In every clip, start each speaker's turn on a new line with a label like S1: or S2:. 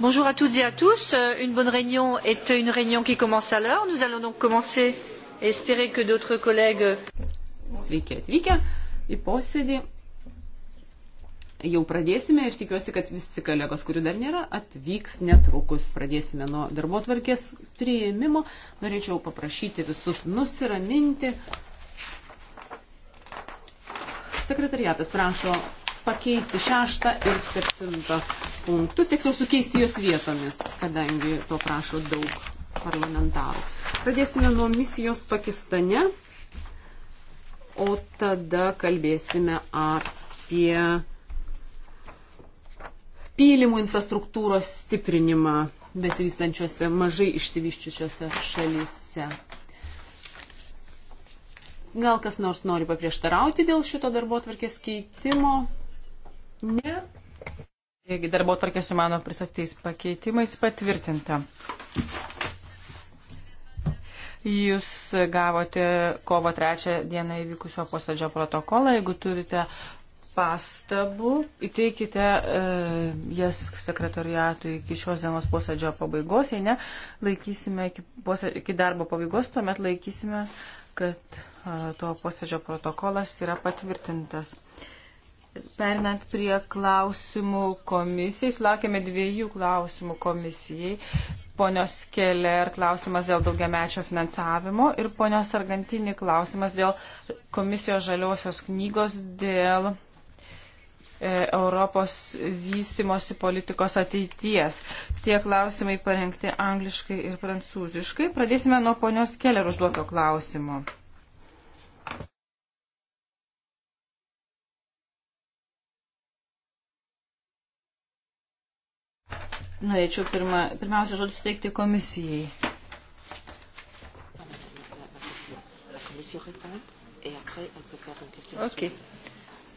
S1: Bonjour à toutes et à tous. Euh, une bonne réunion est une réunion qui commence à l'heure. Nous allons donc commencer et espérer que d'autres collègues. Euh, Sveiki atvykę į posėdį.
S2: Jau pradėsime ir tikiuosi, kad visi kolegos, kurių dar nėra, atvyks netrukus. Pradėsime nuo darbo tvarkės prieimimo. Norėčiau paprašyti visus nusiraminti. Sekretariatas prašo pakeisti šeštą ir septintą punktus, tiksliau sukeisti juos vietomis, kadangi to prašo daug parlamentarų. Pradėsime nuo misijos Pakistane, o tada kalbėsime apie pylimų infrastruktūros stiprinimą besivystančiose, mažai išsivyščiusiose šalyse. Gal kas nors nori paprieštarauti dėl šito darbo atvarkės keitimo? Ne. Taigi darbo tvarkė su mano pristatytais pakeitimais
S3: patvirtinta. Jūs gavote kovo trečią dieną įvykusio posėdžio protokolą. Jeigu turite pastabų, įteikite e, jas sekretoriatui iki šios dienos posėdžio pabaigos. Jei ne, laikysime iki, posėdžio, iki darbo pabaigos, tuomet laikysime, kad e, to posėdžio protokolas yra patvirtintas. E, Perinant prie klausimų komisijai, sulaukėme dviejų klausimų komisijai. Ponios Keller klausimas dėl daugiamečio finansavimo ir ponios Argantinį klausimas dėl komisijos žaliosios knygos dėl e, Europos vystimosi politikos ateities. Tie klausimai parengti angliškai ir prancūziškai. Pradėsime nuo ponios Keller užduoto klausimo. norėčiau pirma, pirmiausia žodį suteikti komisijai.
S1: Okay.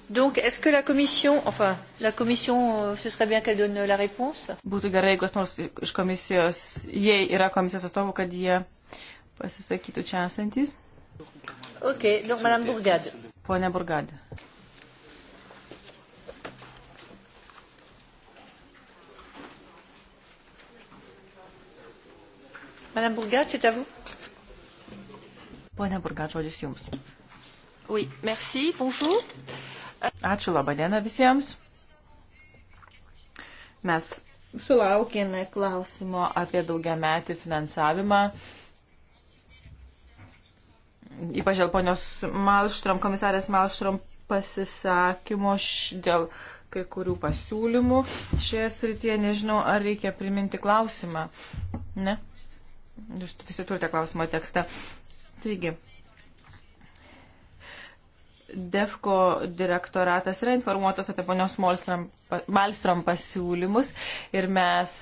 S1: Donc, est-ce que la commission, enfin, la commission, euh, ce serait bien qu'elle donne la réponse
S3: Būtų gerai, jeigu kas nors iš komisijos, jei yra komisijos atstovų, kad jie pasisakytų čia esantis.
S1: Ok, donc, madame Burgade.
S3: Ponia Burgade.
S1: Madame Bourgat, c'est à vous.
S3: Pone Burgat, žodis jums.
S1: Oui, merci, bonjour.
S3: Ačiū, laba diena visiems. Mes sulaukėme klausimo apie daugiametį finansavimą. Ypač dėl ponios Malštrom, komisarės Malštrom pasisakymo dėl kai kurių pasiūlymų šioje srityje. Nežinau, ar reikia priminti klausimą. Ne? Jūs visi turite klausimo tekstą. Taigi, DEFCO direktoratas yra informuotas apie ponios Malstrom pasiūlymus ir mes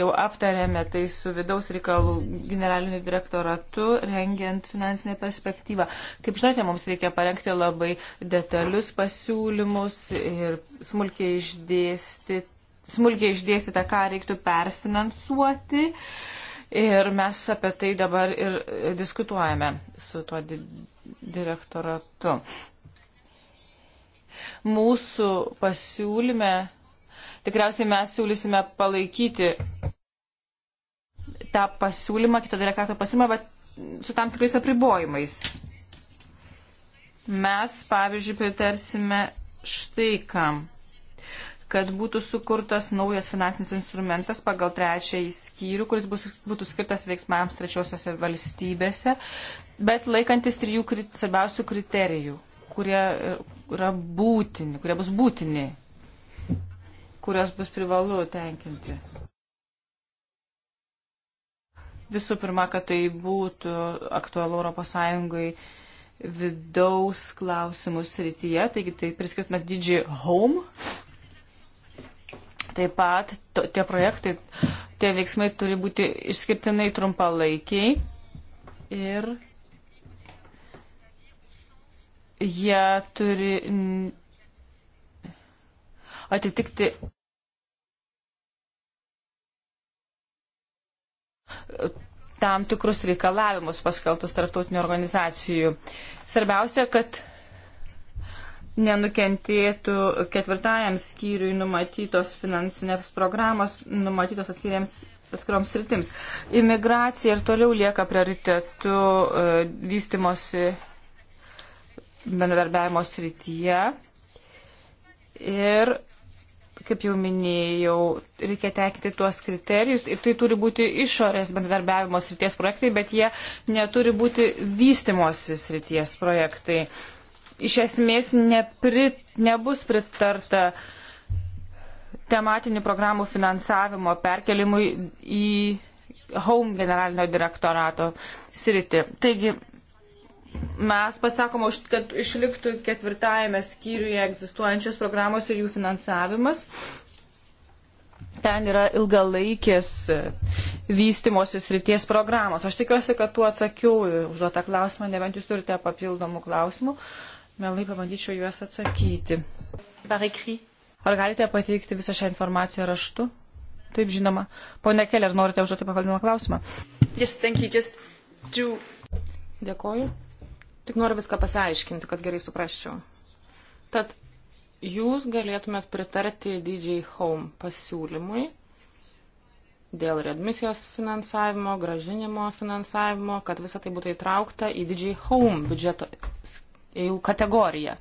S3: jau aptarėme tai su vidaus reikalų generaliniu direktoratu, rengiant finansinę perspektyvą. Kaip žinote, mums reikia parengti labai detalius pasiūlymus ir smulkiai išdėstyti smulkiai išdėstyta, ką reiktų perfinansuoti. Uh, Ir mes apie tai dabar ir diskutuojame su tuo di direktoratu. Mūsų pasiūlyme, tikriausiai mes siūlysime palaikyti tą pasiūlymą, kito direktorato pasiūlymą, bet su tam tikrais apribojimais. Mes, pavyzdžiui, pritarsime štai kam kad būtų sukurtas naujas finansinis instrumentas pagal trečiąjį skyrių, kuris bus, būtų skirtas veiksmams trečiosiose valstybėse, bet laikantis trijų krit, svarbiausių kriterijų, kurie yra būtini, kurie bus būtini, kurios bus privalu tenkinti. Visų pirma, kad tai būtų aktualu ES vidaus klausimų srityje, taigi tai priskirtume didžiai home Taip pat to, tie projektai, tie veiksmai turi būti išskirtinai trumpalaikiai ir jie turi atitikti tam tikrus reikalavimus paskeltus tarptautinių organizacijų. Svarbiausia, kad nenukentėtų ketvirtajam skyriui numatytos finansinės programos, numatytos atskiriams atskiroms sritims. Imigracija ir toliau lieka prioritetu e, vystimosi bendradarbiavimo srityje. Ir, kaip jau minėjau, reikia tenkti tuos kriterijus ir tai turi būti išorės bendradarbiavimo srities projektai, bet jie neturi būti vystimosi srities projektai. Uh, iš esmės nepri, nebus pritarta tematinių programų finansavimo perkelimui į Home generalinio direktorato sritį. Taigi mes pasakome, kad išliktų ketvirtajame skyriuje egzistuojančios programos ir jų finansavimas. Ten yra ilgalaikės vystimosi srities programos. Aš tikiuosi, kad tu atsakiau užduotą klausimą, nebent jūs turite papildomų klausimų. Uh, Mielai pabandyčiau juos atsakyti. Ar galite pateikti visą šią informaciją raštu? Taip, žinoma. Pone Keller, norite užduoti papildomą klausimą?
S4: Yes, thank you. Just to... Dėkoju. Tik noriu viską pasiaiškinti, kad gerai suprasčiau. Tad jūs galėtumėt pritarti DJ Home pasiūlymui dėl readmisijos finansavimo, gražinimo finansavimo, kad visa tai būtų įtraukta į DJ Home biudžeto jų kategoriją.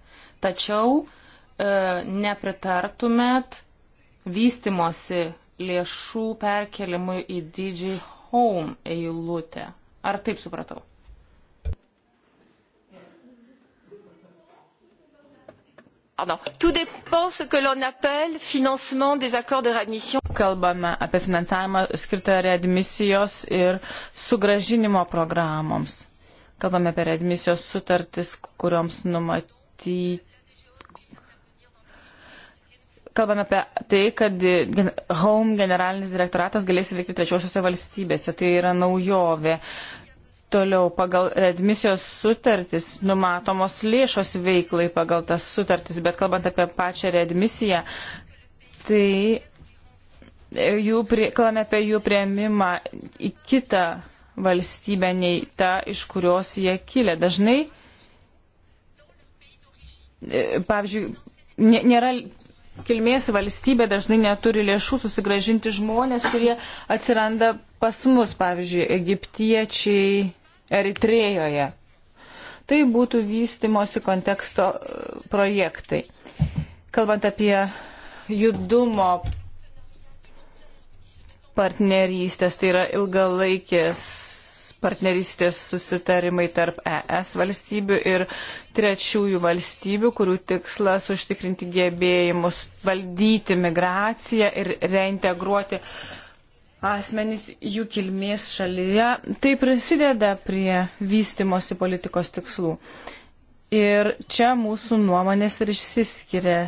S4: Tačiau e, nepritartumėt vystimosi lėšų perkelimui į DJ Home eilutę. Ar taip supratau?
S3: Kalbame apie finansavimą skirtą readmisijos ir sugražinimo programoms. Kalbame apie admisijos sutartis, kurioms numatyti. Kalbame apie tai, kad Home generalinis direktoratas galės veikti trečiosiuose valstybėse. Tai yra naujovė. Toliau pagal admisijos sutartis numatomos lėšos veiklai pagal tas sutartis, bet kalbant apie pačią readmisiją, tai e, jų, prie, kalbame apie jų prieimimą į kitą valstybę nei ta, iš kurios jie kilė. Dažnai, e, pavyzdžiui, nėra kilmės valstybė dažnai neturi lėšų susigražinti žmonės, kurie atsiranda pas mus, pavyzdžiui, egiptiečiai Eritrėjoje. Tai būtų vystimosi konteksto e, projektai. Kalbant apie judumo partnerystės, tai yra ilgalaikės partnerystės susitarimai tarp ES valstybių ir trečiųjų valstybių, kurių tikslas užtikrinti gebėjimus valdyti migraciją ir reintegruoti asmenys jų kilmės šalyje. Tai prisideda prie vystimosi politikos tikslų. Ir čia mūsų nuomonės ir išsiskiria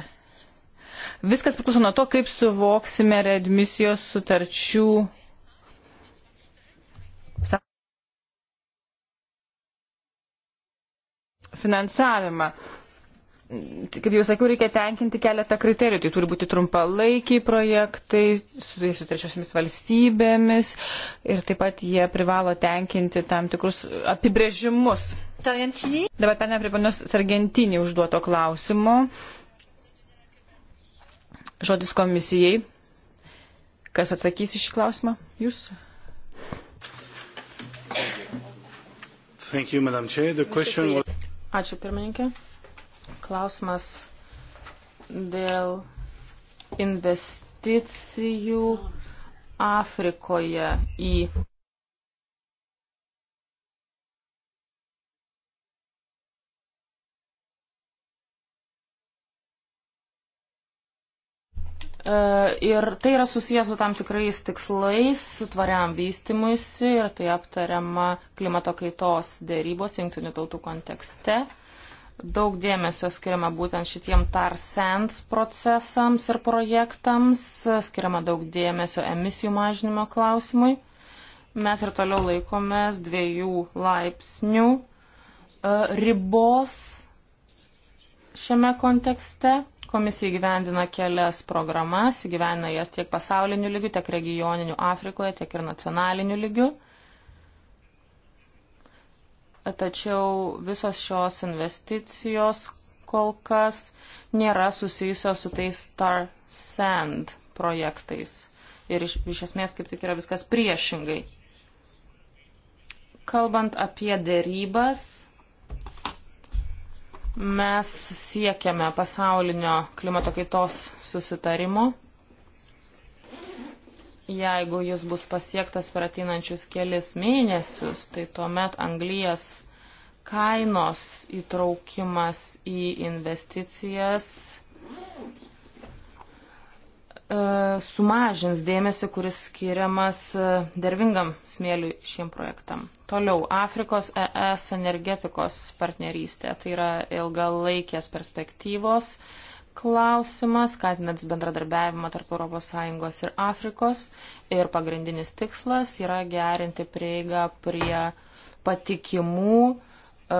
S3: Viskas priklauso nuo to, kaip suvoksime readmisijos sutarčių. Finansavimą. Kaip jau sakiau, reikia tenkinti keletą kriterijų. Tai turi būti trumpalaikiai projektai su, su trečiosiamis valstybėmis ir taip pat jie privalo tenkinti tam tikrus apibrėžimus. Sargentinį. Dabar penė prie panios Sargentinį užduoto klausimo. Uh, Žodis komisijai. Kas atsakys į šį klausimą? Jūs? Thank you, Madam Chair. The
S4: question was... Ačiū, pirmininkė. Klausimas dėl investicijų Afrikoje į E, ir tai yra susijęs su tam tikrais tikslais, tvariam vystimuisi ir tai aptariama klimato kaitos dėrybos jungtinių tautų kontekste. Daug dėmesio skiriama būtent šitiem tar sands procesams ir projektams, skiriama daug dėmesio emisijų mažinimo klausimui. Mes ir toliau laikomės dviejų laipsnių e, ribos šiame kontekste Komisija įgyvendina kelias programas, įgyvendina jas tiek pasauliniu lygiu, tiek regioniniu Afrikoje, tiek ir nacionaliniu lygiu. Tačiau visos šios investicijos kol kas nėra susijusios su tais Star Sand projektais. Ir iš, iš esmės kaip tik yra viskas priešingai. Kalbant apie dėrybas, Mes siekiame pasaulinio klimato kaitos susitarimo. Jeigu jis bus pasiektas per ateinančius kelis mėnesius, tai tuomet anglijas kainos įtraukimas į investicijas E, sumažins dėmesį, kuris skiriamas e, dervingam smėliui šiem projektam. Toliau, Afrikos ES energetikos partnerystė. Tai yra ilgalaikės perspektyvos klausimas, skatinantis bendradarbiavimą tarp ES ir Afrikos. Ir pagrindinis tikslas yra gerinti prieigą prie patikimų, uh, E,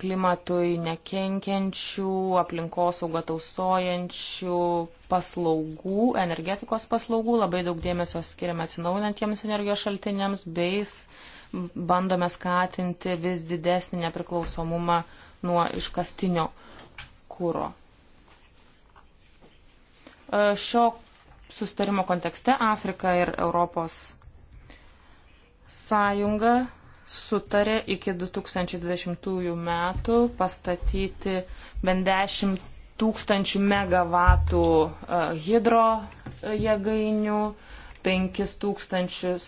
S4: klimatui nekenkiančių, aplinkosaugą tausojančių paslaugų, energetikos paslaugų. Labai daug dėmesio skiriame atsinaujinantiems energijos šaltiniams, bei bandome skatinti vis didesnį nepriklausomumą nuo iškastinio kūro. E, šio sustarimo kontekste Afrika ir Europos sąjunga sutarė iki 2020 metų pastatyti bent 10 tūkstančių megavatų e, hidro e, jėgainių, 5 tūkstančius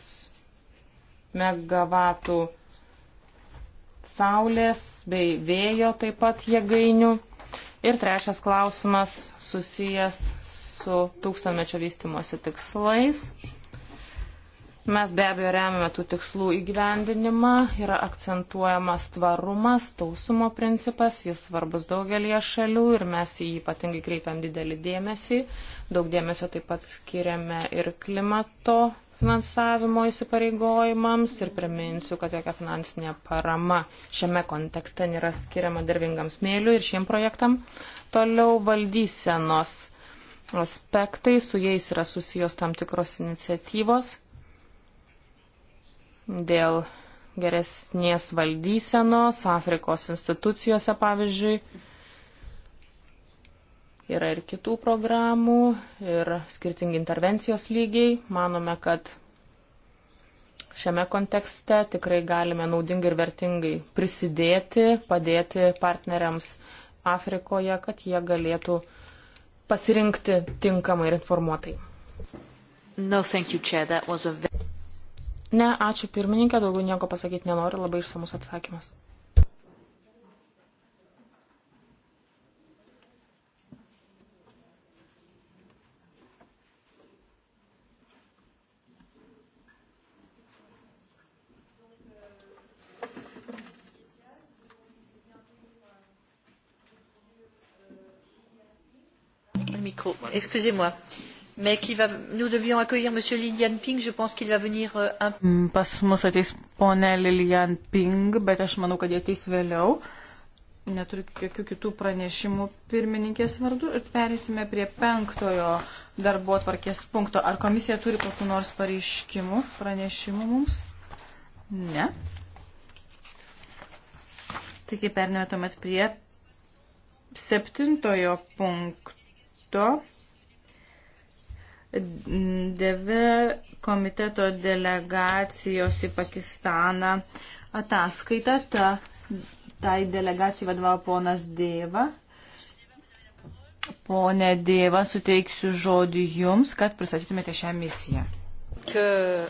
S4: megavatų saulės bei vėjo taip pat jėgainių. Ir trečias klausimas susijęs su tūkstantmečio vystimosi tikslais. Mes be abejo remiame tų tikslų įgyvendinimą, yra akcentuojamas tvarumas, tausumo principas, jis svarbus daugelie šalių ir mes į jį ypatingai kreipiam didelį dėmesį. Daug dėmesio taip pat skiriame ir klimato finansavimo įsipareigojimams ir priminsiu, kad jokia finansinė parama šiame kontekste nėra skiriama dervingam smėliu ir šiem projektam. Toliau valdysenos aspektai, su jais yra susijęs tam tikros iniciatyvos dėl geresnės valdysenos Afrikos institucijose, pavyzdžiui. Yra ir kitų programų, ir skirtingi intervencijos lygiai. Manome, kad šiame kontekste tikrai galime naudingai ir vertingai prisidėti, padėti partneriams Afrikoje, kad jie galėtų pasirinkti tinkamai ir informuotai. No, thank you, Chair. That was a very... Ne, ačiū pirmininkė, daugiau nieko pasakyti nenoriu, labai išsamus atsakymas.
S1: Excusez-moi mais qui va, nous devions accueillir Monsieur Lilian Ping, je pense qu'il va venir euh, un peu.
S3: Mm, pas mus ateis ponė Lilian Ping, bet aš manau, kad jie ateis vėliau. Neturiu jokių kitų pranešimų pirmininkės vardu ir perėsime prie penktojo darbo atvarkės punkto. Ar komisija turi kokiu nors pareiškimu, pranešimu mums? Ne. Taigi pernėme tuomet prie septintojo punkto. DV komiteto delegacijos į Pakistaną ataskaita. Ta, tai delegacijai vadovavo ponas Dėva. Pone Dėva, suteiksiu žodį Jums, kad pristatytumėte šią misiją.
S1: Uh,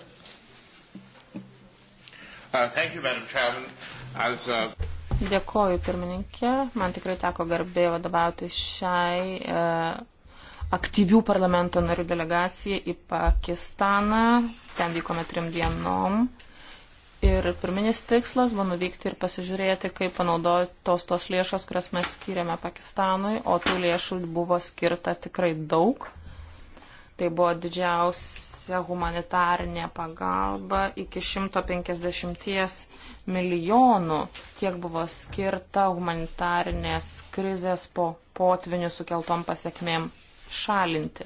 S1: K... Uh,
S4: Dėkoju pirmininkė, man tikrai teko garbė vadovauti šiai uh, aktyvių parlamento narių delegacija į Pakistaną. Ten vykome trim dienom. Ir pirminis tikslas buvo nuvykti ir pasižiūrėti, kaip panaudotos tos lėšos, kurias mes skiriame Pakistanui, o tų lėšų buvo skirta tikrai daug. Tai buvo didžiausia humanitarinė pagalba iki 150 milijonų, kiek buvo skirta humanitarinės krizės po potvinių sukeltom pasiekmėm šalinti.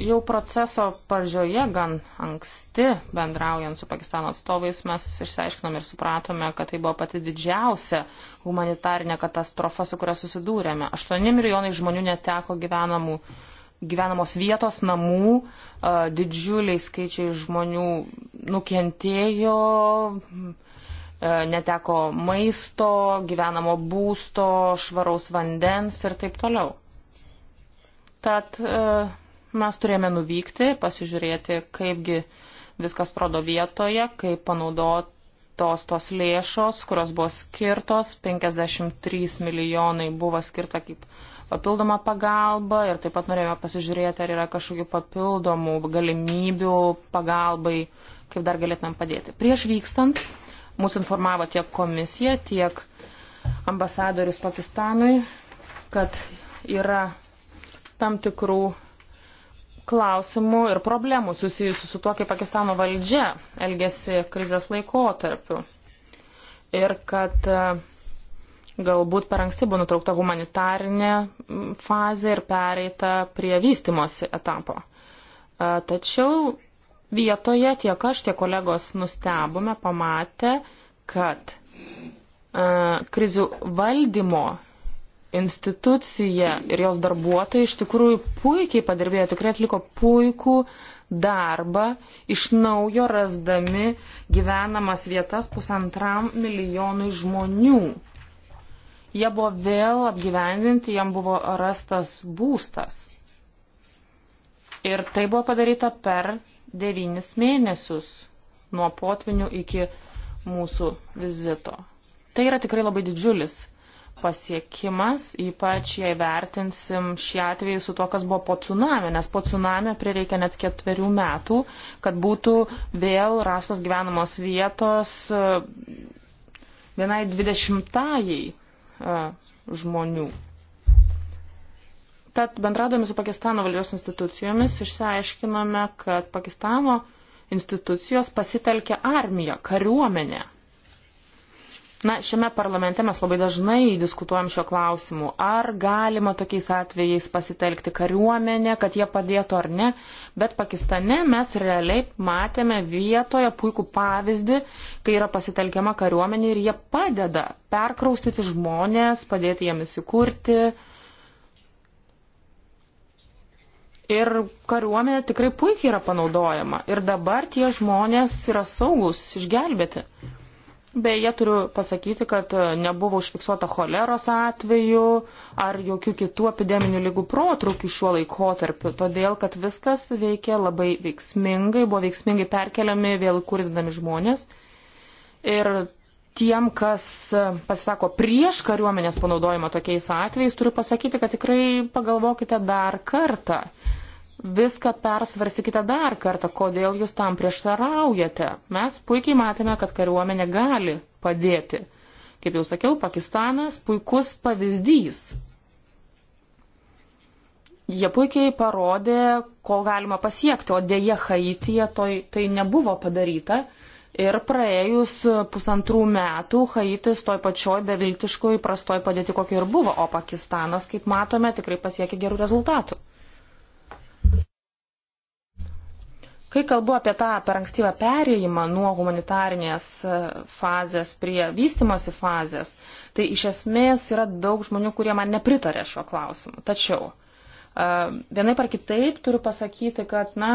S4: Jau proceso pradžioje gan anksti bendraujant su Pakistano atstovais mes išsiaiškinom ir supratome, kad tai buvo pati didžiausia humanitarinė katastrofa, su kuria susidūrėme. 8 milijonai žmonių neteko gyvenamų gyvenamos vietos, namų, didžiuliai skaičiai žmonių nukentėjo, neteko maisto, gyvenamo būsto, švaraus vandens ir taip toliau. Tad e, mes turėjome nuvykti, pasižiūrėti, kaipgi viskas atrodo vietoje, kaip panaudotos tos lėšos, kurios buvo skirtos, 53 milijonai buvo skirta kaip papildoma pagalba ir taip pat norėjome pasižiūrėti, ar yra kažkokių papildomų galimybių pagalbai, kaip dar galėtumėm padėti. Prieš vykstant, mūsų informavo tiek komisija, tiek ambasadorius Pakistanui, kad yra tam tikrų klausimų ir problemų susijusių su to, kaip Pakistano valdžia elgesi krizės laikotarpiu. Ir kad e, galbūt per anksti buvo nutraukta humanitarinė fazė ir pereita prie vystimosi etapo. E, tačiau vietoje tiek aš, tiek kolegos nustebome, pamatę, kad e, krizių valdymo institucija ir jos darbuotojai iš tikrųjų puikiai padirbėjo, tikrai atliko puikų darbą, iš naujo rasdami gyvenamas vietas pusantram milijonui žmonių. Jie buvo vėl apgyvendinti, jam buvo rastas būstas. Ir tai buvo padaryta per devynis mėnesius nuo potvinių iki mūsų vizito. Tai yra tikrai labai didžiulis pasiekimas, ypač jei vertinsim šį atvejį su to, kas buvo po tsunami, nes po tsunami prireikė net ketverių metų, kad būtų vėl rastos gyvenamos vietos e, vienai dvidešimtajai e, žmonių. Tad bendradami su Pakistano valdžios institucijomis išsiaiškinome, kad Pakistano institucijos pasitelkė armiją, kariuomenę Na, šiame parlamente mes labai dažnai diskutuojam šio klausimu, ar galima tokiais atvejais pasitelkti kariuomenę, kad jie padėtų ar ne, bet Pakistane mes realiai matėme vietoje puikų pavyzdį, kai yra pasitelkiama kariuomenė ir jie padeda perkraustyti žmonės, padėti jiems įsikurti. Ir kariuomenė tikrai puikiai yra panaudojama. Ir dabar tie žmonės yra saugus išgelbėti. Beje, turiu pasakyti, kad e, nebuvo užfiksuota choleros atveju ar jokių kitų epideminių lygų protrukių šiuo laikotarpiu, todėl kad viskas veikė labai veiksmingai, buvo veiksmingai perkeliami, vėl kurdinami žmonės. Ir tiem, kas e, pasisako prieš kariuomenės panaudojimą tokiais atvejais, turiu pasakyti, kad tikrai pagalvokite dar kartą viską persvarstykite dar kartą, kodėl jūs tam prieštaraujate. Mes puikiai matėme, kad kariuomenė gali padėti. Kaip jau sakiau, Pakistanas puikus pavyzdys. Jie puikiai parodė, ko galima pasiekti, o dėje Haityje tai nebuvo padaryta. Ir praėjus pusantrų metų Haitis toj pačioj beviltiškoj prastoj padėti, kokia ir buvo, o Pakistanas, kaip matome, tikrai pasiekė gerų rezultatų. Kai kalbu apie tą per ankstyvą perėjimą nuo humanitarinės e, fazės prie vystimosi fazės, tai iš esmės yra daug žmonių, kurie man nepritarė šiuo klausimu. Tačiau e, vienai par kitaip turiu pasakyti, kad, na,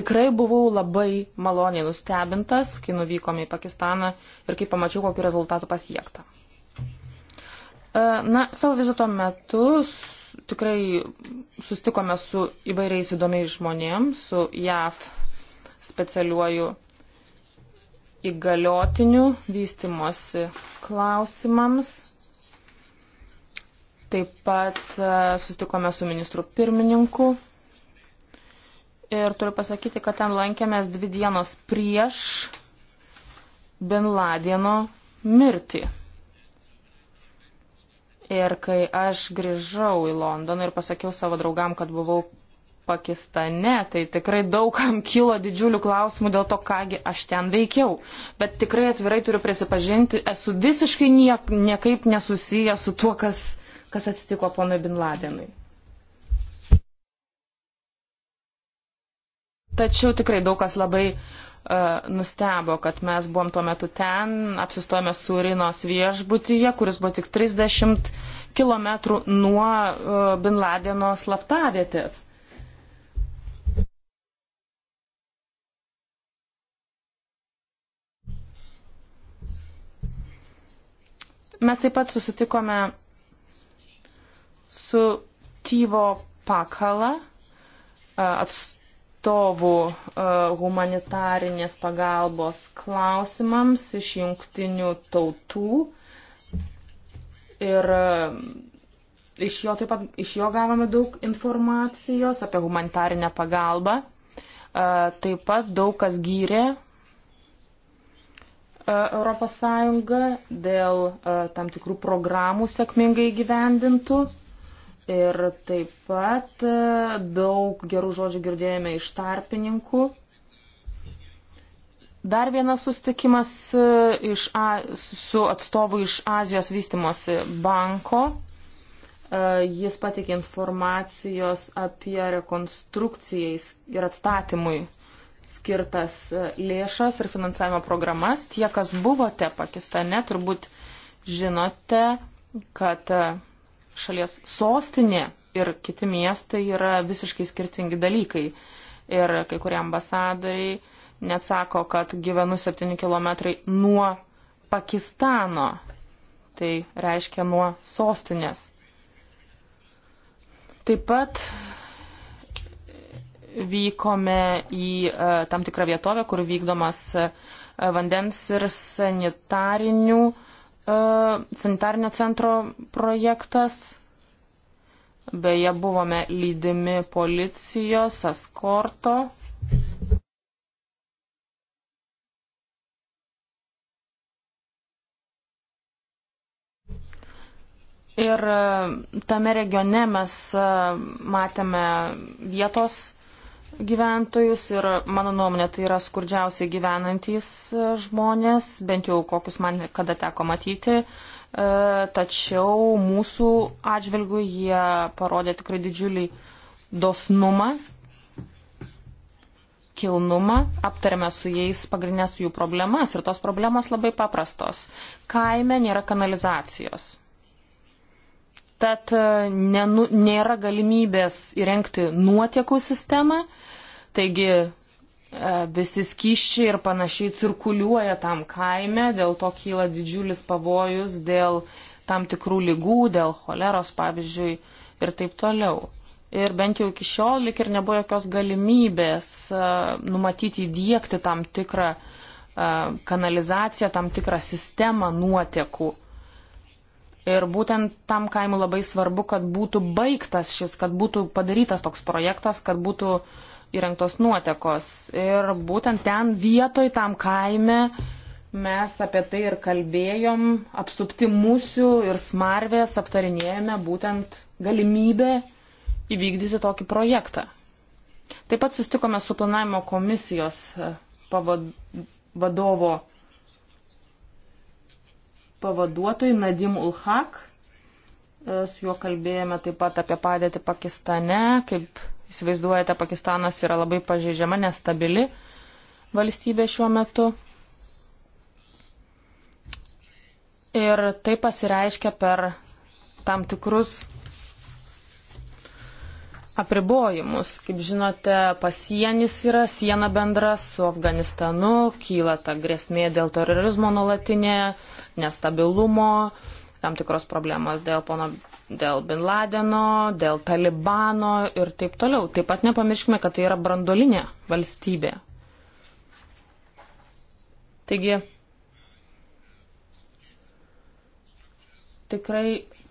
S4: tikrai buvau labai maloniai nustebintas, kai nuvykome į Pakistaną ir kai pamačiau, kokiu rezultatu pasiekta. E, na, savo vizito metu tikrai sustikome su įvairiais įdomiais žmonėms, su JAV specialiuoju įgaliotiniu vystimosi klausimams. Taip pat e, sustikome su ministru pirmininku. Ir turiu pasakyti, kad ten lankėmės dvi dienos prieš Bin Ladino mirtį. Ir kai aš grįžau į Londoną ir pasakiau savo draugam, kad buvau Pakistane, tai tikrai daugam kilo didžiulių klausimų dėl to, kągi aš ten veikiau. Bet tikrai atvirai turiu prisipažinti, esu visiškai niek, niekaip nesusijęs su tuo, kas, kas atsitiko ponui Bin Ladenui. Tačiau tikrai daug kas labai uh, nustebo, kad mes buvom tuo metu ten, apsistojame Surinos viešbutyje, kuris buvo tik 30 km nuo uh, Bin Ladeno slaptavietės. Mes taip pat susitikome su Tyvo Pakala e, atstovų e, humanitarinės pagalbos klausimams iš jungtinių tautų. Ir e, iš jo taip pat iš jo gavome daug informacijos apie humanitarinę pagalbą. Taip pat daug kas gyrė ES dėl e, tam tikrų programų sėkmingai gyvendintų. Ir taip pat e, daug gerų žodžių girdėjome iš tarpininkų. Dar vienas sustikimas e, iš, su atstovu iš Azijos vystimosi banko. Jis pateikė informacijos apie rekonstrukcijais ir atstatymui skirtas e, lėšas ir finansavimo programas. Tie, kas buvote Pakistane, turbūt žinote, kad e, šalies sostinė ir kiti miestai yra visiškai skirtingi dalykai. Ir kai kurie ambasadoriai net sako, kad gyvenu 7 km nuo Pakistano. Tai reiškia nuo sostinės. Taip pat vykome į e, tam tikrą vietovę, kur vykdomas e, vandens ir sanitarinių, e, sanitarinio centro projektas. Beje, buvome lydimi policijos, eskorto. Ir tame regione mes matėme vietos gyventojus ir mano nuomonė tai yra skurdžiausiai gyvenantys e, žmonės, bent jau kokius man kada teko matyti. E, tačiau mūsų atžvilgių jie parodė tikrai didžiulį dosnumą, kilnumą, aptarėme su jais pagrindinės jų problemas ir tos problemos labai paprastos. Kaime nėra kanalizacijos tad e, nenu, nėra galimybės įrengti nuotekų sistemą, taigi e, visi skyšiai ir panašiai cirkuliuoja tam kaime, dėl to kyla didžiulis pavojus dėl tam tikrų lygų, dėl choleros pavyzdžiui ir taip toliau. Ir bent jau iki šiol lik ir nebuvo jokios galimybės e, numatyti įdėkti tam tikrą kanalizaciją, tam tikrą sistemą nuotekų. Ir būtent tam kaimui labai svarbu, kad būtų baigtas šis, kad būtų padarytas toks projektas, kad būtų įrengtos nuotekos. Ir būtent ten vietoj tam kaime mes apie tai ir kalbėjom, apsupti musių ir smarvės aptarinėjome būtent galimybę įvykdyti tokį projektą. Taip pat sustikome su planavimo komisijos e, pavad, vadovo pavaduotoju Nadim Ulhak. E, su juo kalbėjome taip pat apie padėtį Pakistane. Kaip įsivaizduojate, Pakistanas yra labai pažeidžiama, nestabili valstybė šiuo metu. Ir tai pasireiškia per tam tikrus apribojimus. Kaip žinote, pasienis yra siena bendra su Afganistanu, kyla ta grėsmė dėl terorizmo nuolatinė, nestabilumo, tam tikros problemos dėl, pono, dėl Bin Ladeno, dėl Talibano ir taip toliau. Taip pat nepamirškime, kad tai yra brandolinė valstybė. Taigi, tikrai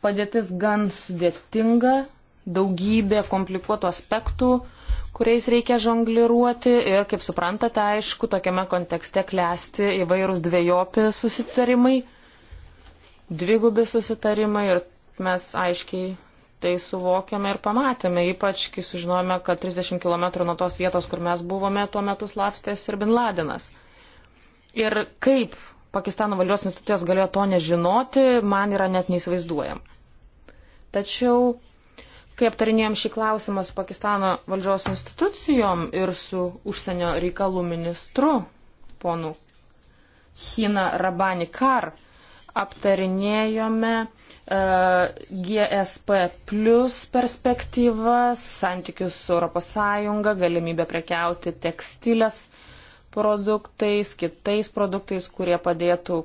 S4: padėtis gan sudėtinga daugybė komplikuotų aspektų, kuriais reikia žongliruoti ir, kaip suprantate, aišku, tokiame kontekste klesti įvairūs dviejopi susitarimai, dvigubi susitarimai ir mes aiškiai tai suvokiame ir pamatėme, ypač kai sužinojome, kad 30 km nuo tos vietos, kur mes buvome, tuo metu slapstės ir Bin Ladenas. Ir kaip Pakistano valdžios institucijos galėjo to nežinoti, man yra net neįsivaizduojama. Tačiau Kai aptarinėjom šį klausimą su Pakistano valdžios institucijom ir su užsienio reikalų ministru, ponu Hina Rabani Kar, aptarinėjome uh, e, GSP plus perspektyvas, santykius su ES, galimybę prekiauti tekstilės produktais, kitais produktais, kurie padėtų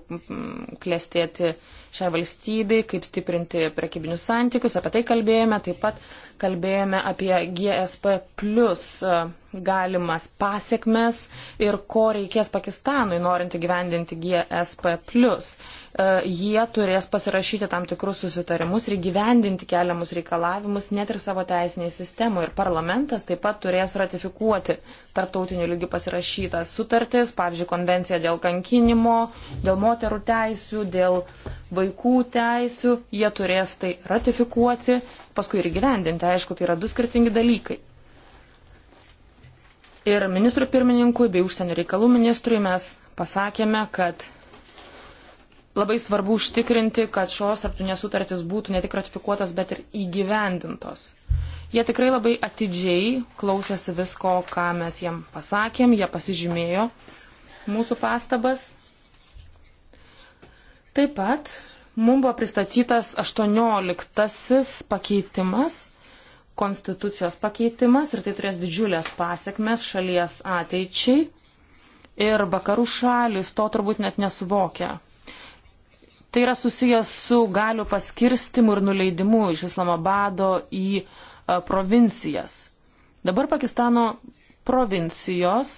S4: klėstėti uh, šiai valstybei, kaip stiprinti prekybinius santykius, apie tai kalbėjome, taip pat kalbėjome apie GSP plus e, galimas pasiekmes ir ko reikės Pakistanui, norint įgyvendinti GSP plus. E, jie turės pasirašyti tam tikrus susitarimus ir įgyvendinti keliamus reikalavimus net ir savo teisinėje sistemoje. Ir parlamentas taip pat turės ratifikuoti tarptautinių lygių pasirašytas sutartis, pavyzdžiui, konvencija dėl kankinimo, dėl moterų teisų, dėl vaikų teisių, jie turės tai ratifikuoti, paskui ir gyvendinti. Aišku, tai yra du skirtingi dalykai. Ir ministrų pirmininkui bei užsienio reikalų ministrui mes pasakėme, kad labai svarbu užtikrinti, kad šios tarptautinės sutartys būtų ne tik ratifikuotas, bet ir įgyvendintos. Jie tikrai labai atidžiai klausėsi visko, ką mes jiem pasakėm, jie pasižymėjo mūsų pastabas Taip pat mums buvo pristatytas 18 pakeitimas, konstitucijos pakeitimas ir tai turės didžiulės pasiekmes šalies ateičiai. Ir vakarų šalis to turbūt net nesuvokia. Tai yra susijęs su galių paskirstimu ir nuleidimu iš Islamabado į e, provincijas. Dabar Pakistano provincijos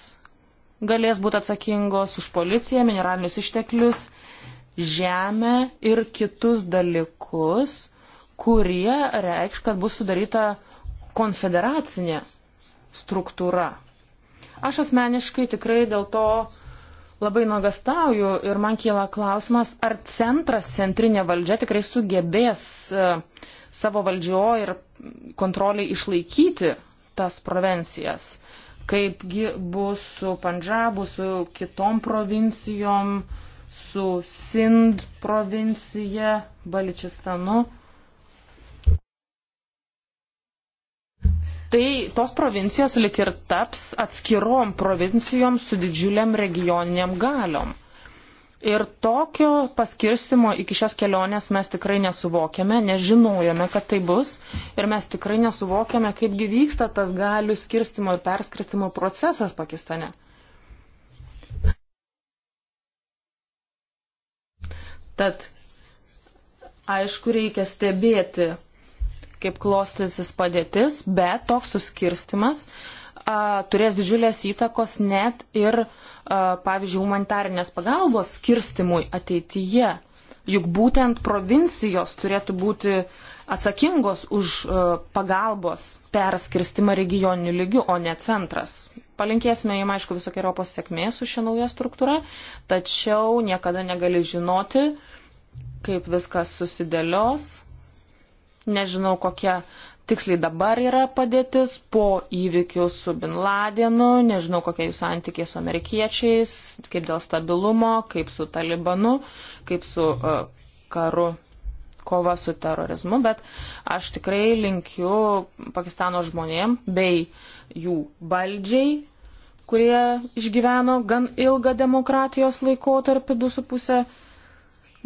S4: galės būti atsakingos už policiją, mineralinius išteklius žemę ir kitus dalykus, kurie reikš, kad bus sudaryta konfederacinė struktūra. Aš asmeniškai tikrai dėl to labai nuogastauju ir man kyla klausimas, ar centras, centrinė valdžia tikrai sugebės e, savo valdžio ir kontroliai išlaikyti tas provincijas, kaipgi bus su Pandžabu, su kitom provincijom, uh, su Sind provincija, Baličistanu. Tai tos provincijos lik ir taps atskirom provincijom su didžiuliam regioniniam galiom. Ir tokio paskirstimo iki šios kelionės mes tikrai nesuvokėme, nežinojome, kad tai bus. Ir mes tikrai nesuvokėme, kaipgi vyksta tas galių skirstimo ir perskirstimo procesas Pakistane. Tad aišku, reikia stebėti, kaip klostysis padėtis, bet toks suskirstimas a, turės didžiulės įtakos net ir, a, pavyzdžiui, humanitarinės pagalbos skirstimui ateityje. Juk būtent provincijos turėtų būti atsakingos už a, pagalbos perskirstimą regioniniu lygiu, o ne centras palinkėsime jam aišku visokiojopos sėkmės su šia nauja struktūra, tačiau niekada negali žinoti, kaip viskas susidėlios. Nežinau, kokia tiksliai dabar yra padėtis po įvykių su Bin Ladenu, nežinau, kokie jų santykiai su amerikiečiais, kaip dėl stabilumo, kaip su Talibanu, kaip su uh, karu kova su terorizmu, bet aš tikrai linkiu Pakistano žmonėm bei jų valdžiai, kurie išgyveno gan ilgą demokratijos laikotarpį 2,5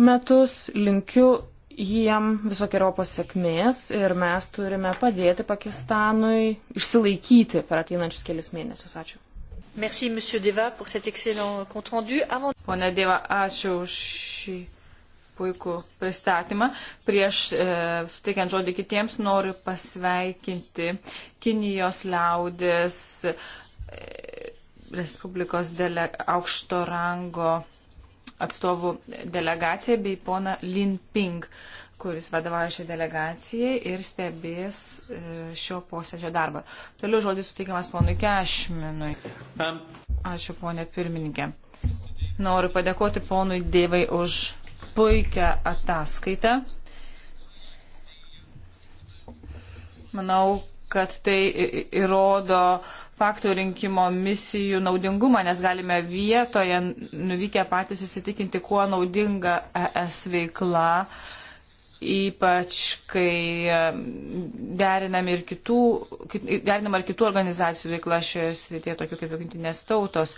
S4: metus, linkiu jiem visokiojo pasiekmės ir mes turime padėti Pakistanui išsilaikyti per ateinančius kelias mėnesius. Ačiū.
S1: Merci, Monsieur Deva, pour cet excellent compte rendu. Avant...
S4: Pone Deva, ačiū už šį puikų
S3: pristatymą. Prieš e, suteikiant žodį kitiems noriu pasveikinti Kinijos liaudės e, Respublikos dele, aukšto rango atstovų delegaciją bei pona Lin Ping, kuris vadovauja šiai delegacijai ir stebės e, šio posėdžio darbą. Toliau žodis suteikiamas ponui Kešminui. Ačiū, ponė pirmininkė. Noriu padėkoti ponui Dievai už puikią ataskaitą. Manau, kad tai įrodo faktų rinkimo misijų naudingumą, nes galime vietoje nuvykę patys įsitikinti, kuo naudinga ES veikla, ypač kai derinama ir kitų, derinam ir kitų organizacijų veikla šioje srityje, tokių kaip jungtinės tautos,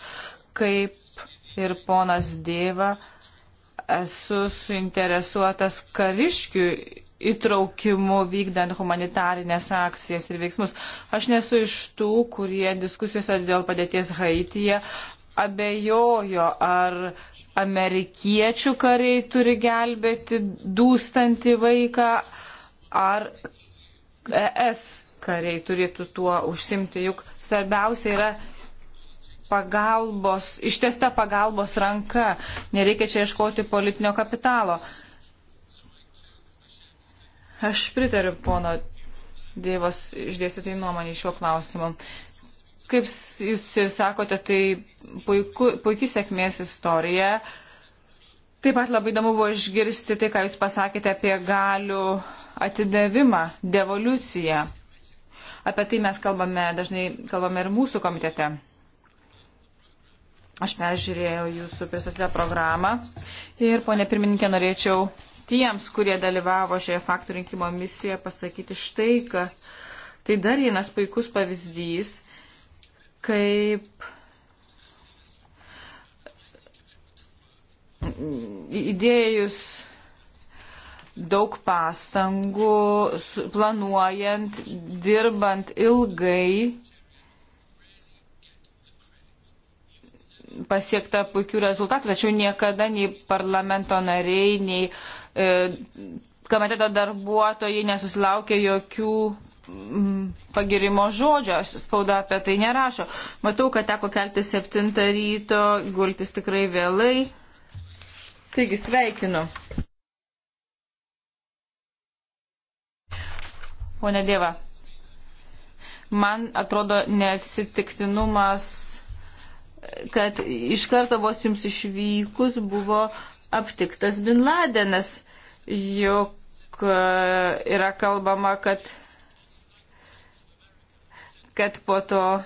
S3: kaip ir ponas Dėva esu suinteresuotas kariškių įtraukimu vykdant humanitarinės akcijas ir veiksmus. Aš nesu iš tų, kurie diskusijose dėl padėties Haityje abejojo, ar amerikiečių kariai turi gelbėti dūstantį vaiką, ar ES kariai turėtų tuo užsimti, juk svarbiausia yra pagalbos, ištesta pagalbos ranka, nereikia čia ieškoti politinio kapitalo. Aš pritariu pono Dievos išdėstytai nuomonį šiuo klausimu. Kaip jūs ir sakote, tai puiku, puikiai sėkmės istorija. Taip pat labai įdomu buvo išgirsti tai, ką jūs pasakėte apie galių atidavimą, devoluciją. Apie tai mes kalbame, dažnai kalbame ir mūsų komitete. Aš peržiūrėjau jūsų pristatytą programą ir, ponė pirmininkė, norėčiau tiems, kurie dalyvavo šioje faktų rinkimo misijoje, pasakyti štai, kad tai dar vienas puikus pavyzdys, kaip įdėjus daug pastangų, planuojant, dirbant ilgai, pasiekta puikių rezultatų, tačiau niekada nei parlamento nariai, nei e, komiteto darbuotojai nesusilaukė jokių mm, pagirimo žodžio, spauda apie tai nerašo. Matau, kad teko kelti 7 ryto, gultis tikrai vėlai. Taigi sveikinu. Pone Dieva, man atrodo neatsitiktinumas kad iš karto vos jums išvykus buvo aptiktas Bin Ladenas, juk e, yra kalbama, kad, kad po to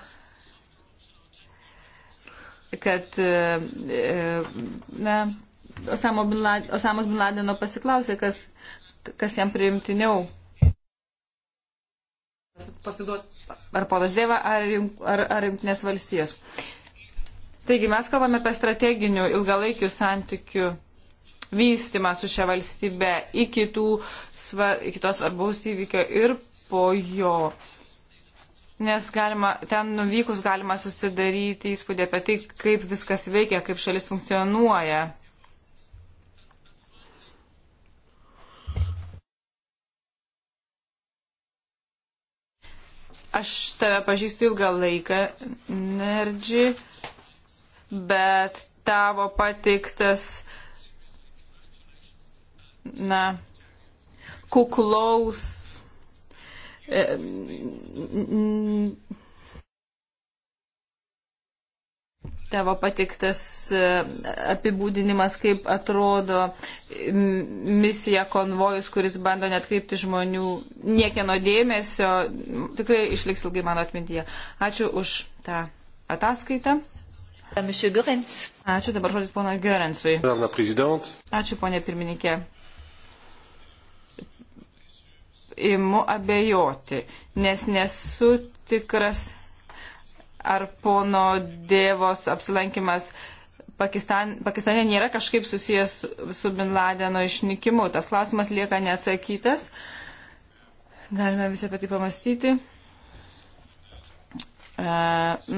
S3: kad e, e, na, Osamo Bin Laden, Osamos Bin Ladeno pasiklausė, kas, kas jam priimtiniau. Pasiduot. Ar ponas Dėva, ar, ar, ar Junktinės valstijos. Uh, Taigi mes kalbame apie strateginių ilgalaikių santykių vystimą su šia valstybe iki, tų, iki tos svarbaus įvykio ir po jo. Nes galima, ten nuvykus galima susidaryti įspūdį apie tai, kaip viskas veikia, kaip šalis funkcionuoja. Aš tave pažįstu ilgą laiką, Nerdži, bet tavo pateiktas, na, kuklaus. E, tavo patiktas e, apibūdinimas, kaip atrodo misija konvojus, kuris bando netkreipti žmonių niekieno dėmesio, tikrai išliks ilgai mano atmintyje. Ačiū už tą ataskaitą. Ačiū dabar žodis pono Gerensui. Ačiū ponė pirmininkė. Imu abejoti, nes nesu tikras, ar pono Dėvos apsilankimas Pakistan, Pakistane nėra kažkaip susijęs su, su Bin Ladeno išnykimu. Tas klausimas lieka neatsakytas. Galime visi apie tai pamastyti. E,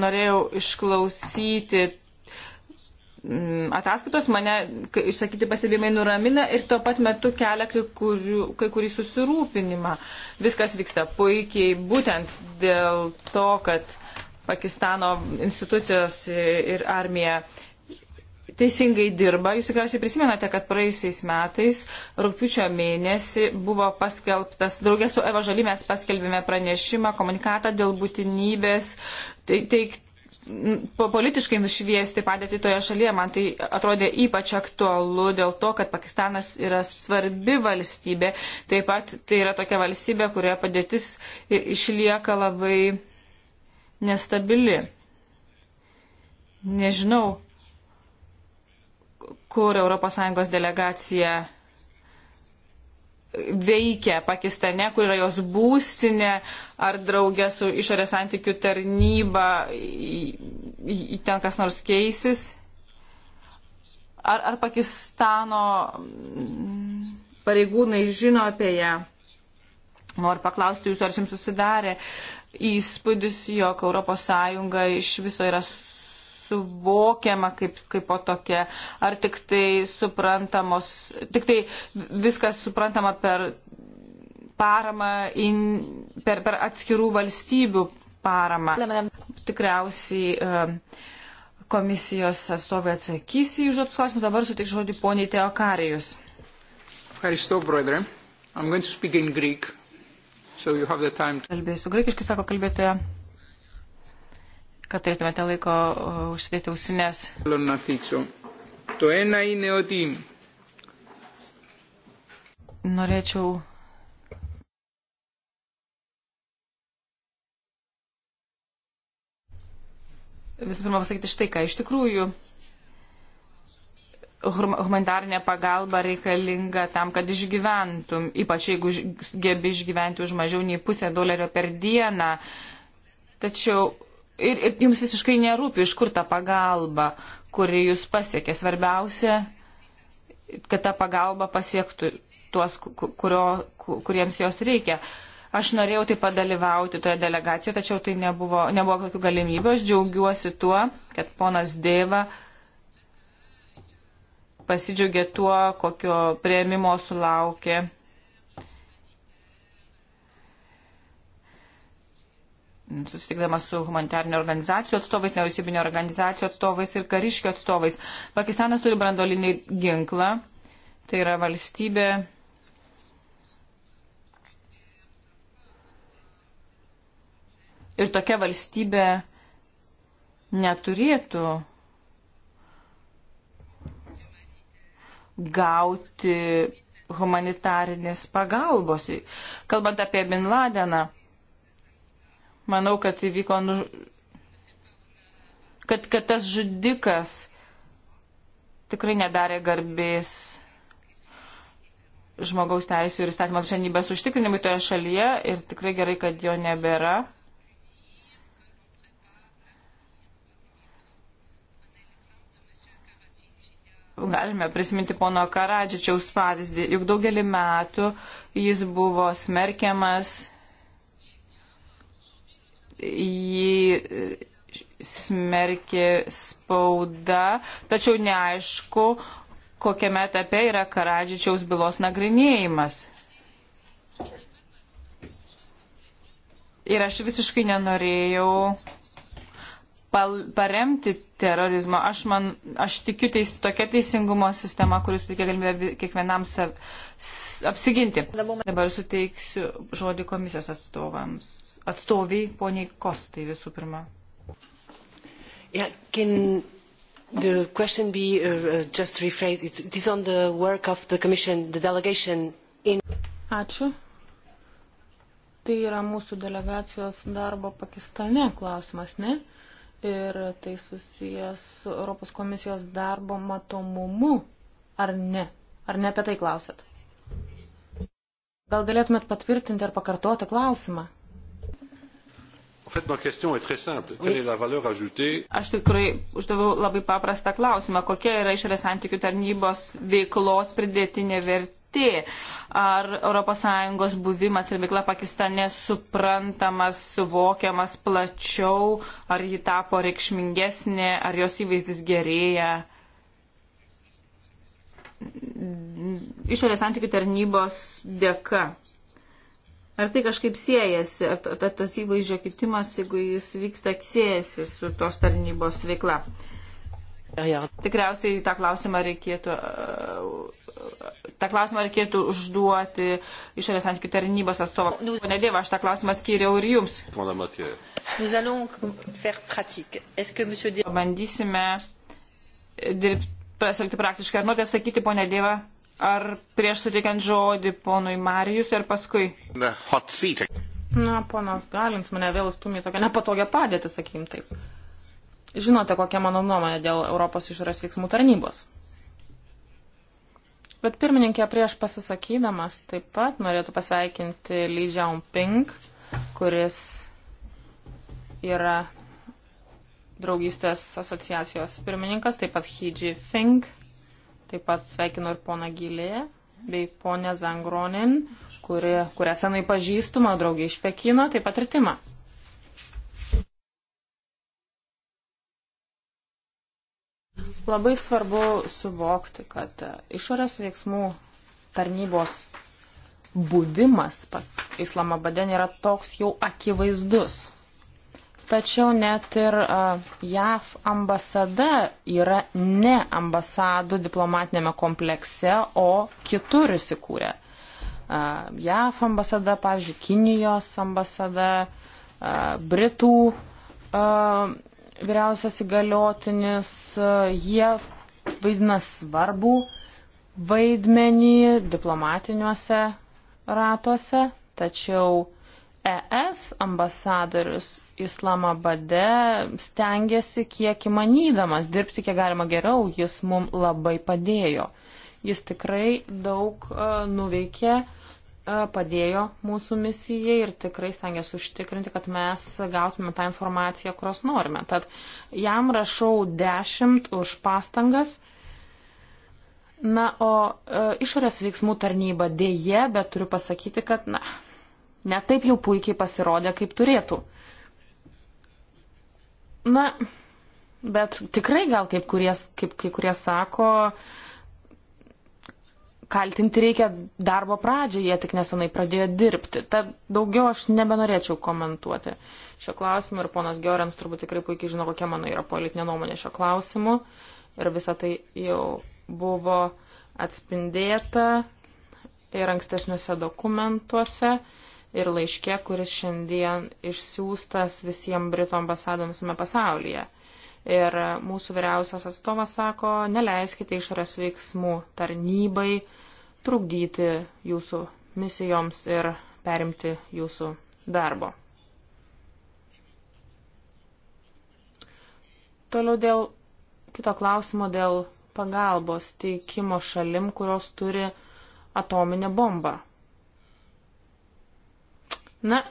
S3: norėjau išklausyti mm, ataskaitos, mane išsakyti pastebėjimai nuramina ir tuo pat metu kelia kai, kurių, kai kurį susirūpinimą. Viskas vyksta puikiai, būtent dėl to, kad Pakistano institucijos ir armija teisingai dirba. Jūs tikriausiai prisimenate, kad praėjusiais metais, rūpiučio mėnesį, buvo paskelbtas, draugė su Eva Žaly mes paskelbėme pranešimą, komunikatą dėl būtinybės teikti. Politiškai nušviesti padėti toje šalyje, man tai atrodė ypač aktualu dėl to, kad Pakistanas yra svarbi valstybė, taip pat tai yra tokia valstybė, kurioje padėtis išlieka labai nestabili. Nežinau, kur ES delegacija veikia Pakistane, kur yra jos būstinė, ar draugė su išorės santykių tarnyba, ten kas nors keisis. Ar, ar Pakistano mm, pareigūnai žino apie ją? Noriu paklausti jūsų, ar jums susidarė įspūdis, jog ES iš viso yra suvokiama kaip, kaip po tokia, ar tik tai suprantamos, tik tai viskas suprantama per paramą, in, per, per atskirų valstybių paramą. Tikriausiai uh, komisijos atstovai atsakys į užduotus klausimus. Dabar sutik žodį poniai Teokarijus.
S4: Kalbėsiu graikiškai, sako
S3: kalbėtoja kad turėtumėte laiko uh, užsidėti ausinės. Norėčiau visų pirma pasakyti štai ką. Iš tikrųjų, humanitarinė pagalba reikalinga tam, kad išgyventum, ypač jeigu gebi išgyventi už mažiau nei pusę dolerio per dieną. Tačiau ir, ir jums visiškai nerūpi, iš kur ta pagalba, kuri jūs pasiekė. Svarbiausia, kad ta pagalba pasiektų tuos, kurio, kuriems jos reikia. Aš norėjau taip pat dalyvauti toje delegacijoje, tačiau tai nebuvo, nebuvo kokių galimybių. Aš džiaugiuosi tuo, kad ponas Dėva pasidžiaugė tuo, kokio prieimimo sulaukė susitikdamas su humanitarnio organizacijų atstovais, nevisybinio organizacijų atstovais ir kariškio atstovais. Pakistanas turi brandolinį ginklą, tai yra valstybė. Ir tokia valstybė neturėtų gauti humanitarinės pagalbos. Kalbant apie Bin Ladeną, Manau, kad įvyko, nu, kad, kad tas žudikas tikrai nedarė garbės žmogaus teisų ir įstatymo apšienybės užtikrinimui toje šalyje ir tikrai gerai, kad jo nebėra. Galime prisiminti pono Karadžičiaus pavyzdį, juk daugelį metų jis buvo smerkiamas jį e, smerkė spauda, tačiau neaišku, kokiame etape yra Karadžičiaus bylos nagrinėjimas. Ir aš visiškai nenorėjau paremti terorizmą. Aš, man, aš tikiu teis, tokia teisingumo sistema, kuris suteikia galimybę kiekvienam sav, s, apsiginti. Dabar suteiksiu žodį komisijos atstovams atstoviai poniai Kostai visų pirma. Yeah, can... The question be uh, uh, just rephrased. It, it is on the work of the Commission, the delegation
S4: in. Ačiū. Tai yra mūsų delegacijos darbo Pakistane klausimas, ne? Ir tai susijęs su Europos komisijos darbo matomumu, ar ne? Ar ne apie tai klausėt? Gal galėtumėt patvirtinti ar pakartoti klausimą? Aš tikrai
S3: uždaviau labai paprastą klausimą. Kokia yra išorės santykių tarnybos veiklos pridėtinė vertė? Ar ES buvimas ir veikla Pakistane suprantamas, suvokiamas plačiau? Ar ji tapo reikšmingesnė? Ar jos įvaizdis gerėja? Išorės santykių tarnybos dėka. Ar tai kažkaip siejasi, ar tas įvaizdžio kitimas, jeigu jis vyksta, siejasi su tos tarnybos veikla? Tikriausiai tą klausimą reikėtų, tą klausimą reikėtų užduoti išorės santykių tarnybos atstovą. Pone Dėva, aš tą klausimą skyriau ir jums. Pabandysime dirbti, pasielgti praktiškai. Ar norite sakyti, pone Dėva, Ar prieš sutikiant žodį ponui Marijus ir paskui?
S1: Na,
S4: ponas Galins mane vėl stumė tokią nepatogią padėtį, sakykim taip. Žinote, kokia mano nuomonė dėl Europos išorės veiksmų tarnybos. Bet pirmininkė prieš pasisakydamas taip pat norėtų pasveikinti Li Jiangping, kuris yra draugystės asociacijos pirmininkas, taip pat He Jinping, Taip pat sveikinu ir poną Gilėje bei ponę Zangronin, kuri, kurią senai pažįstu, mano draugė iš Pekino, taip pat ir Timą. Labai svarbu suvokti, kad išorės veiksmų tarnybos buvimas Islamabade nėra toks jau akivaizdus. Tačiau net ir JAV ambasada yra ne ambasadų diplomatinėme komplekse, o kitur įsikūrė. JAV ambasada, pavyzdžiui, Kinijos ambasada, Britų vyriausias įgaliotinis, jie vaidina svarbų vaidmenį diplomatiniuose ratuose, tačiau ES ambasadorius Islamabade stengiasi kiek įmanydamas dirbti kiek galima geriau, jis mum labai padėjo. Jis tikrai daug uh, nuveikė, uh, padėjo mūsų misijai ir tikrai stengiasi užtikrinti, kad mes gautume tą informaciją, kurios norime. Tad jam rašau 10 už pastangas. Na, o e, uh, išorės veiksmų tarnyba dėje, bet turiu pasakyti, kad, na, netaip jau puikiai pasirodė, kaip turėtų. Na, bet tikrai gal, kaip, kurie, kaip kai kurie sako, kaltinti reikia darbo pradžią, jie tik nesenai pradėjo dirbti. Tad daugiau aš nebenorėčiau komentuoti šio klausimu ir ponas Giorens turbūt tikrai puikiai žino, kokia mano yra politinė nuomonė šio klausimu. Ir visa tai jau buvo atspindėta ir ankstesniuose dokumentuose ir laiške, kuris šiandien išsiųstas visiems Britų ambasadoms visame pasaulyje. Ir mūsų vyriausias atstovas sako, neleiskite išorės veiksmų tarnybai trukdyti jūsų misijoms ir perimti jūsų darbo. Toliau dėl kito klausimo dėl pagalbos teikimo šalim, kurios turi atominę bombą. Na,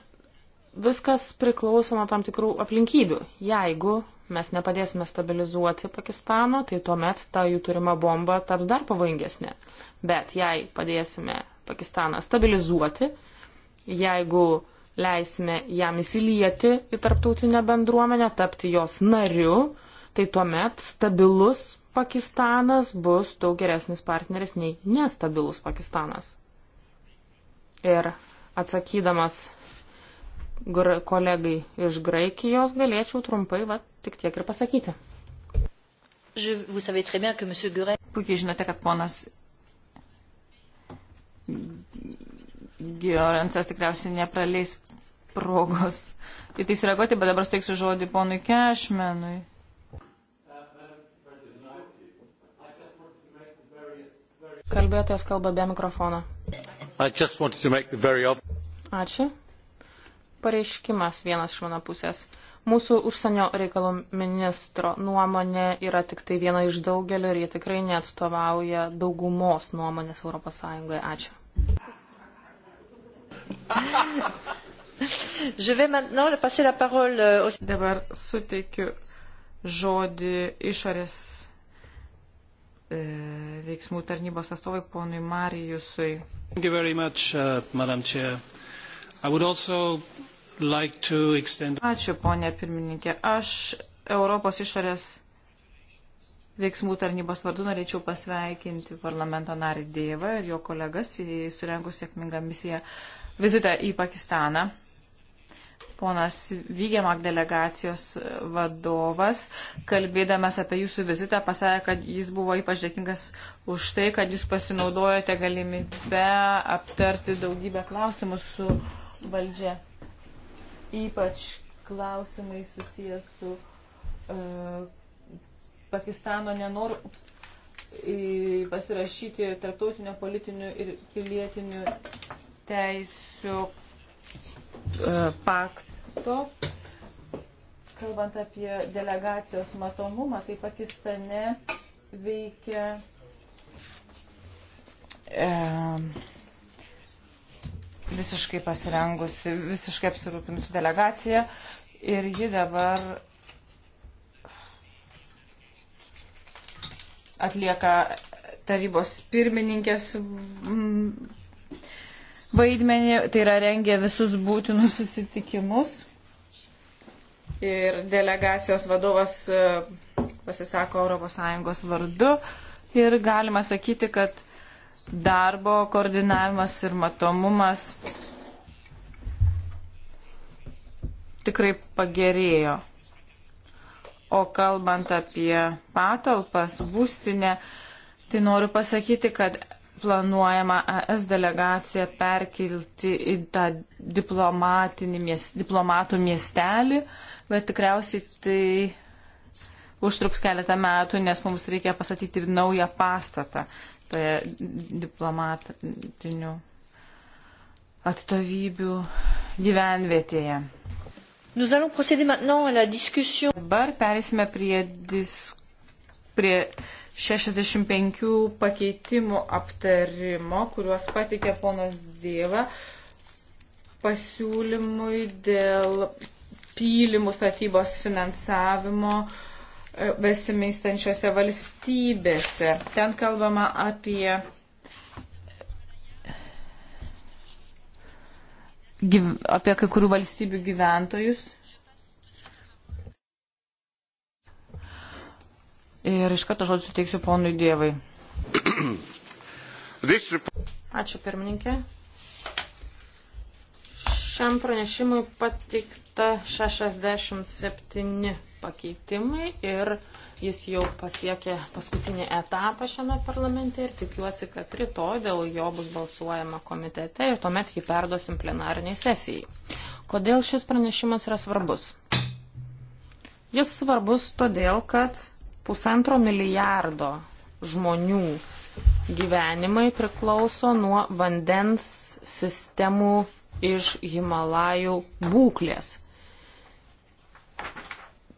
S4: viskas priklauso nuo tam tikrų aplinkybių. Jeigu mes nepadėsime stabilizuoti Pakistano, tai tuomet ta jų turima bomba taps dar pavojingesnė. Bet jei padėsime Pakistaną stabilizuoti, jeigu leisime jam įsilieti į tarptautinę bendruomenę, tapti jos nariu, tai tuomet stabilus Pakistanas bus daug geresnis partneris nei nestabilus Pakistanas. Ir atsakydamas kolegai iš Graikijos galėčiau trumpai va, tik tiek ir pasakyti.
S1: Je, bien, Guren... Puikiai žinote, kad ponas
S3: Giorensas tikriausiai nepraleis progos į tai sureaguoti, bet dabar steiksiu žodį ponui Kešmenui.
S4: Kalbėtojas kalba be mikrofono. Very... Ačiū pareiškimas vienas iš mano pusės. Mūsų užsienio reikalų ministro nuomonė yra tik tai viena iš daugelio ir jie tikrai neatstovauja daugumos nuomonės ES. Ačiū. Euh,
S3: Dabar suteikiu žodį išorės e, veiksmų tarnybos atstovai ponui Marijusui. Thank you very much, uh, Madam Chair. I would also like to extend... Ačiū, ponė pirmininkė. Aš Europos išorės veiksmų tarnybos vardu norėčiau pasveikinti parlamento narį Dėvą ir jo kolegas į surengus sėkmingą misiją vizitą į Pakistaną. Ponas Vygiamak delegacijos vadovas, kalbėdamas apie jūsų vizitą, pasakė, kad jis buvo ypač dėkingas už tai, kad jūs pasinaudojate galimybę aptarti daugybę klausimų su valdžia ypač klausimai susijęs su uh, Pakistano nenoru pasirašyti tarptautinių politinių ir pilietinių teisių uh, pakto. Kalbant apie delegacijos matomumą, tai Pakistane veikia. Uh, visiškai pasirengusi, visiškai apsirūpinusi delegacija ir ji dabar atlieka tarybos pirmininkės mm, vaidmenį, tai yra rengia visus būtinus susitikimus. Ir delegacijos vadovas e, pasisako ES vardu ir galima sakyti, kad darbo koordinavimas ir matomumas tikrai pagerėjo. O kalbant apie patalpas, būstinę, tai noriu pasakyti, kad planuojama ES delegacija perkelti į tą miest, diplomatų miestelį, bet tikriausiai tai užtruks keletą metų, nes mums reikia pasakyti naują pastatą toje diplomatinių atstovybių gyvenvietėje. Dabar perėsime prie, disk... prie 65 pakeitimų aptarimo, kuriuos patikė ponas Dieva pasiūlymui dėl pylimų statybos finansavimo uh, E, besimeistančiose valstybėse. Ten kalbama apie apie kai kurių valstybių gyventojus.
S4: Ir iš karto žodžiu suteiksiu ponui Dievai. Ačiū pirmininkė. Šiam pranešimui pateikta 67 pakeitimai ir jis jau pasiekė paskutinį etapą šiame parlamente ir tikiuosi, kad rytoj dėl jo bus balsuojama komitete ir tuomet jį perduosim plenariniai sesijai. Kodėl šis pranešimas yra svarbus? Jis svarbus todėl, kad pusantro milijardo žmonių gyvenimai priklauso nuo vandens sistemų iš Himalajų būklės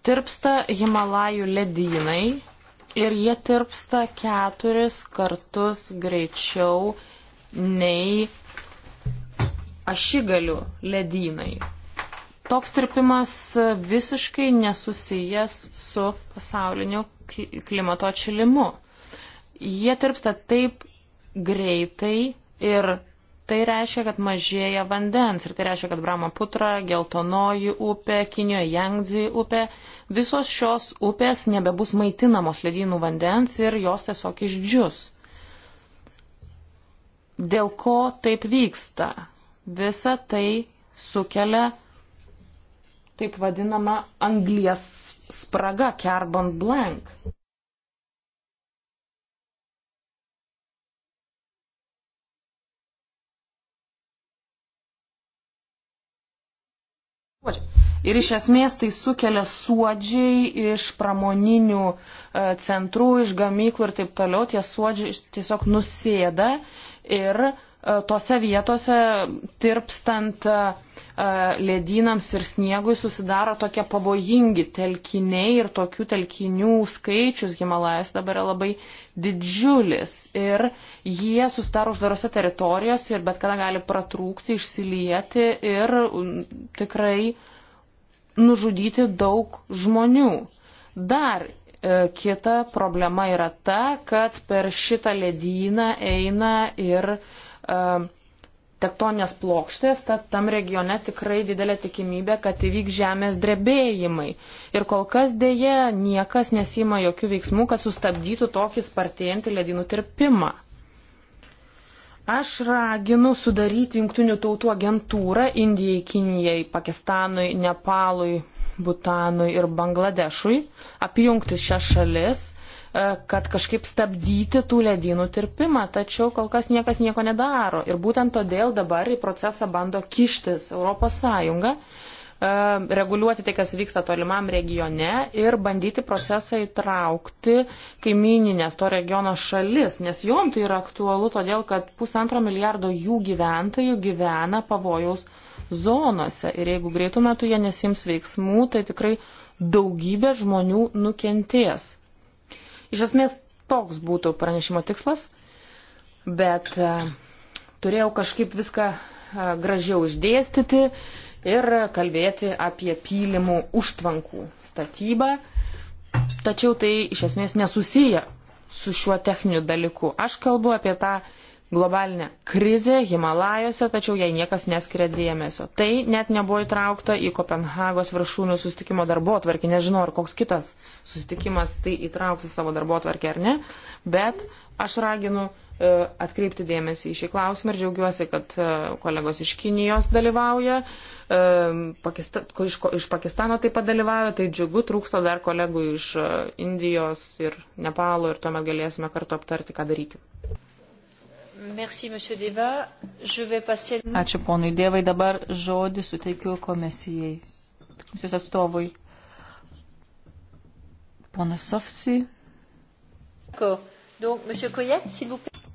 S4: tirpsta Himalajų ledynai ir jie tirpsta keturis kartus greičiau nei ašigalių ledynai. Toks tirpimas visiškai nesusijęs su pasauliniu klimato atšilimu. Jie tirpsta taip greitai ir Tai reiškia, kad mažėja vandens ir tai reiškia, kad Brahma Putra, Geltonoji upė, Kinijoje Jangdzi upė, visos šios upės nebebus maitinamos ledynų vandens ir jos tiesiog išdžius. Dėl ko taip vyksta? Visa tai sukelia taip vadinama anglies spraga, carbon blank. Ir iš esmės tai sukelia suodžiai iš pramoninių e, centrų, iš gamyklų ir taip toliau. Tie suodžiai tiesiog nusėda ir E, tose vietose tirpstant e, e, ledynams ir sniegui susidaro tokie pavojingi telkiniai ir tokių telkinių skaičius Himalajos dabar yra labai didžiulis ir jie susidaro uždarose teritorijose ir bet kada gali pratrūkti, išsilieti ir tikrai nužudyti daug žmonių. Dar kita problema yra ta, kad per šitą ledyną eina ir uh, Um, tektonės plokštės, tad tam regione tikrai didelė tikimybė, kad įvyks žemės drebėjimai. Ir kol kas dėje niekas nesima jokių veiksmų, kad sustabdytų tokį spartėjantį ledynų tirpimą. Aš raginu sudaryti Junktinių tautų agentūrą Indijai, Kinijai, Pakistanui, Nepalui, Butanui ir Bangladešui, apjungti šias šalis E, kad kažkaip stabdyti tų ledynų tirpimą, tačiau kol kas niekas nieko nedaro. Ir būtent todėl dabar į procesą bando kištis ES, e, reguliuoti tai, kas vyksta tolimam regione ir bandyti procesą įtraukti kaimininės to regiono šalis, nes jom tai yra aktualu, todėl kad pusantro milijardo jų gyventojų gyvena pavojaus zonose ir jeigu greitų metų jie nesims veiksmų, tai tikrai daugybė žmonių nukentės. Iš esmės toks būtų pranešimo tikslas, bet e, turėjau kažkaip viską e, gražiau išdėstyti ir kalbėti apie pylimų užtvankų statybą, tačiau tai iš esmės nesusiję su šiuo techniniu dalyku. Aš kalbu apie tą globalinę krizę Himalajose, tačiau jai niekas neskiria dėmesio. Tai net nebuvo įtraukta į Kopenhagos viršūnių sustikimo darbo atvarkį, nežinau, ar koks kitas sustikimas tai įtrauks į savo darbo atvarkį ar ne, bet aš raginu e, atkreipti dėmesį į šį klausimą ir džiaugiuosi, kad e, kolegos iš Kinijos dalyvauja, e, Pakista, iš, iš Pakistano taip pat dalyvauja, tai džiugu, trūksta dar kolegų iš Indijos ir Nepalo ir tuomet galėsime kartu aptarti, ką daryti.
S1: Merci, passer... Ačiū
S4: ponui Dievai, dabar žodį suteikiu komisijai. Komisijos
S3: atstovui. Ponas Sofsi.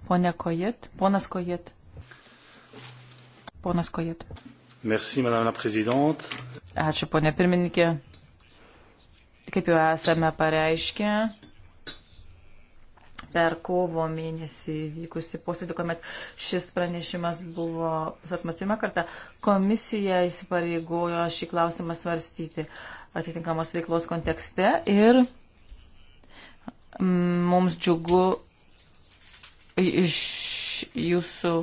S3: Pone Kojet, ponas Kojet. Ponas Kojet.
S4: Merci, madame la présidente.
S1: Ačiū, ponė pirmininkė.
S3: Kaip jau esame pareiškę, per kovo mėnesį vykusi posėdį, kuomet šis pranešimas buvo svarstamas pirmą kartą, komisija įsipareigojo šį klausimą svarstyti atitinkamos veiklos kontekste ir mm, mums džiugu iš jūsų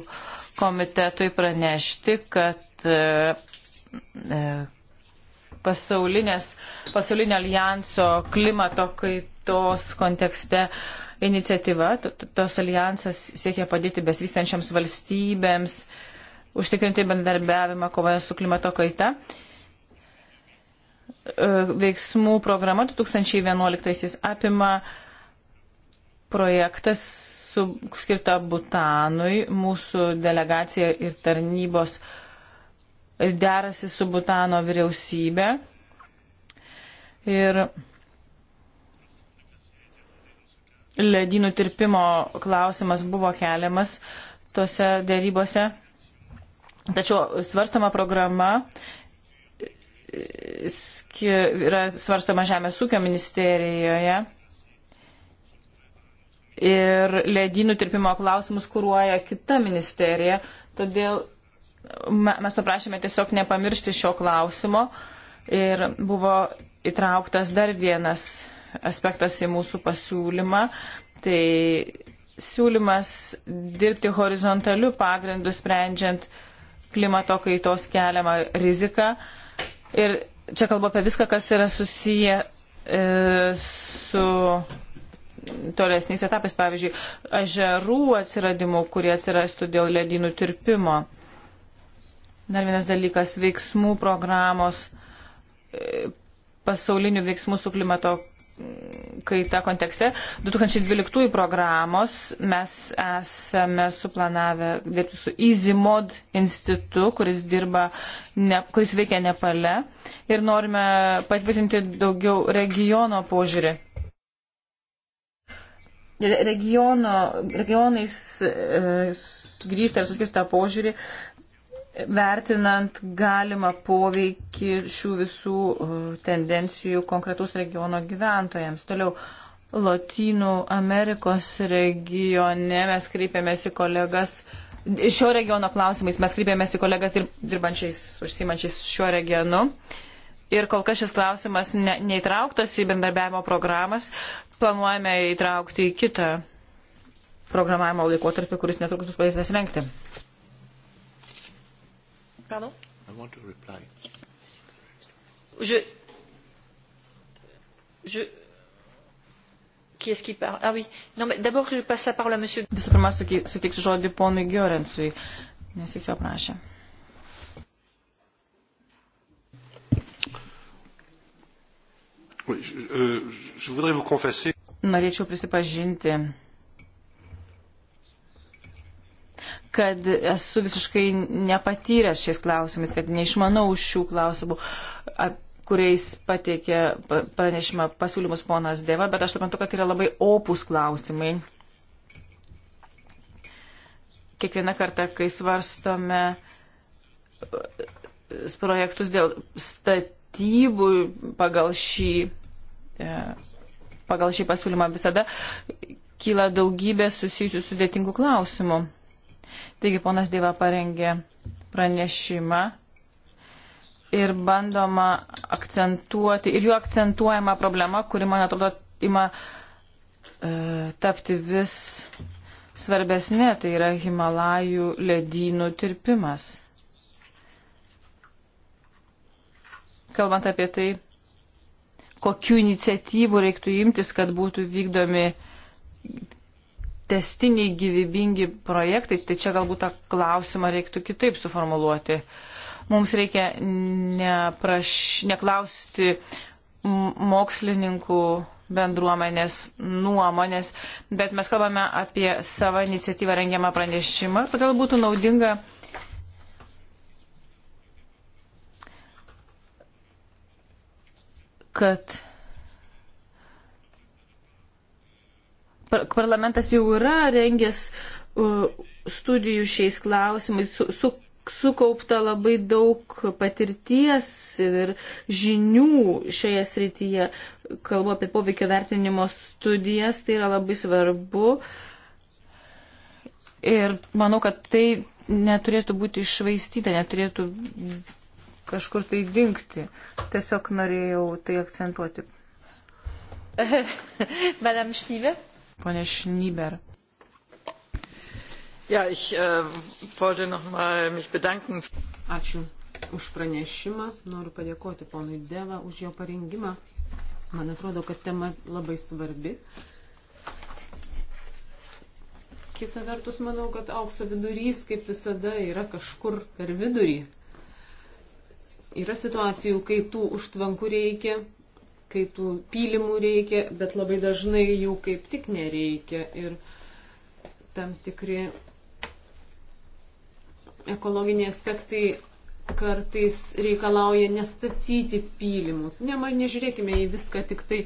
S3: komitetui pranešti, kad e, e, pasaulinės, pasaulinio alijanso klimato kaitos kontekste uh, iniciatyva, tos alijansas siekia padėti besivystančiams valstybėms, užtikrinti bendarbiavimą kovoje su klimato kaita. E, veiksmų programa 2011 apima projektas su, skirta Butanui. Mūsų delegacija ir tarnybos derasi su Butano vyriausybė. Ir ledynų tirpimo klausimas buvo keliamas tose dėrybose. Tačiau svarstama programa e, yra svarstama Žemės ūkio ministerijoje ir ledynų tirpimo klausimus kūruoja kita ministerija. Todėl mes paprašėme tiesiog nepamiršti šio klausimo ir buvo įtrauktas dar vienas aspektas į mūsų pasiūlymą. Tai siūlymas dirbti horizontaliu pagrindu sprendžiant klimato kaitos keliamą riziką. Ir čia kalbu apie viską, kas yra susiję e, su tolesniais etapais, pavyzdžiui, ežerų atsiradimu, kurie atsirastų dėl ledynų tirpimo. Dar vienas dalykas - veiksmų programos, e, pasaulinių veiksmų su klimato kaita kontekste. 2012 programos mes esame suplanavę dirbti su EasyMod institutu, kuris, dirba, ne, kuris veikia Nepale ir norime patvirtinti daugiau regiono požiūrį. Regiono, regionais e, grįžti ar suskistą požiūrį vertinant galimą poveikį šių visų uh, tendencijų konkretaus regiono gyventojams. Toliau, Lotynų Amerikos regione mes kreipėmės į kolegas, šio regiono klausimais mes kreipėmės į kolegas dirbančiais, užsimančiais šiuo regionu. Ir kol kas šis klausimas ne, neįtrauktas į bendarbiavimo programas, planuojame įtraukti į kitą programavimo laikotarpį, kuris netrukus bus pradėtas renkti.
S1: Pardon I want to reply. Je... Je... Qui est-ce qui parle Ah oui. Non, mais d'abord, je passe la parole à monsieur.
S3: Visų pirma, suteiksiu žodį ponui Giorensui, nes jis jo prašė.
S1: Oui, je, je, euh, je voudrais vous confesser.
S3: Norėčiau prisipažinti kad esu visiškai nepatyręs šiais klausimais, kad neišmanau šių klausimų, kuriais pateikė pranešimą pasiūlymus ponas Deva, bet aš suprantu, kad tai yra labai opus klausimai. Kiekvieną kartą, kai svarstome e, projektus dėl statybų pagal šį, e, pagal šį pasiūlymą, visada kyla daugybė susijusių sudėtingų klausimų. Taigi ponas Dėva parengė pranešimą ir bandoma akcentuoti, ir jų akcentuojama problema, kuri, man atrodo, ima e, tapti vis svarbesnė, tai yra Himalajų ledynų tirpimas. Kalbant apie tai, kokiu iniciatyvu reiktų imtis, kad būtų vykdomi testiniai gyvybingi projektai, tai čia galbūt tą klausimą reiktų kitaip suformuluoti. Mums reikia nepraš, neklausti mokslininkų bendruomenės nuomonės, bet mes kalbame apie savo iniciatyvą rengiamą pranešimą, todėl būtų naudinga kad parlamentas jau yra rengęs studijų šiais klausimais, su, su, sukaupta labai daug patirties ir žinių šioje srityje. Kalbu apie poveikio vertinimo studijas, tai yra labai svarbu. Ir manau, kad tai neturėtų būti išvaistyta, neturėtų kažkur tai dinkti. Tiesiog norėjau tai akcentuoti.
S1: Madame Šnyvė.
S3: Pone
S2: Šnyber. Ja, ich äh, wollte noch mal mich bedanken. Ačiū už pranešimą. Noriu padėkoti ponui Deva už jo parengimą. Man atrodo, kad tema labai svarbi. Kita vertus, manau, kad aukso vidurys, kaip visada, yra kažkur per vidurį. Yra situacijų, kai tų užtvankų reikia, kai tų pylimų reikia, bet labai dažnai jų kaip tik nereikia. Ir tam tikri ekologiniai aspektai kartais reikalauja nestatyti pylimų. Ne, nežiūrėkime į viską tik tai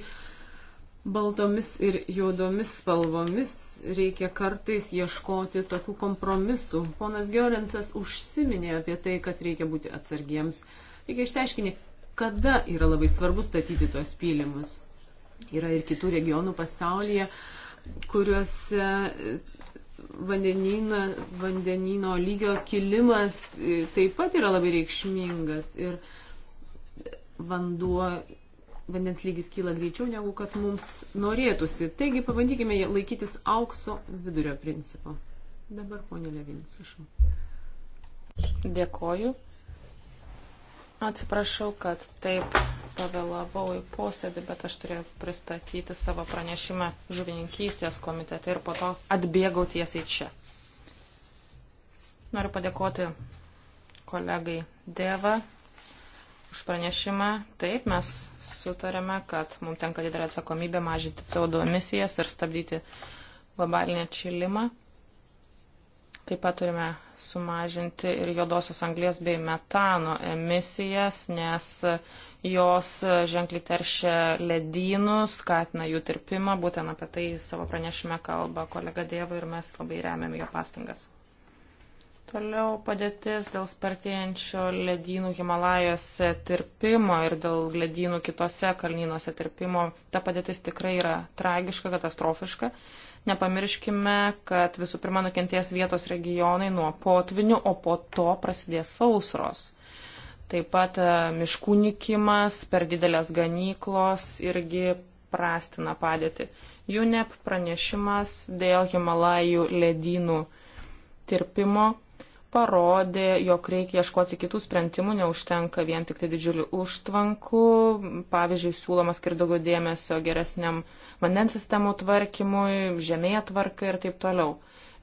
S2: baltomis ir juodomis spalvomis. Reikia kartais ieškoti tokių kompromisų. Ponas Giorensas užsiminė apie tai, kad reikia būti atsargiems. Reikia išteiškinti, kada yra labai svarbu statyti tuos pylimus. Yra ir kitų regionų pasaulyje, kuriuose e, vandenyno, vandenyno lygio kilimas e, taip pat yra labai reikšmingas ir vanduo, vandens lygis kyla greičiau negu kad mums norėtųsi. Taigi pabandykime laikytis aukso vidurio principo. Dabar ponė Levin, prašau.
S4: Dėkoju. Atsiprašau, kad taip pavėlavau į posėdį, bet aš turėjau pristatyti savo pranešimą žuvininkystės komitete ir po to atbėgau tiesiai čia. Noriu padėkoti kolegai Deva už pranešimą. Taip, mes sutarėme, kad mums tenka didelė atsakomybė mažinti CO2 emisijas ir stabdyti globalinį atšilimą. Taip pat turime sumažinti ir juodosios anglės bei metano emisijas, nes jos ženkliai teršia ledynus, skatina jų tirpimą. Būtent apie tai savo pranešime kalba kolega Dieva ir mes labai remiam jo pastangas. Toliau padėtis dėl spartėjančio ledynų Himalajose tirpimo ir dėl ledynų kitose kalnynuose tirpimo. Ta padėtis tikrai yra tragiška, katastrofiška. Nepamirškime, kad visų pirma nukentės vietos regionai nuo potvinių, o po to prasidės sausros. Taip pat e, miškų nikimas, per didelės ganyklos irgi prastina padėtį. UNEP pranešimas dėl Himalajų ledynų tirpimo parodė, jog reikia ieškoti kitų sprendimų, neužtenka vien tik tai didžiulių užtvankų. Pavyzdžiui, siūloma skirti daugiau dėmesio geresniam vandens sistemų tvarkymui, žemėje tvarkai ir taip toliau.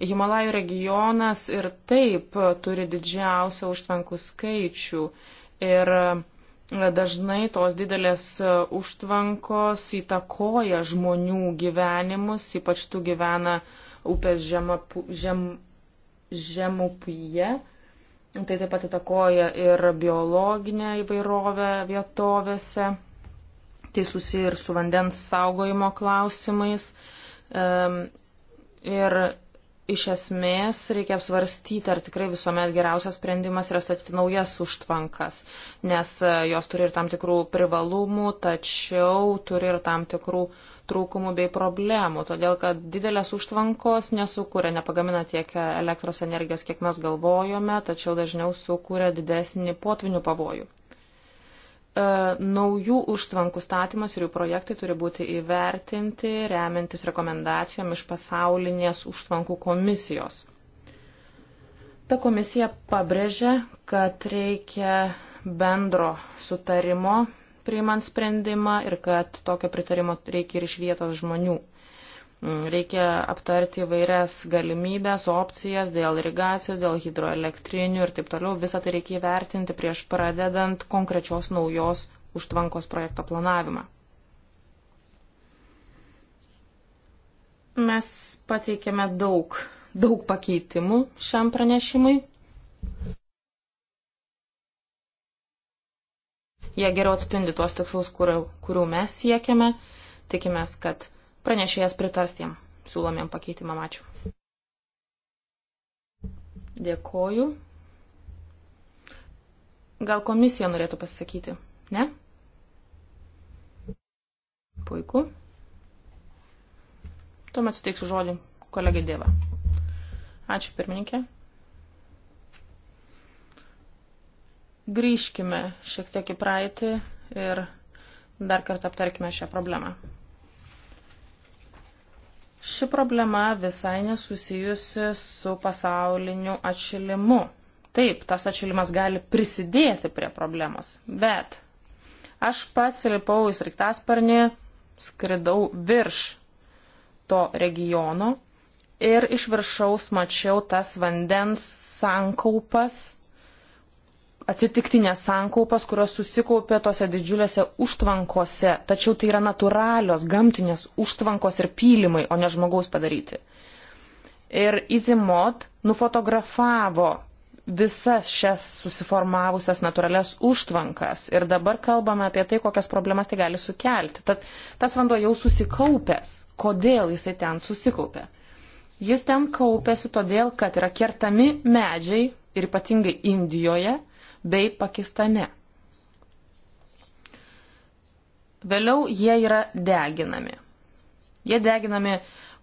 S4: Himalajų regionas ir taip turi didžiausią užtvankų skaičių ir e, dažnai tos didelės e, užtvankos įtakoja žmonių gyvenimus, ypač tų gyvena upės žema, žem, žemupyje. Tai taip pat įtakoja ir biologinę įvairovę vietovėse. Tai susiję ir su vandens saugojimo klausimais. Ir iš esmės reikia apsvarstyti, ar tikrai visuomet geriausias sprendimas yra statyti naujas užtvankas, nes e, jos turi ir tam tikrų privalumų, tačiau turi ir tam tikrų uh, trūkumų bei problemų, todėl kad didelės užtvankos nesukūrė, nepagamina tiek elektros energijos, kiek mes galvojome, tačiau dažniau sukūrė didesnį potvinių pavojų. E, naujų užtvankų statymas ir jų projektai turi būti įvertinti remiantis rekomendacijom iš pasaulinės užtvankų komisijos. Ta komisija pabrėžia, kad reikia bendro sutarimo priimant sprendimą ir kad tokio pritarimo reikia ir iš vietos žmonių. Mm, reikia aptarti vairias galimybės, opcijas dėl irigacijų, dėl hidroelektrinių ir taip toliau. Visą tai reikia įvertinti prieš pradedant konkrečios naujos užtvankos projekto planavimą. Mes pateikėme daug, daug pakeitimų šiam pranešimui. Jie geriau atspindi tuos tikslus, kurių, kurių mes siekiame. Tikimės, kad pranešėjas pritars tiem siūlomiem pakeitimam. Ačiū. Dėkoju. Gal komisija norėtų pasisakyti? Ne? Puiku. Tuomet suteiksiu žodį kolegai Dėva. Ačiū pirmininkė. grįžkime šiek tiek į praeitį ir dar kartą aptarkime šią problemą. Ši problema visai nesusijusi su pasauliniu atšilimu. Taip, tas atšilimas gali prisidėti prie problemos, bet aš pats lipau į sraigtasparnį, skridau virš to regiono ir iš viršaus mačiau tas vandens sankaupas atsitiktinės sankaupos, kurios susikaupė tose didžiulėse užtvankose, tačiau tai yra natūralios gamtinės užtvankos ir pylimai, o ne žmogaus padaryti. Ir Izimot nufotografavo visas šias susiformavusias natūralias užtvankas ir dabar kalbame apie tai, kokias problemas tai gali sukelti. Tad tas vanduo jau susikaupęs. Kodėl jisai ten susikaupė? Jis ten kaupėsi todėl, kad yra kertami medžiai ir ypatingai Indijoje bei Pakistane. Vėliau jie yra deginami. Jie deginami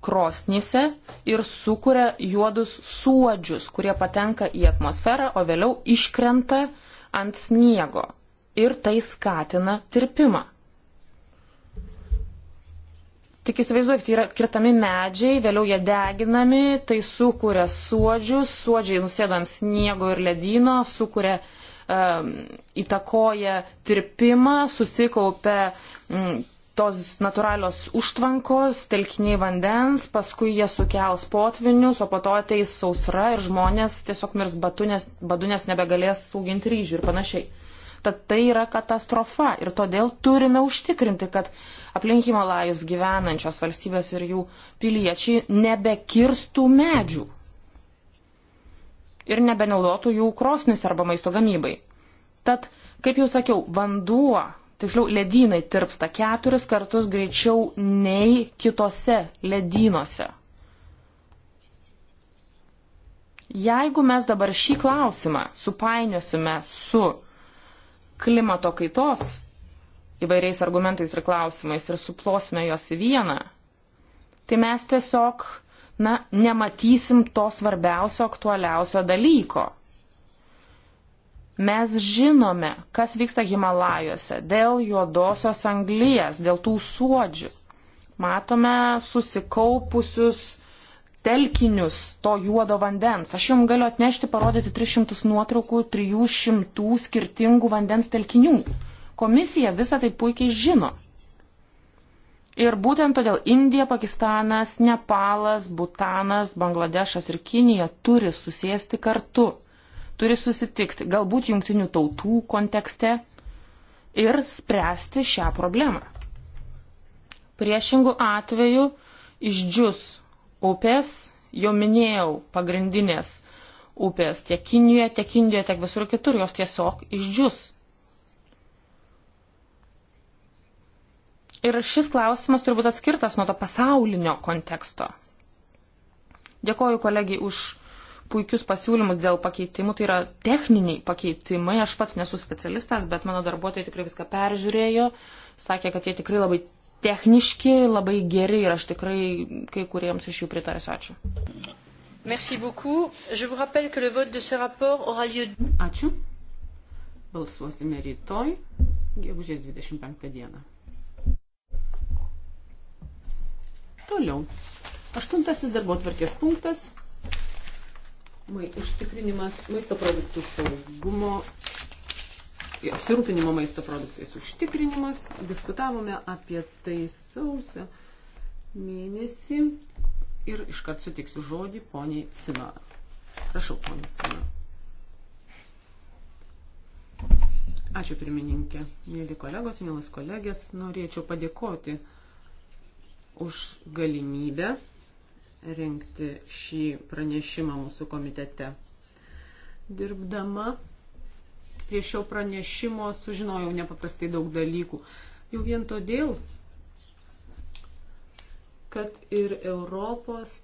S4: krosnyse ir sukuria juodus suodžius, kurie patenka į atmosferą, o vėliau iškrenta ant sniego. Ir tai skatina tirpimą. Tik įsivaizduokit, yra kirtami medžiai, vėliau jie deginami, tai sukuria suodžius, suodžiai nusėda ant sniego ir ledyno, sukuria um, įtakoja tirpimą, susikaupia um, tos natūralios užtvankos, telkiniai vandens, paskui jie sukels potvinius, o po to ateis sausra ir žmonės tiesiog mirs badu, nes, badu, nes nebegalės auginti ryžių ir panašiai. Tad tai yra katastrofa ir todėl turime užtikrinti, kad aplink Himalajus gyvenančios valstybės ir jų piliečiai nebekirstų medžių ir nebenaudotų jų krosnis arba maisto gamybai. Tad, kaip jau sakiau, vanduo, tiksliau ledynai tirpsta keturis kartus greičiau nei kitose ledynuose. Jeigu mes dabar šį klausimą supainiosime su klimato kaitos įvairiais argumentais ir klausimais ir suplosime juos į vieną, tai mes tiesiog na, nematysim to svarbiausio, aktualiausio dalyko. Mes žinome, kas vyksta Himalajose dėl juodosios anglijas, dėl tų suodžių. Matome susikaupusius telkinius to juodo vandens. Aš jums galiu atnešti, parodyti 300 nuotraukų 300 skirtingų vandens telkinių. Komisija visą tai puikiai žino. Ir būtent todėl Indija, Pakistanas, Nepalas, Butanas, Bangladešas ir Kinija turi susėsti kartu, turi susitikti, galbūt jungtinių tautų kontekste ir spręsti šią problemą. Priešingų atveju išdžius upės, jau minėjau pagrindinės upės tiek Kinijoje, tiek Indijoje, tiek visur kitur, jos tiesiog išdžius Ir šis klausimas turi būti atskirtas nuo to pasaulinio konteksto. Dėkoju kolegijai už puikius pasiūlymus dėl pakeitimų, tai yra techniniai pakeitimai, aš pats nesu specialistas, bet mano darbuotojai tikrai viską peržiūrėjo, sakė, kad jie tikrai labai techniški, labai geri ir aš tikrai kai kuriems iš jų pritarsiu. Ačiū.
S1: Merci beaucoup. Je vous rappelle que le vote de ce rapport aura lieu.
S2: Ačiū. Balsuosime rytoj, gegužės 25 dieną. Toliau. Aštuntasis darbo tvarkės punktas. Mai, užtikrinimas maisto produktų saugumo, apsirūpinimo maisto produktais užtikrinimas. Diskutavome apie tai sausio mėnesį ir iškart sutiksiu žodį poniai Cina. Prašau, poniai Cina. Ačiū pirmininkė. Mėly kolegos, mėlas kolegės, norėčiau padėkoti uh, už galimybę rengti šį pranešimą mūsų komitete. Dirbdama prie šio pranešimo sužinojau nepaprastai daug dalykų. Jau vien todėl, kad ir Europos,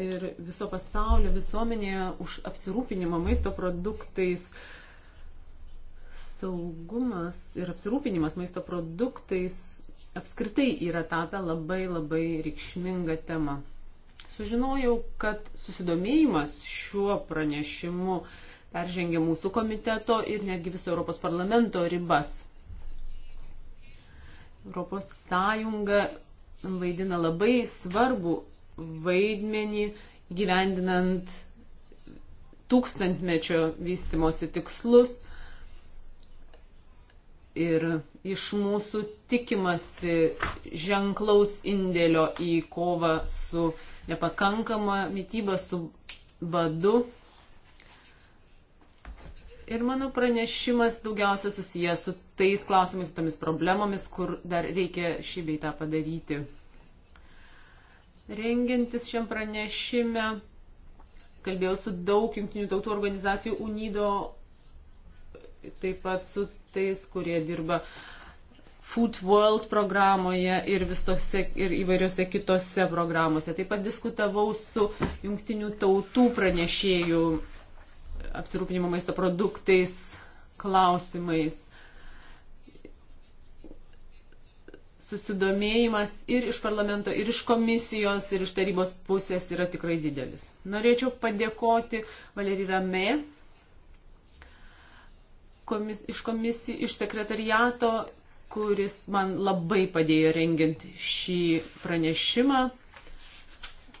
S2: ir viso pasaulio visuomenėje už apsirūpinimą maisto produktais saugumas ir apsirūpinimas maisto produktais apskritai yra tapę labai labai reikšminga tema. Sužinojau, kad susidomėjimas šiuo pranešimu peržengia mūsų komiteto ir netgi viso Europos parlamento ribas. Europos Sąjunga vaidina labai svarbu vaidmenį gyvendinant tūkstantmečio vystimosi tikslus – ir iš mūsų tikimasi ženklaus indėlio į kovą su nepakankama mytyba, su badu. Ir mano pranešimas daugiausia susijęs su tais klausimais, su tomis problemomis, kur dar reikia šį beitą padaryti. Rengiantis šiam pranešime, kalbėjau su daug jungtinių tautų organizacijų UNIDO, taip pat su tais, kurie dirba Food World programoje ir, visose, ir įvairiose kitose programuose. Taip pat diskutavau su jungtinių tautų pranešėjų apsirūpinimo maisto produktais klausimais. Susidomėjimas ir iš parlamento, ir iš komisijos, ir iš tarybos pusės yra tikrai didelis. Norėčiau padėkoti Valerijai Rame komis, iš, komisi, iš sekretariato, kuris man labai padėjo rengiant šį pranešimą.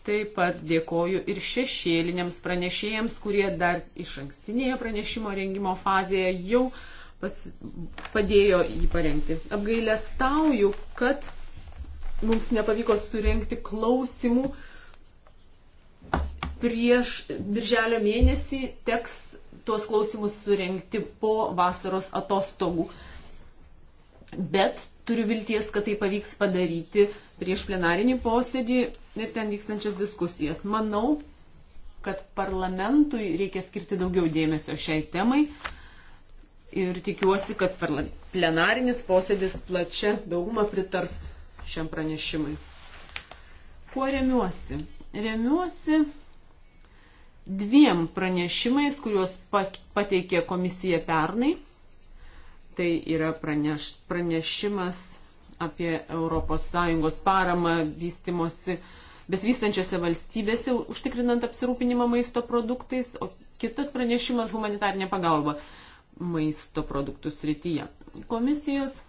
S2: Taip pat dėkoju ir šešėliniams pranešėjams, kurie dar iš ankstinėje pranešimo rengimo fazėje jau pas, padėjo jį parengti. Apgailę stauju, kad mums nepavyko surenkti klausimų prieš birželio mėnesį teks tuos klausimus surenkti po vasaros atostogų. Bet turiu vilties, kad tai pavyks padaryti prieš plenarinį posėdį ir ten vykstančias diskusijas. Manau, kad parlamentui reikia skirti daugiau dėmesio šiai temai ir tikiuosi, kad plenarinis posėdis plačia daugumą pritars šiam pranešimui. Kuo remiuosi? Remiuosi dviem pranešimais, kuriuos pateikė komisija pernai. Tai yra praneš, pranešimas apie ES paramą vystimosi besvystančiose valstybėse, užtikrinant apsirūpinimą maisto produktais, o kitas pranešimas humanitarnė pagalba maisto produktų srityje. Komisijos,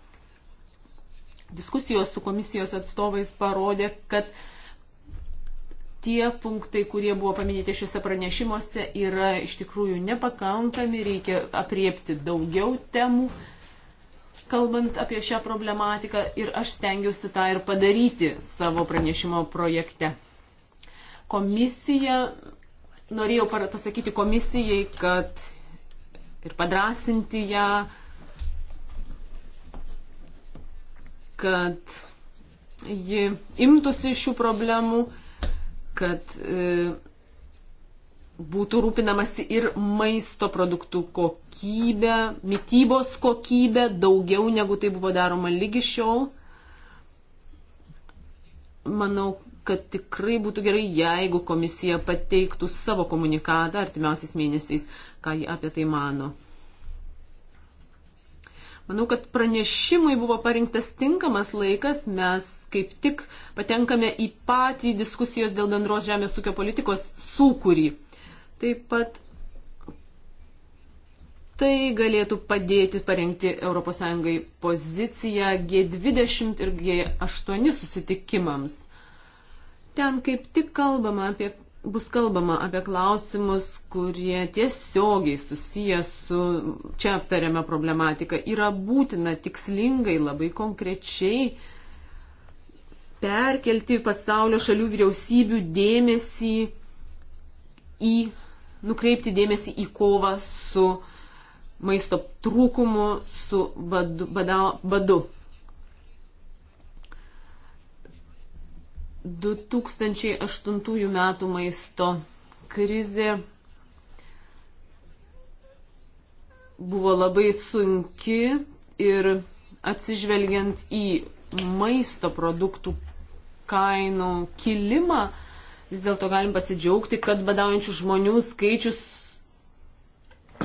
S2: diskusijos su komisijos atstovais parodė, kad tie punktai, kurie buvo paminėti šiuose pranešimuose, yra iš tikrųjų nepakankami, reikia apriepti daugiau temų, kalbant apie šią problematiką ir aš stengiausi tą ir padaryti savo pranešimo projekte. Komisija, norėjau pasakyti komisijai, kad ir padrasinti ją, kad ji imtųsi šių problemų kad e, būtų rūpinamasi ir maisto produktų kokybė, mytybos kokybė daugiau negu tai buvo daroma lygi šiol. Manau, kad tikrai būtų gerai, jeigu komisija pateiktų savo komunikatą artimiausiais mėnesiais, ką jie apie tai mano. Manau, kad pranešimui buvo parinktas tinkamas laikas, mes kaip tik patenkame į patį diskusijos dėl bendros žemės ūkio politikos sūkurį. Taip pat tai galėtų padėti parengti ES poziciją G20 ir G8 susitikimams. Ten kaip tik kalbama apie bus kalbama apie klausimus, kurie tiesiogiai susijęs su čia aptariama problematika. Yra būtina tikslingai, labai konkrečiai perkelti pasaulio šalių vyriausybių dėmesį į, nukreipti dėmesį į kovą su maisto trūkumu, su badu. badu. 2008 metų maisto krizė buvo labai sunki ir atsižvelgiant į maisto produktų kainų kilimą, vis dėlto galim pasidžiaugti, kad badaujančių žmonių skaičius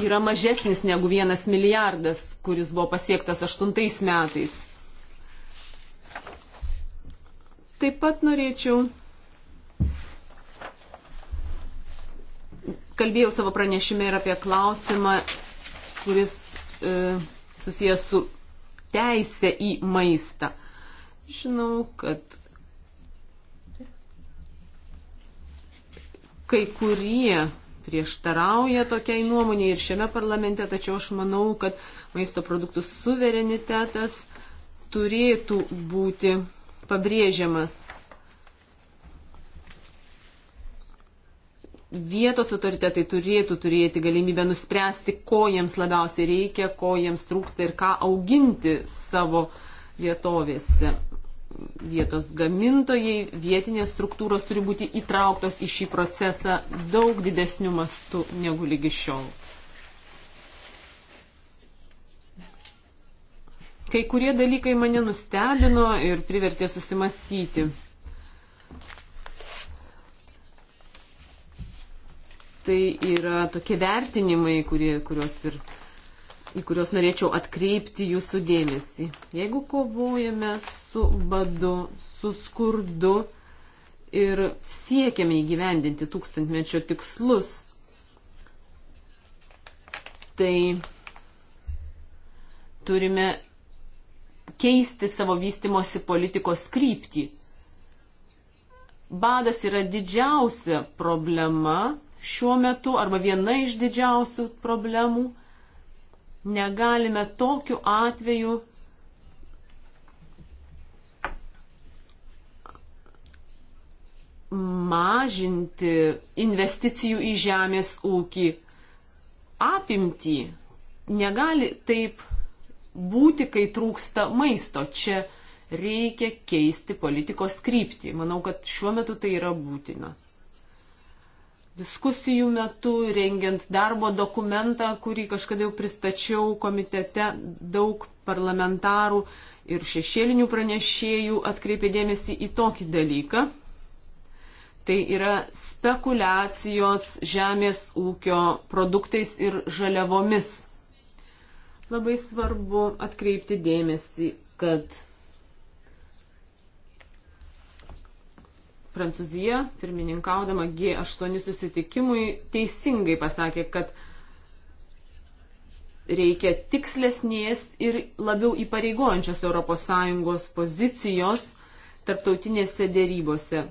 S2: yra mažesnis negu vienas milijardas, kuris buvo pasiektas aštuntais metais. Taip pat norėčiau. Kalbėjau savo pranešime ir apie klausimą, kuris e, susijęs su teisė į maistą. Žinau, kad kai kurie prieštarauja tokiai nuomonė ir šiame parlamente, tačiau aš manau, kad maisto produktų suverenitetas turėtų būti pabrėžiamas vietos autoritetai turėtų turėti galimybę nuspręsti, ko jiems labiausiai reikia, ko jiems trūksta ir ką auginti savo vietovėse. Vietos gamintojai, vietinės struktūros turi būti įtrauktos į šį procesą daug didesnių mastų negu lygi šiol. Kai kurie dalykai mane nustebino ir privertė susimastyti. Tai yra tokie vertinimai, kurie, kurios ir, į kuriuos norėčiau atkreipti jūsų dėmesį. Jeigu kovojame su badu, su skurdu ir siekiame įgyvendinti tūkstantmečio tikslus, tai turime keisti savo vystimosi politikos kryptį. Badas yra didžiausia problema šiuo metu arba viena iš didžiausių problemų. Negalime tokiu atveju mažinti investicijų į žemės ūkį apimtį. Negali taip būti, kai trūksta maisto. Čia reikia keisti politikos kryptį. Manau, kad šiuo metu tai yra būtina. Diskusijų metu, rengiant darbo dokumentą, kurį kažkada jau pristačiau komitete, daug parlamentarų ir šešėlinių pranešėjų atkreipė dėmesį į tokį dalyką. Tai yra spekulacijos žemės ūkio produktais ir žaliavomis Labai svarbu atkreipti dėmesį, kad Prancūzija, pirmininkaudama G8 susitikimui, teisingai pasakė, kad reikia tikslesnės ir labiau įpareigojančios ES pozicijos tarptautinėse dėrybose.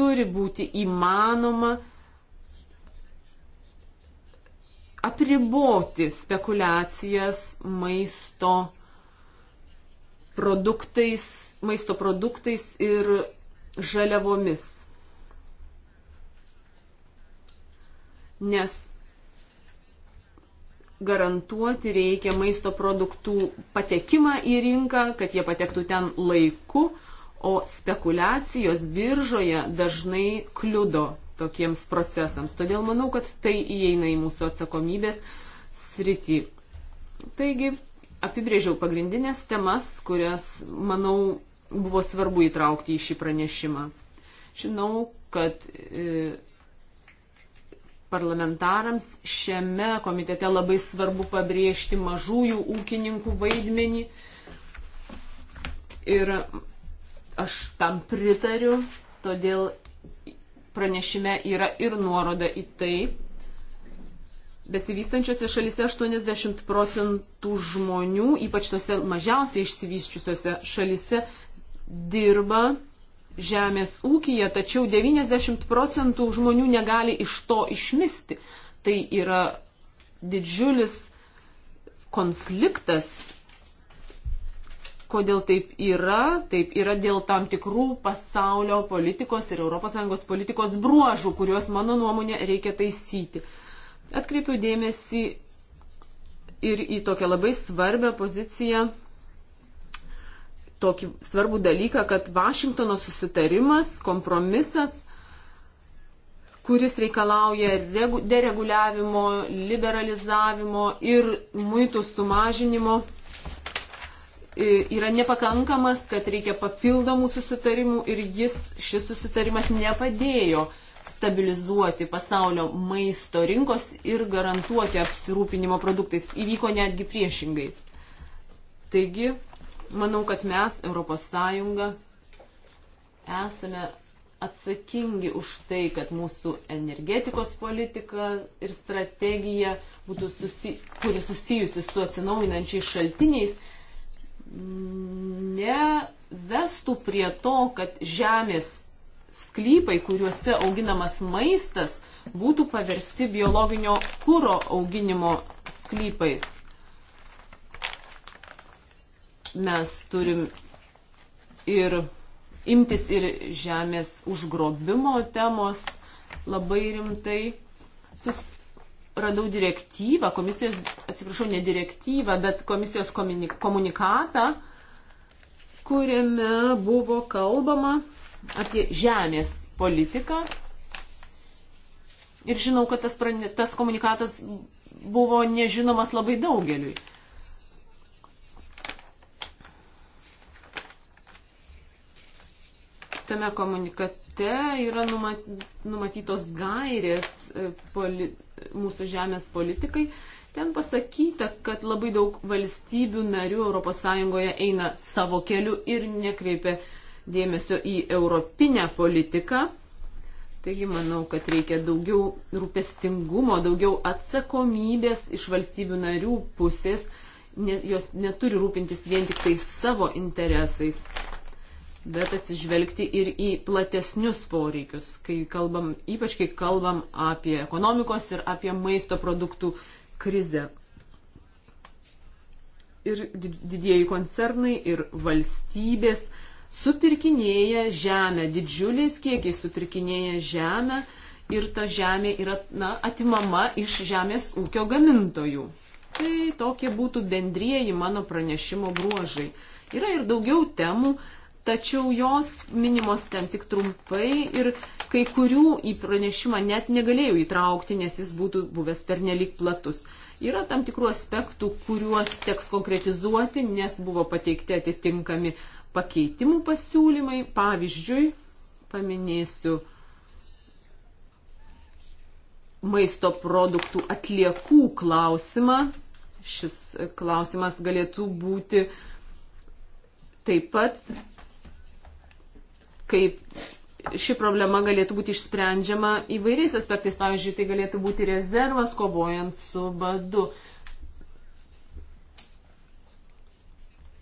S2: Turi būti įmanoma apriboti spekulacijas maisto produktais, maisto produktais ir žaliavomis. Nes garantuoti reikia maisto produktų patekimą į rinką, kad jie patektų ten laiku, o spekulacijos biržoje dažnai kliudo tokiems procesams. Todėl manau, kad tai įeina į mūsų atsakomybės sritį. Taigi, apibrėžiau pagrindinės temas, kurias, manau, buvo svarbu įtraukti į šį pranešimą. Žinau, kad e, parlamentarams šiame komitete labai svarbu pabrėžti mažųjų ūkininkų vaidmenį. Ir aš tam pritariu, todėl pranešime yra ir nuoroda į tai. Besivystančiose šalise 80 procentų žmonių, ypač tose mažiausiai išsivysčiusiose šalise, dirba žemės ūkija, tačiau 90 procentų žmonių negali iš to išmisti. Tai yra didžiulis konfliktas Kodėl taip yra? Taip yra dėl tam tikrų pasaulio politikos ir ES politikos bruožų, kuriuos, mano nuomonė, reikia taisyti. Atkreipiu dėmesį ir į tokią labai svarbę poziciją, tokį svarbų dalyką, kad Vašingtono susitarimas, kompromisas, kuris reikalauja dereguliavimo, liberalizavimo ir muitų sumažinimo E, yra nepakankamas, kad reikia papildomų susitarimų ir jis, šis susitarimas nepadėjo stabilizuoti pasaulio maisto rinkos ir garantuoti apsirūpinimo produktais. Įvyko netgi priešingai. Taigi, manau, kad mes, ES, esame atsakingi už tai, kad mūsų energetikos politika ir strategija, susi... kuri susijusi su atsinaujinančiais šaltiniais, nevestų prie to, kad žemės sklypai, kuriuose auginamas maistas, būtų paversti biologinio kūro auginimo sklypais. Mes turim ir imtis ir žemės užgrobimo temos labai rimtai. Sus, radau direktyvą, komisijos, atsiprašau, ne direktyvą, bet komisijos komunikatą, kuriame buvo kalbama apie žemės politiką. Ir žinau, kad tas, tas komunikatas buvo nežinomas labai daugeliui. Tame komunikate yra numatytos gairės e, poli, mūsų žemės politikai, ten pasakyta, kad labai daug valstybių narių ES eina savo keliu ir nekreipia dėmesio į europinę politiką. Taigi manau, kad reikia daugiau rūpestingumo, daugiau atsakomybės iš valstybių narių pusės, ne, jos neturi rūpintis vien tik tai savo interesais bet atsižvelgti ir į platesnius poreikius, kai kalbam, ypač kai kalbam apie ekonomikos ir apie maisto produktų krizę. Ir didieji koncernai, ir valstybės supirkinėja žemę, didžiuliais kiekiais supirkinėja žemę ir ta žemė yra na, atimama iš žemės ūkio gamintojų. Tai tokie būtų bendrieji mano pranešimo bruožai. Yra ir daugiau temų, tačiau jos minimos ten tik trumpai ir kai kurių į pranešimą net negalėjau įtraukti, nes jis būtų buvęs pernelik platus. Yra tam tikrų aspektų, kuriuos teks konkretizuoti, nes buvo pateikti atitinkami pakeitimų pasiūlymai. Pavyzdžiui, paminėsiu maisto produktų atliekų klausimą. Šis klausimas galėtų būti taip pat kaip ši problema galėtų būti išsprendžiama įvairiais aspektais. Pavyzdžiui, tai galėtų būti rezervas kovojant su badu.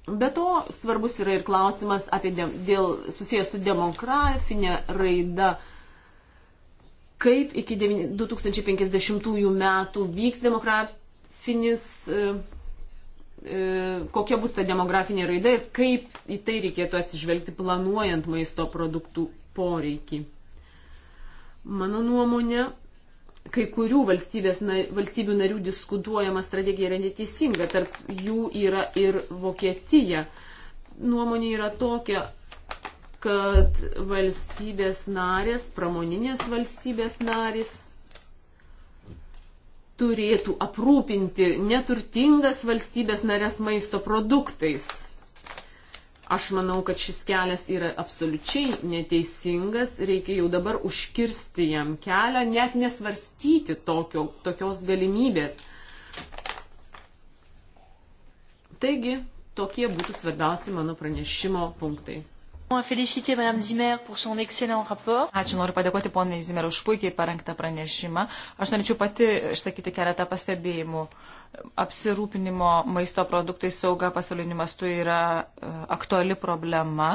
S2: Be to, svarbus yra ir klausimas apie de, dėl susijęs su demografinė raida kaip iki 2050 metų vyks demografinis e, E, kokia bus ta demografinė raida ir kaip į tai reikėtų atsižvelgti planuojant maisto produktų poreikį. Mano nuomonė, kai kurių na, valstybių narių diskutuojama strategija yra neteisinga, tarp jų yra ir Vokietija. Nuomonė yra tokia, kad valstybės narės, pramoninės valstybės narės turėtų aprūpinti neturtingas valstybės narės maisto produktais. Aš manau, kad šis kelias yra absoliučiai neteisingas, reikia jau dabar užkirsti jam kelią, net nesvarstyti tokio, tokios galimybės. Taigi, tokie būtų svarbiausi mano pranešimo punktai.
S1: Ačiū
S3: noriu padėkoti ponai Zimer už puikiai parengtą pranešimą. Aš norėčiau pati išsakyti keletą pastebėjimų. Apsirūpinimo maisto produktai sauga pasauliniu mastu yra e, aktuali problema.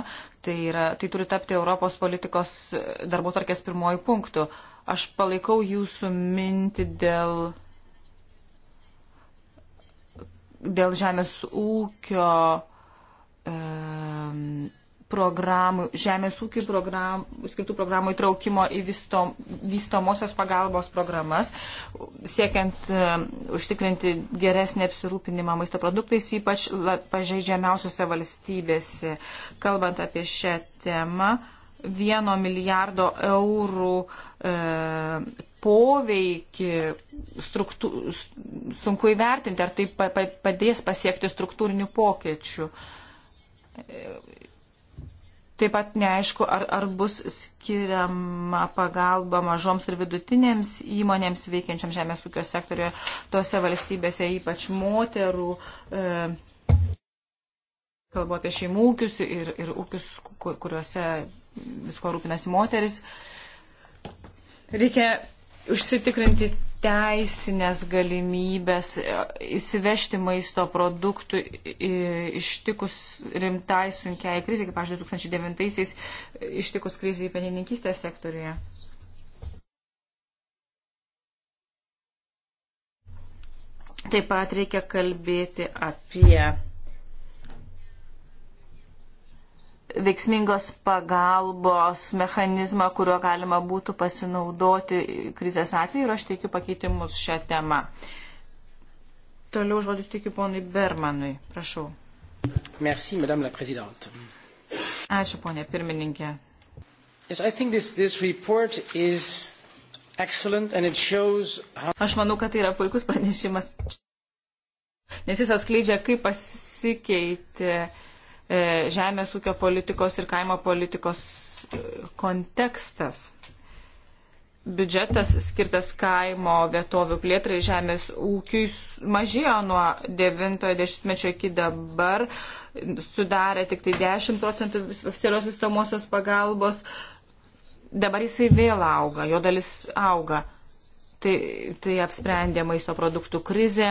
S3: Tai, yra, tai turi tapti Europos politikos e, darbo tarkės pirmojų punktų. Aš palaikau jūsų mintį dėl dėl žemės ūkio e, programų, žemės ūkių program, skirtų programų įtraukimo į vystom, vystomosios pagalbos programas, siekiant uh, užtikrinti geresnį apsirūpinimą maisto produktais, ypač la, pažeidžiamiausiose valstybėse. Kalbant apie šią temą, vieno milijardo eurų e, uh, poveikį struktu, sunku įvertinti, ar tai pa, pa, padės pasiekti struktūrinių pokėčių Taip pat neaišku, ar, ar bus skiriama pagalba mažoms ir vidutinėms įmonėms veikiančiam žemės ūkio sektoriuje, tose valstybėse ypač moterų. E, Kalbu apie šeimų ūkius ir, ir ūkius, kuriuose visko rūpinasi moteris. Reikia užsitikrinti teisinės galimybės e, įsivežti maisto produktų ištikus rimtai sunkiai kriziai, kaip, pavyzdžiui, 2009-aisiais e, ištikus kriziai penininkystės sektorėje? Taip pat reikia kalbėti apie veiksmingos pagalbos mechanizmą, kuriuo galima būtų pasinaudoti krizės atveju ir aš teikiu pakeitimus šią temą. Toliau žodis teikiu ponui Bermanui. Prašau.
S1: Merci, madame la présidente.
S3: Ačiū, ponė pirmininkė.
S1: Yes, this,
S3: this how... Aš manau, kad tai yra puikus pranešimas, nes jis atskleidžia, kaip pasikeitė uh, E, žemės ūkio politikos ir kaimo politikos e, kontekstas. Biudžetas skirtas kaimo vietovių plėtrai žemės ūkiui mažėjo nuo 90-mečio iki dabar, sudarė tik tai 10 procentų oficialios vystomosios pagalbos, dabar jisai vėl auga, jo dalis auga. Tai, tai apsprendė maisto produktų krizė,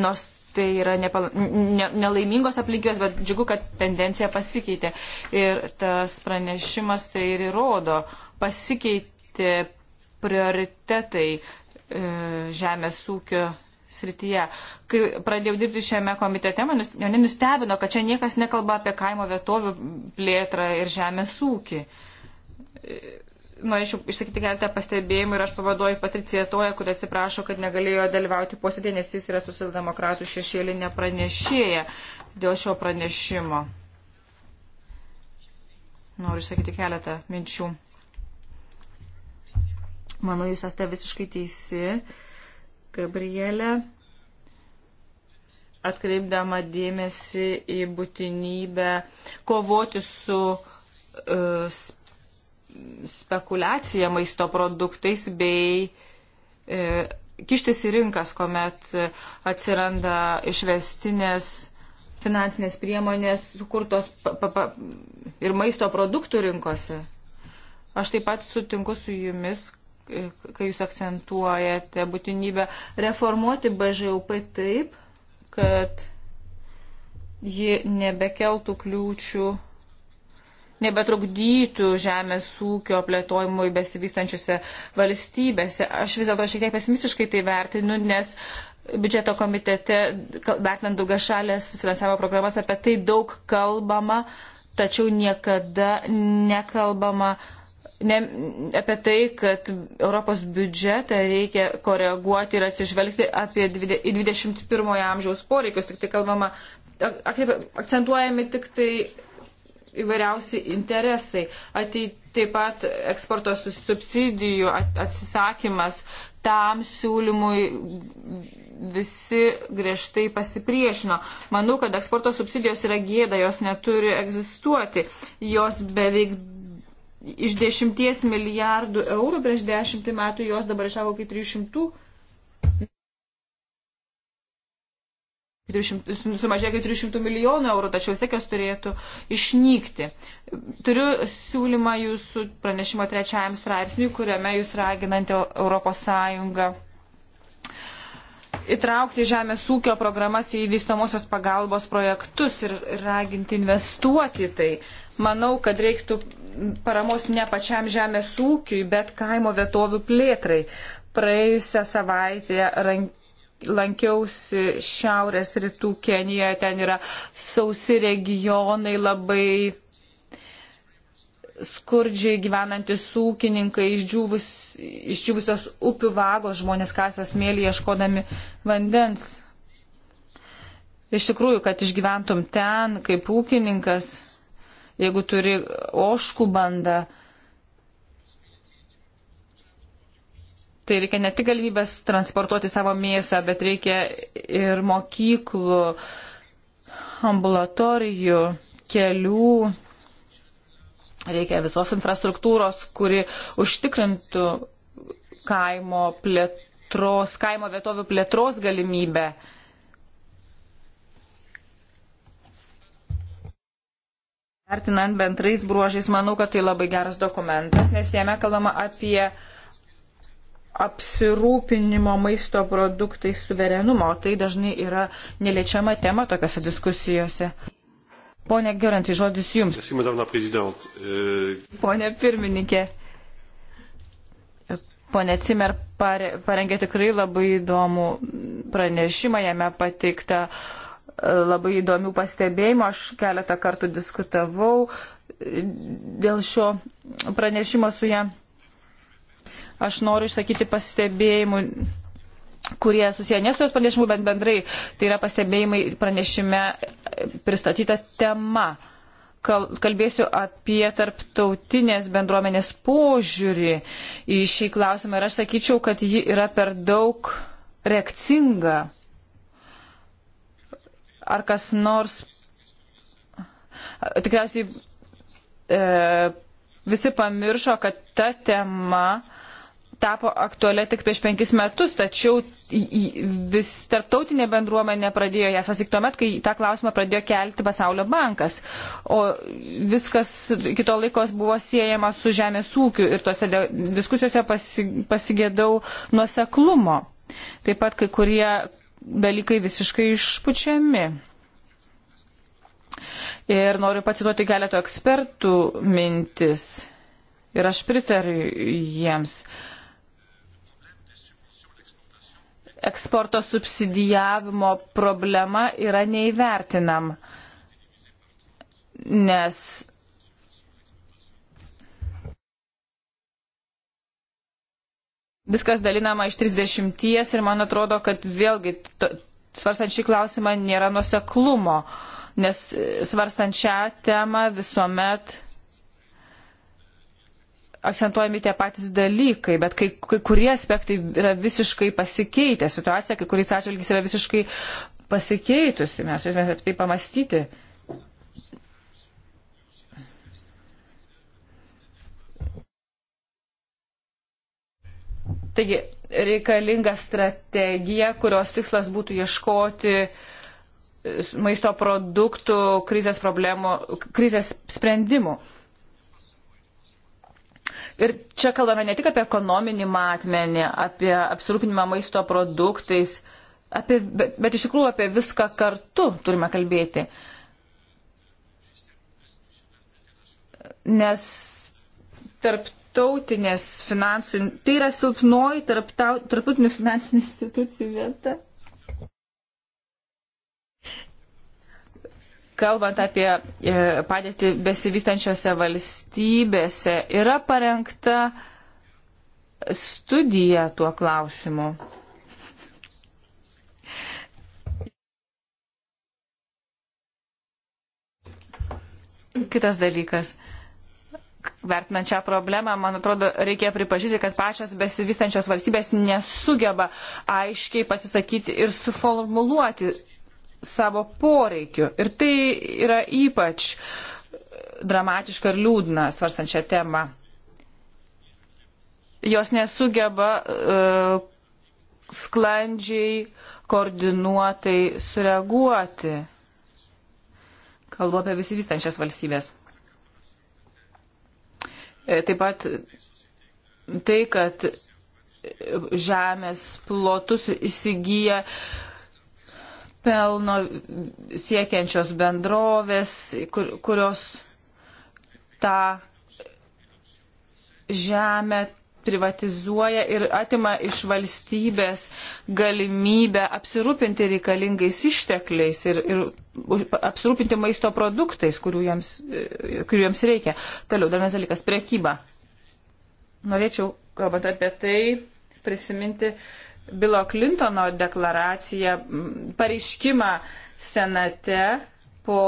S3: nors tai yra nepal, ne, nelaimingos aplinkybės, bet džiugu, kad tendencija pasikeitė. Ir tas pranešimas tai ir įrodo, pasikeitė prioritetai e, žemės ūkio srityje. Kai pradėjau dirbti šiame komitete, mane nustebino, kad čia niekas nekalba apie kaimo vietovių plėtrą ir žemės ūkį. E, norėčiau išsakyti keletą pastebėjimų ir aš pavaduoju Patriciją Toją, kuri atsiprašo, kad negalėjo dalyvauti posėdėje, nes jis yra socialdemokratų šešėlinė pranešėja dėl šio pranešimo. Noriu išsakyti keletą minčių. Manau, jūs esate visiškai teisi, Gabrielė, atkreipdama dėmesį į būtinybę kovoti su uh, spekulaciją maisto produktais bei e, kištis į rinkas, kuomet atsiranda išvestinės finansinės priemonės sukurtos pa, pa, pa, ir maisto produktų rinkose. Aš taip pat sutinku su jumis, e, kai jūs akcentuojate būtinybę reformuoti BŽUP taip, kad ji nebekeltų kliūčių nebetrukdytų žemės ūkio plėtojimui besivystančiose valstybėse. Aš vis dėlto šiek tiek pesimistiškai tai vertinu, nes biudžeto komitete, vertinant daugia šalės finansavimo programas, apie tai daug kalbama, tačiau niekada nekalbama ne, apie tai, kad Europos biudžetą reikia koreguoti ir atsižvelgti apie 21 amžiaus poreikius, tik tai kalbama, akcentuojami tik tai įvairiausi interesai. Ateit, taip pat eksporto subsidijų atsisakymas tam siūlymui visi griežtai pasipriešino. Manau, kad eksporto subsidijos yra gėda, jos neturi egzistuoti. Jos beveik iš dešimties milijardų eurų prieš dešimtį metų jos dabar išaugo iki 300 milijardų sumažėjo iki 300 milijonų eurų, tačiau sėkios turėtų išnykti. Turiu siūlymą jūsų pranešimo trečiajam straipsniui, kuriame jūs raginate ES įtraukti žemės ūkio programas į vystomosios pagalbos projektus ir raginti investuoti tai. Manau, kad reiktų paramos ne pačiam žemės ūkiui, bet kaimo vietovių plėtrai. Praėjusią savaitę rank lankiausi šiaurės rytų Kenijoje, ten yra sausi regionai, labai skurdžiai gyvenantis ūkininkai, išdžiūvus, išdžiūvusios upių vagos žmonės kasas mėly ieškodami vandens. Iš tikrųjų, kad išgyventum ten kaip ūkininkas, jeigu turi oškų bandą, Tai reikia ne tik galimybės transportuoti savo mėsą, bet reikia ir mokyklų, ambulatorijų, kelių, reikia visos infrastruktūros, kuri užtikrintų kaimo, plėtros, kaimo vietovių plėtros galimybę. Vertinant bendrais bruožais, manau, kad tai labai geras dokumentas, nes jame kalbama apie apsirūpinimo maisto produktais suverenumo. Tai dažnai yra neliečiama tema tokiose diskusijose. Pone Gerantai, žodis Jums. Euh, Pone pirmininkė. Pone Cimer parengė tikrai labai įdomų pranešimą, jame pateikta e, labai įdomių pastebėjimų, aš keletą kartų diskutavau dėl šio pranešimo su jam Aš noriu išsakyti pastebėjimų kurie susiję ne su jos pranešimu, bet bendrai tai yra pastebėjimai pranešime pristatyta tema. Kal, kalbėsiu apie tarptautinės bendruomenės požiūrį į šį klausimą ir aš sakyčiau, kad ji yra per daug reakcinga. Ar kas nors. Tikriausiai e, visi pamiršo, kad ta tema e, tapo aktualia tik prieš penkis metus, tačiau vis tarptautinė bendruomenė pradėjo ją svarstyti tuomet, kai tą klausimą pradėjo kelti Pasaulio bankas. O viskas iki to laikos buvo siejama su žemės ūkiu ir tose diskusijose pasi, pasigėdau nuoseklumo. Taip pat kai kurie dalykai visiškai išpučiami. Ir noriu pacituoti keletą ekspertų mintis. Ir aš pritariu jiems. Uh, eksporto subsidijavimo problema yra neįvertinam, nes viskas dalinama iš 30 ir man atrodo, kad vėlgi svarstant šį klausimą nėra nuseklumo, nes svarstant šią temą visuomet akcentuojami tie patys dalykai, bet kai, kai kurie aspektai yra visiškai pasikeitę, situacija kai kuriais atžvilgiais yra visiškai pasikeitusi, mes turime apie tai pamastyti. Taigi reikalinga strategija, kurios tikslas būtų ieškoti e, maisto produktų krizės, problemų, krizės sprendimų. Ir čia kalbame ne tik apie ekonominį matmenį, apie apsirūpinimą maisto produktais, apie, bet, bet iš tikrųjų apie viską kartu turime kalbėti. Nes tarptautinės finansų, tai yra silpnoji tarptautinių finansinių institucijų vieta. kalbant apie e, padėtį besivystančiose valstybėse, yra parengta studija tuo klausimu. Kitas dalykas. Vertinant šią problemą, man atrodo, reikia pripažinti, kad pačios besivystančios valstybės nesugeba aiškiai pasisakyti ir suformuluoti savo poreikiu. Ir tai yra ypač dramatiška ir liūdna svarstant šią temą. Jos nesugeba uh, sklandžiai, koordinuotai sureaguoti. Kalbu apie visivystančias valstybės. E, taip pat tai, kad žemės plotus įsigyja uh, pelno siekiančios bendrovės, kur, kurios tą žemę privatizuoja ir atima iš valstybės galimybę apsirūpinti reikalingais ištekliais ir, ir apsirūpinti maisto produktais, kurių jiems, e, kurių jiems reikia. Toliau, dar vienas dalykas - prekyba. Norėčiau, kalbant apie tai, prisiminti Bilo Klintono deklaraciją, pareiškimą senate po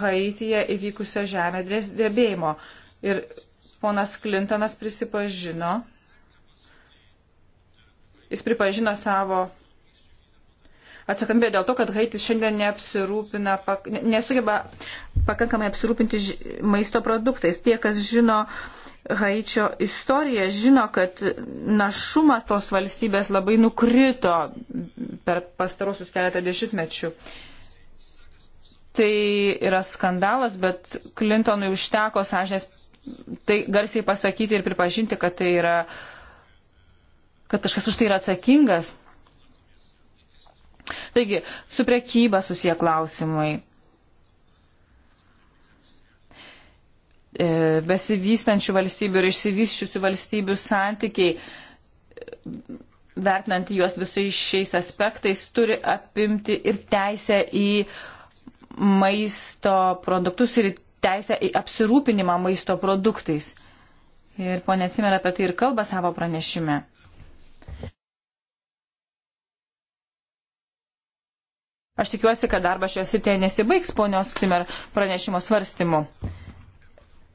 S3: Haityje įvykusio žemė drebėjimo. Ir ponas Klintonas prisipažino, jis pripažino savo atsakomybę dėl to, kad Haitis šiandien neapsirūpina, nesugeba pakankamai apsirūpinti maisto produktais. Tie, kas žino Haičio istoriją žino, kad našumas tos valstybės labai nukrito per pastarosius keletą dešimtmečių. Tai yra skandalas, bet Clintonui užteko sąžinės tai garsiai pasakyti ir pripažinti, kad tai yra, kad kažkas už tai yra atsakingas. Taigi, su priekyba susiję klausimai E, besivystančių valstybių ir išsivyščiusių valstybių santykiai, e, vertinant juos visais šiais aspektais, turi apimti ir teisę į maisto produktus ir teisę į apsirūpinimą maisto produktais. Ir ponė Cimer apie tai ir kalba savo pranešime. Aš tikiuosi, kad darbas šioje sitėje nesibaigs ponios Cimer pranešimo svarstymu.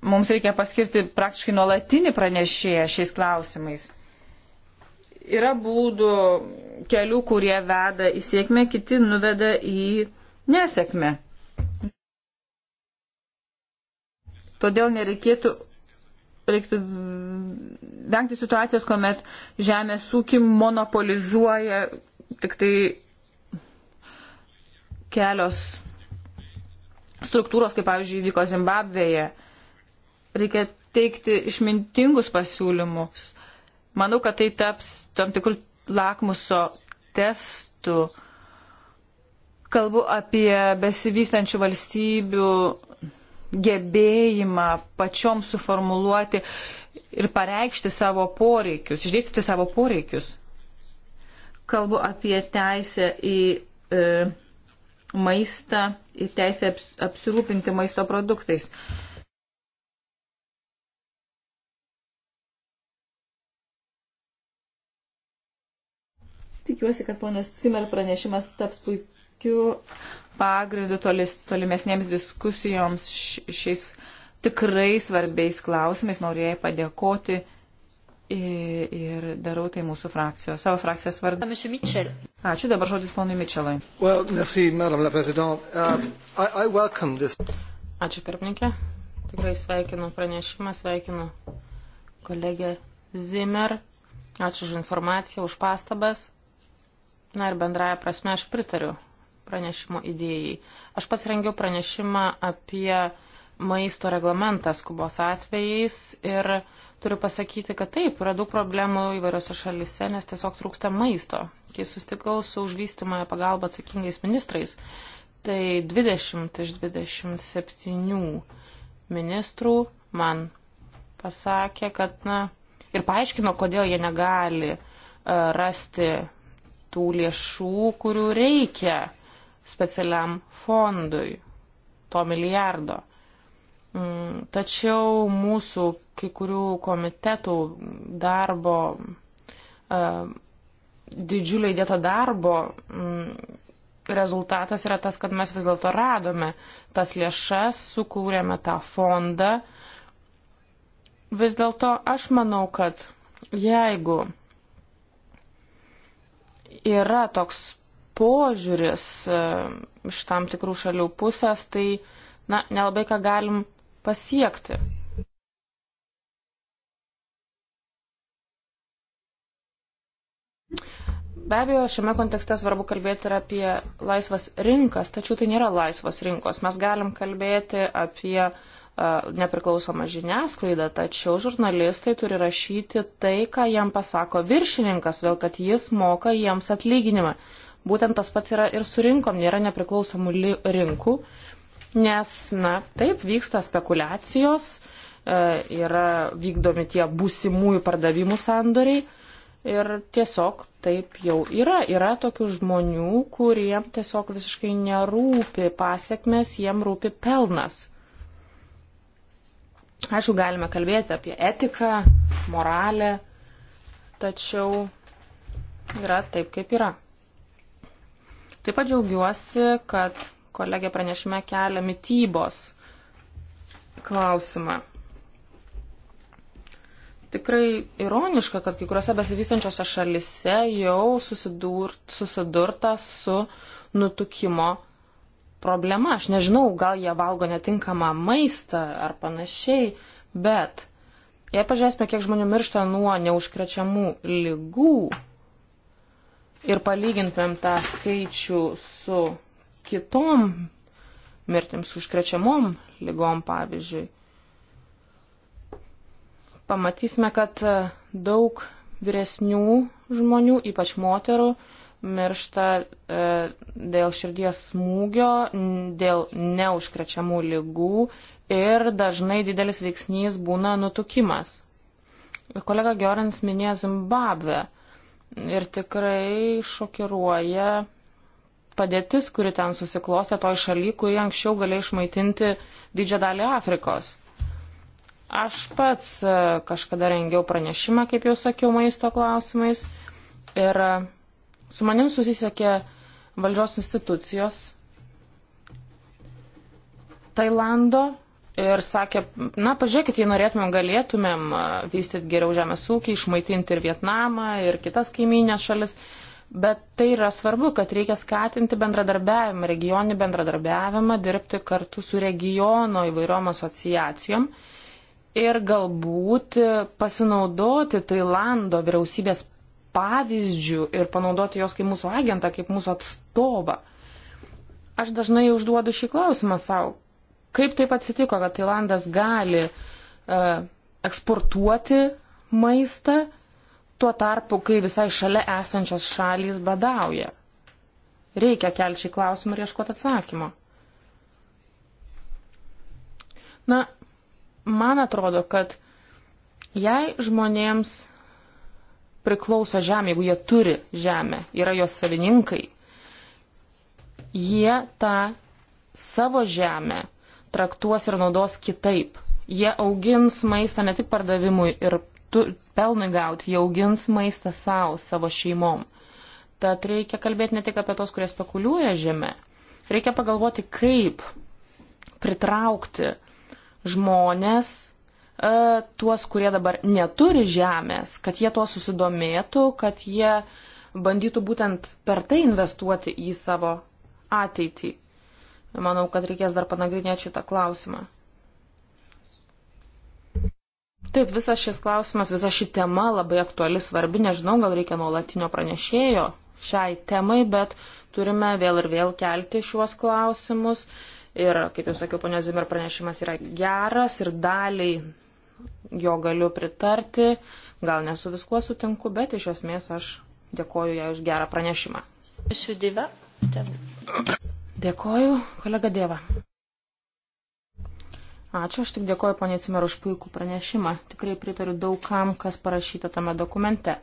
S3: Mums reikia paskirti praktiškai nuolatinį pranešėją šiais klausimais. Yra būdų kelių, kurie veda į sėkmę, kiti nuveda į nesėkmę. Todėl nereikėtų reiktų vengti situacijos, kuomet žemės ūkį monopolizuoja tik tai kelios struktūros, kaip pavyzdžiui vyko Zimbabvėje. Reikia teikti išmintingus pasiūlymus. Manau, kad tai taps tam tikrų lakmuso testų. Kalbu apie besivystančių valstybių gebėjimą pačiom suformuluoti ir pareikšti savo poreikius, išdėstyti savo poreikius. Kalbu apie teisę į e, maistą, į teisę aps, apsirūpinti maisto produktais. E, Tikiuosi, kad ponios Cimer pranešimas taps puikiu pagrindu tolis, tolimesnėms diskusijoms šiais tikrai svarbiais klausimais. Noriu jai padėkoti ir, ir darau tai mūsų frakcijos, savo frakcijos vardu.
S4: Ačiū, dabar žodis ponui Mičelai.
S3: Well, merci, um,
S4: Ačiū, pirmininkė. Tikrai sveikinu pranešimą, sveikinu kolegę Zimmer. Ačiū už informaciją, už pastabas. Na ir bendraja prasme aš pritariu pranešimo idėjai. Aš pats rengiau pranešimą apie maisto reglamentą skubos atvejais ir turiu pasakyti, kad taip, yra daug problemų įvairiose šalise, nes tiesiog trūksta maisto. Kai sustikau su užvystimoje pagalba atsakingais ministrais, tai 20 iš 27 ministrų man pasakė, kad, na, ir paaiškino, kodėl jie negali e, rasti tų lėšų, kurių reikia specialiam fondui, to milijardo. Mm, tačiau mūsų kai kurių komitetų darbo, e, didžiuliai dėto darbo mm, rezultatas yra tas, kad mes vis dėlto radome tas lėšas, sukūrėme tą fondą. Vis dėlto aš manau, kad jeigu yra toks požiūris e, iš tam tikrų šalių pusės, tai na, nelabai ką galim pasiekti. Be abejo, šiame kontekste svarbu kalbėti ir apie laisvas rinkas, tačiau tai nėra laisvos rinkos. Mes galim kalbėti apie uh, nepriklausoma žiniasklaida, tačiau žurnalistai turi rašyti tai, ką jam pasako viršininkas, todėl kad jis moka jiems atlyginimą. Būtent tas pats yra ir su rinkom, nėra nepriklausomų rinkų, nes, na, taip vyksta spekulacijos, yra vykdomi tie būsimųjų pardavimų sandoriai ir tiesiog taip jau yra. Yra tokių žmonių, kuriem tiesiog visiškai nerūpi pasiekmes, jiem rūpi pelnas. Aišku, galime kalbėti apie etiką, moralę, tačiau yra taip, kaip yra. Taip pat džiaugiuosi, kad kolegė pranešime kelia mytybos klausimą. Tikrai ironiška, kad kai kuriuose besivystančiose šalise jau susidurt, susidurta su nutukimo problema. Aš nežinau, gal jie valgo netinkamą maistą ar panašiai, bet jei pažiūrėsime, kiek žmonių miršta nuo neužkrečiamų lygų ir palygintumėm tą skaičių su kitom mirtims užkrečiamom lygom, pavyzdžiui, pamatysime, kad daug vyresnių žmonių, ypač moterų, miršta e, dėl širdies smūgio, dėl neužkrečiamų lygų ir dažnai didelis veiksnys būna nutukimas. Kolega Giorins minėjo Zimbabvę ir tikrai šokiruoja padėtis, kuri ten susiklostė toj šaly, kuri anksčiau galėjo išmaitinti didžią dalį Afrikos. Aš pats e, kažkada rengiau pranešimą, kaip jau sakiau, maisto klausimais ir Su manim susisiekė valdžios institucijos Tailando ir sakė, na, pažiūrėkit, jei norėtumėm, galėtumėm vystyti geriau žemės ūkį, išmaitinti ir Vietnamą, ir kitas kaiminės šalis. Bet tai yra svarbu, kad reikia skatinti bendradarbiavimą, regioninį bendradarbiavimą, dirbti kartu su regiono įvairiom asociacijom ir galbūt pasinaudoti Tailando vyriausybės pavyzdžių ir panaudoti jos kaip mūsų agentą, kaip mūsų atstovą. Aš dažnai užduodu šį klausimą savo. Kaip taip atsitiko, kad Tailandas gali uh, eksportuoti maistą, tuo tarpu, kai visai šalia esančios šalys badauja? Reikia kelčiai klausimą ir ieškoti atsakymo. Na, man atrodo, kad jei žmonėms priklauso žemė, jeigu jie turi žemę, yra jos savininkai, jie tą savo žemę traktuos ir naudos kitaip. Jie augins maistą ne tik pardavimui ir tu, pelnui gauti, jie augins maistą savo, savo šeimom. Tad reikia kalbėti ne tik apie tos, kurie spekuliuoja žemę. Reikia pagalvoti, kaip pritraukti žmonės E, tuos, kurie dabar neturi žemės, kad jie tuo susidomėtų, kad jie bandytų būtent per tai investuoti į savo ateitį. Manau, kad reikės dar panagrinėti šitą klausimą. Taip, visas šis klausimas, visa ši tema labai aktuali, svarbi, nežinau, gal reikia nuolatinio pranešėjo šiai temai, bet turime vėl ir vėl kelti šiuos klausimus. Ir, kaip jau sakiau, ponios Zimmer pranešimas yra geras ir daliai jo galiu pritarti, gal nesu viskuo sutinku, bet iš esmės aš dėkoju ją už gerą pranešimą. Dėkoju, kolega Dėva. Ačiū, aš tik dėkoju poniai Cimer už puikų pranešimą. Tikrai pritariu daugam, kas parašyta tame dokumente.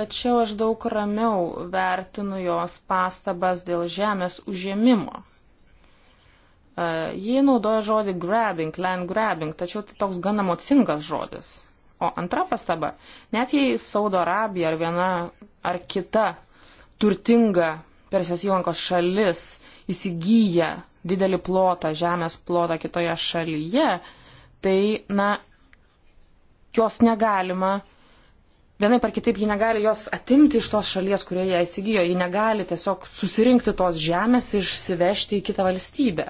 S4: Tačiau aš daug ramiau vertinu jos pastabas dėl žemės užėmimo. E, ji naudoja žodį grabbing, land grabbing, tačiau tai toks gan emocingas žodis. O antra pastaba, net jei Saudo Arabija ar viena ar kita turtinga Persijos įlankos šalis įsigyja didelį plotą, žemės plotą kitoje šalyje, tai, na, jos negalima, vienai par kitaip ji negali jos atimti iš tos šalies, kurioje ją įsigijo, ji negali tiesiog susirinkti tos žemės ir išsivežti į kitą valstybę.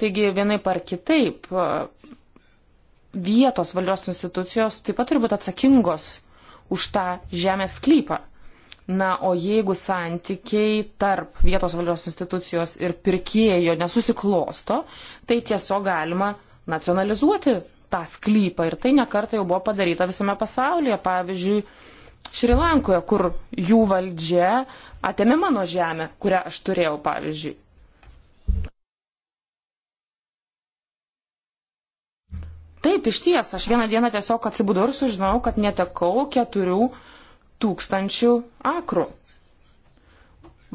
S4: Taigi vienai par kitaip vietos valdžios institucijos taip pat turi būti atsakingos už tą žemės sklypą. Na, o jeigu santykiai tarp vietos valdžios institucijos ir pirkėjo nesusiklosto, tai tiesiog galima nacionalizuoti tą sklypą. Ir tai nekarta jau buvo padaryta visame pasaulyje. Pavyzdžiui, Šrilankoje, kur jų valdžia atėmė mano žemę, kurią aš turėjau, pavyzdžiui. Taip, iš ties, aš vieną dieną tiesiog atsibudau ir sužinojau, kad netekau keturių tūkstančių akrų.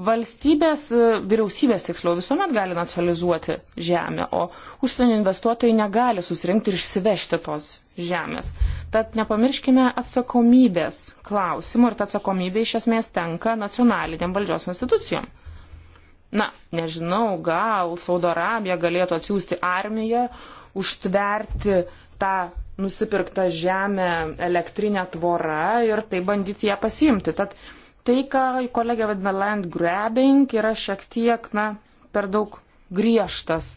S4: Valstybės, e, vyriausybės tiksliau visuomet gali nacionalizuoti žemę, o užsienio investuotojai negali susirinkti ir išsivežti tos žemės. Tad nepamirškime atsakomybės klausimų ir ta atsakomybė iš esmės tenka nacionaliniam valdžios institucijom na, nežinau, gal Saudo Arabija galėtų atsiųsti armiją, užtverti tą nusipirktą žemę elektrinę tvorą ir tai bandyti ją pasiimti. Tad tai, ką kolegė vadina land grabbing, yra šiek tiek, na, per daug griežtas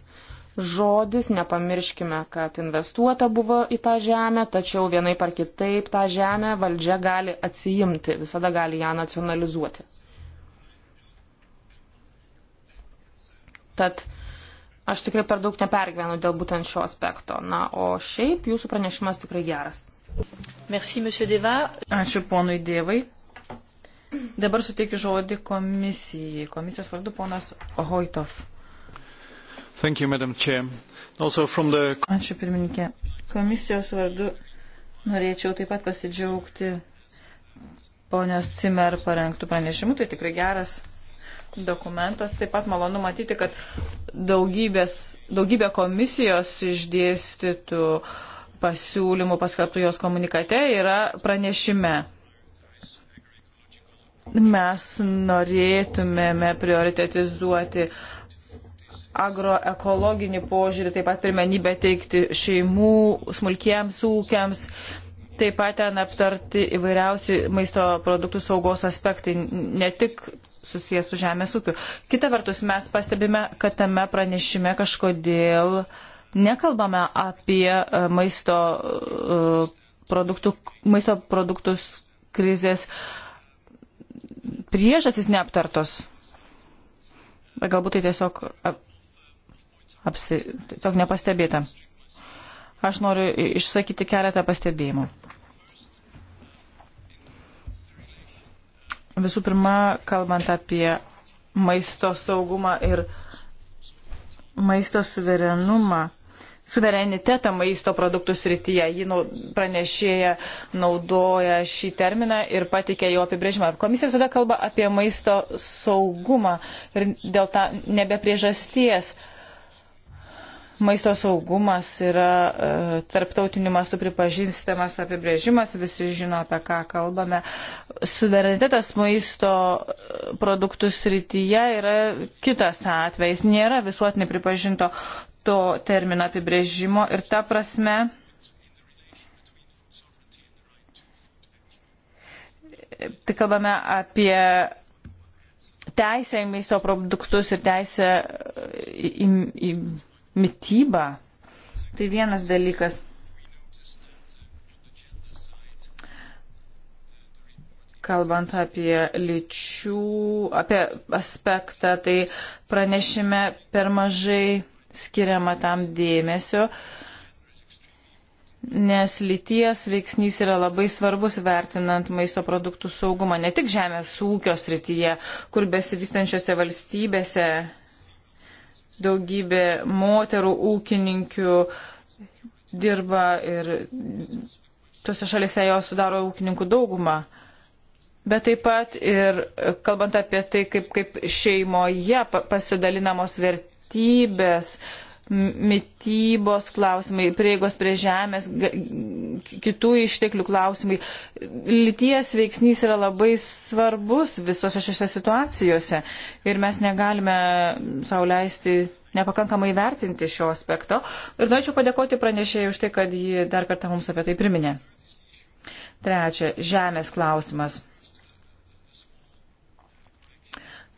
S4: žodis, nepamirškime, kad investuota buvo į tą žemę, tačiau vienai par kitaip tą žemę valdžia gali atsijimti, visada gali ją nacionalizuoti. Tad Aš tikrai per daug nepergyvenu dėl būtent šio aspekto. Na, o šiaip jūsų pranešimas tikrai geras. Merci, Ačiū ponui Dievai. Dabar
S3: suteikiu žodį komisijai. Komisijos vardu ponas Hoitov.
S1: Thank you, Madam Chair. Also from the...
S3: Ačiū pirmininkė. Komisijos vardu norėčiau taip pat pasidžiaugti ponios Cimer parengtų pranešimų. Tai tikrai geras dokumentas. Taip pat malonu matyti, kad daugybės, daugybė komisijos išdėstytų pasiūlymų paskelbtų jos komunikate yra pranešime. Mes norėtumėme prioritetizuoti agroekologinį požiūrį, taip pat pirmenybę teikti šeimų, smulkiems ūkiams, taip pat ten aptarti įvairiausi maisto produktų saugos aspektai, ne tik susijęs su žemės ūkiu. Kita vertus, mes pastebime, kad tame pranešime kažkodėl nekalbame apie e, maisto, e, produktų, maisto produktus krizės priežastys neaptartos. Galbūt tai tiesiog, apsi, tiesiog nepastebėta. Aš noriu išsakyti keletą pastebėjimų. Visų pirma, kalbant apie maisto saugumą ir maisto suverenumą, suverenitetą maisto produktų srityje. Ji pranešėja naudoja šį terminą ir patikė jo apibrėžimą. Komisija visada kalba apie maisto saugumą ir dėl to nebepriežasties. priežasties maisto saugumas yra e, tarptautiniu mastu pripažįstamas apibrėžimas, visi žino, apie ką kalbame. Suverenitetas maisto e, produktų srityje yra kitas atvejs, nėra visuotinai pripažinto to termino apibrėžimo ir ta prasme. Tai kalbame apie teisę į maisto produktus ir teisę e, į, į, į mytybą. Tai vienas dalykas. Kalbant apie lyčių, apie aspektą, tai pranešime per mažai skiriama tam dėmesio, nes lyties veiksnys yra labai svarbus vertinant maisto produktų saugumą, ne tik žemės ūkio srityje, kur besivystančiose valstybėse daugybė moterų ūkininkių dirba ir tose šalise jos sudaro ūkininkų daugumą. Bet taip pat ir e, kalbant apie tai, kaip, kaip šeimoje pasidalinamos vertybės, mytybos klausimai, prieigos prie žemės, kitų išteklių klausimai. Lyties veiksnys yra labai svarbus visose šiose situacijose ir mes negalime sauliaisti nepakankamai vertinti šio aspekto. Ir norėčiau padėkoti pranešėjai už tai, kad ji dar kartą mums apie tai priminė. Trečia, žemės klausimas.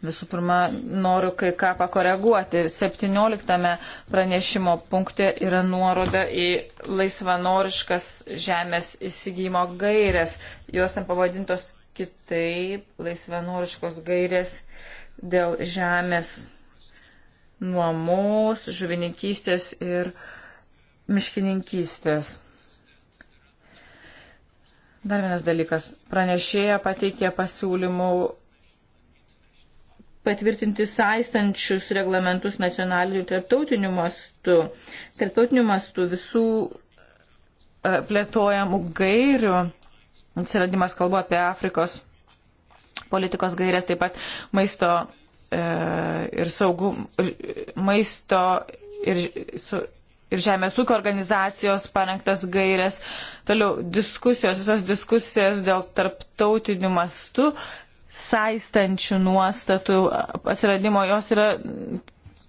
S3: Visų pirma, noriu kai ką pakoreguoti. 17 pranešimo punkte yra nuoroda į laisvanoriškas žemės įsigymo gairės. Jos ten pavadintos kitaip, laisvanoriškos gairės dėl žemės nuomos, žuvininkystės ir miškininkystės. Dar vienas dalykas. Pranešėja pateikė pasiūlymų patvirtinti saistančius reglamentus nacionaliniu ir tarptautiniu mastu. Tarptautiniu mastu visų e, plėtojamų gairių atsiradimas kalbu apie Afrikos politikos gairės, taip pat maisto e, ir saugum, ir, maisto ir, su, ir žemės ūkio organizacijos parengtas gairės, toliau diskusijos, visas diskusijos dėl tarptautinių mastų saistančių nuostatų atsiradimo, jos yra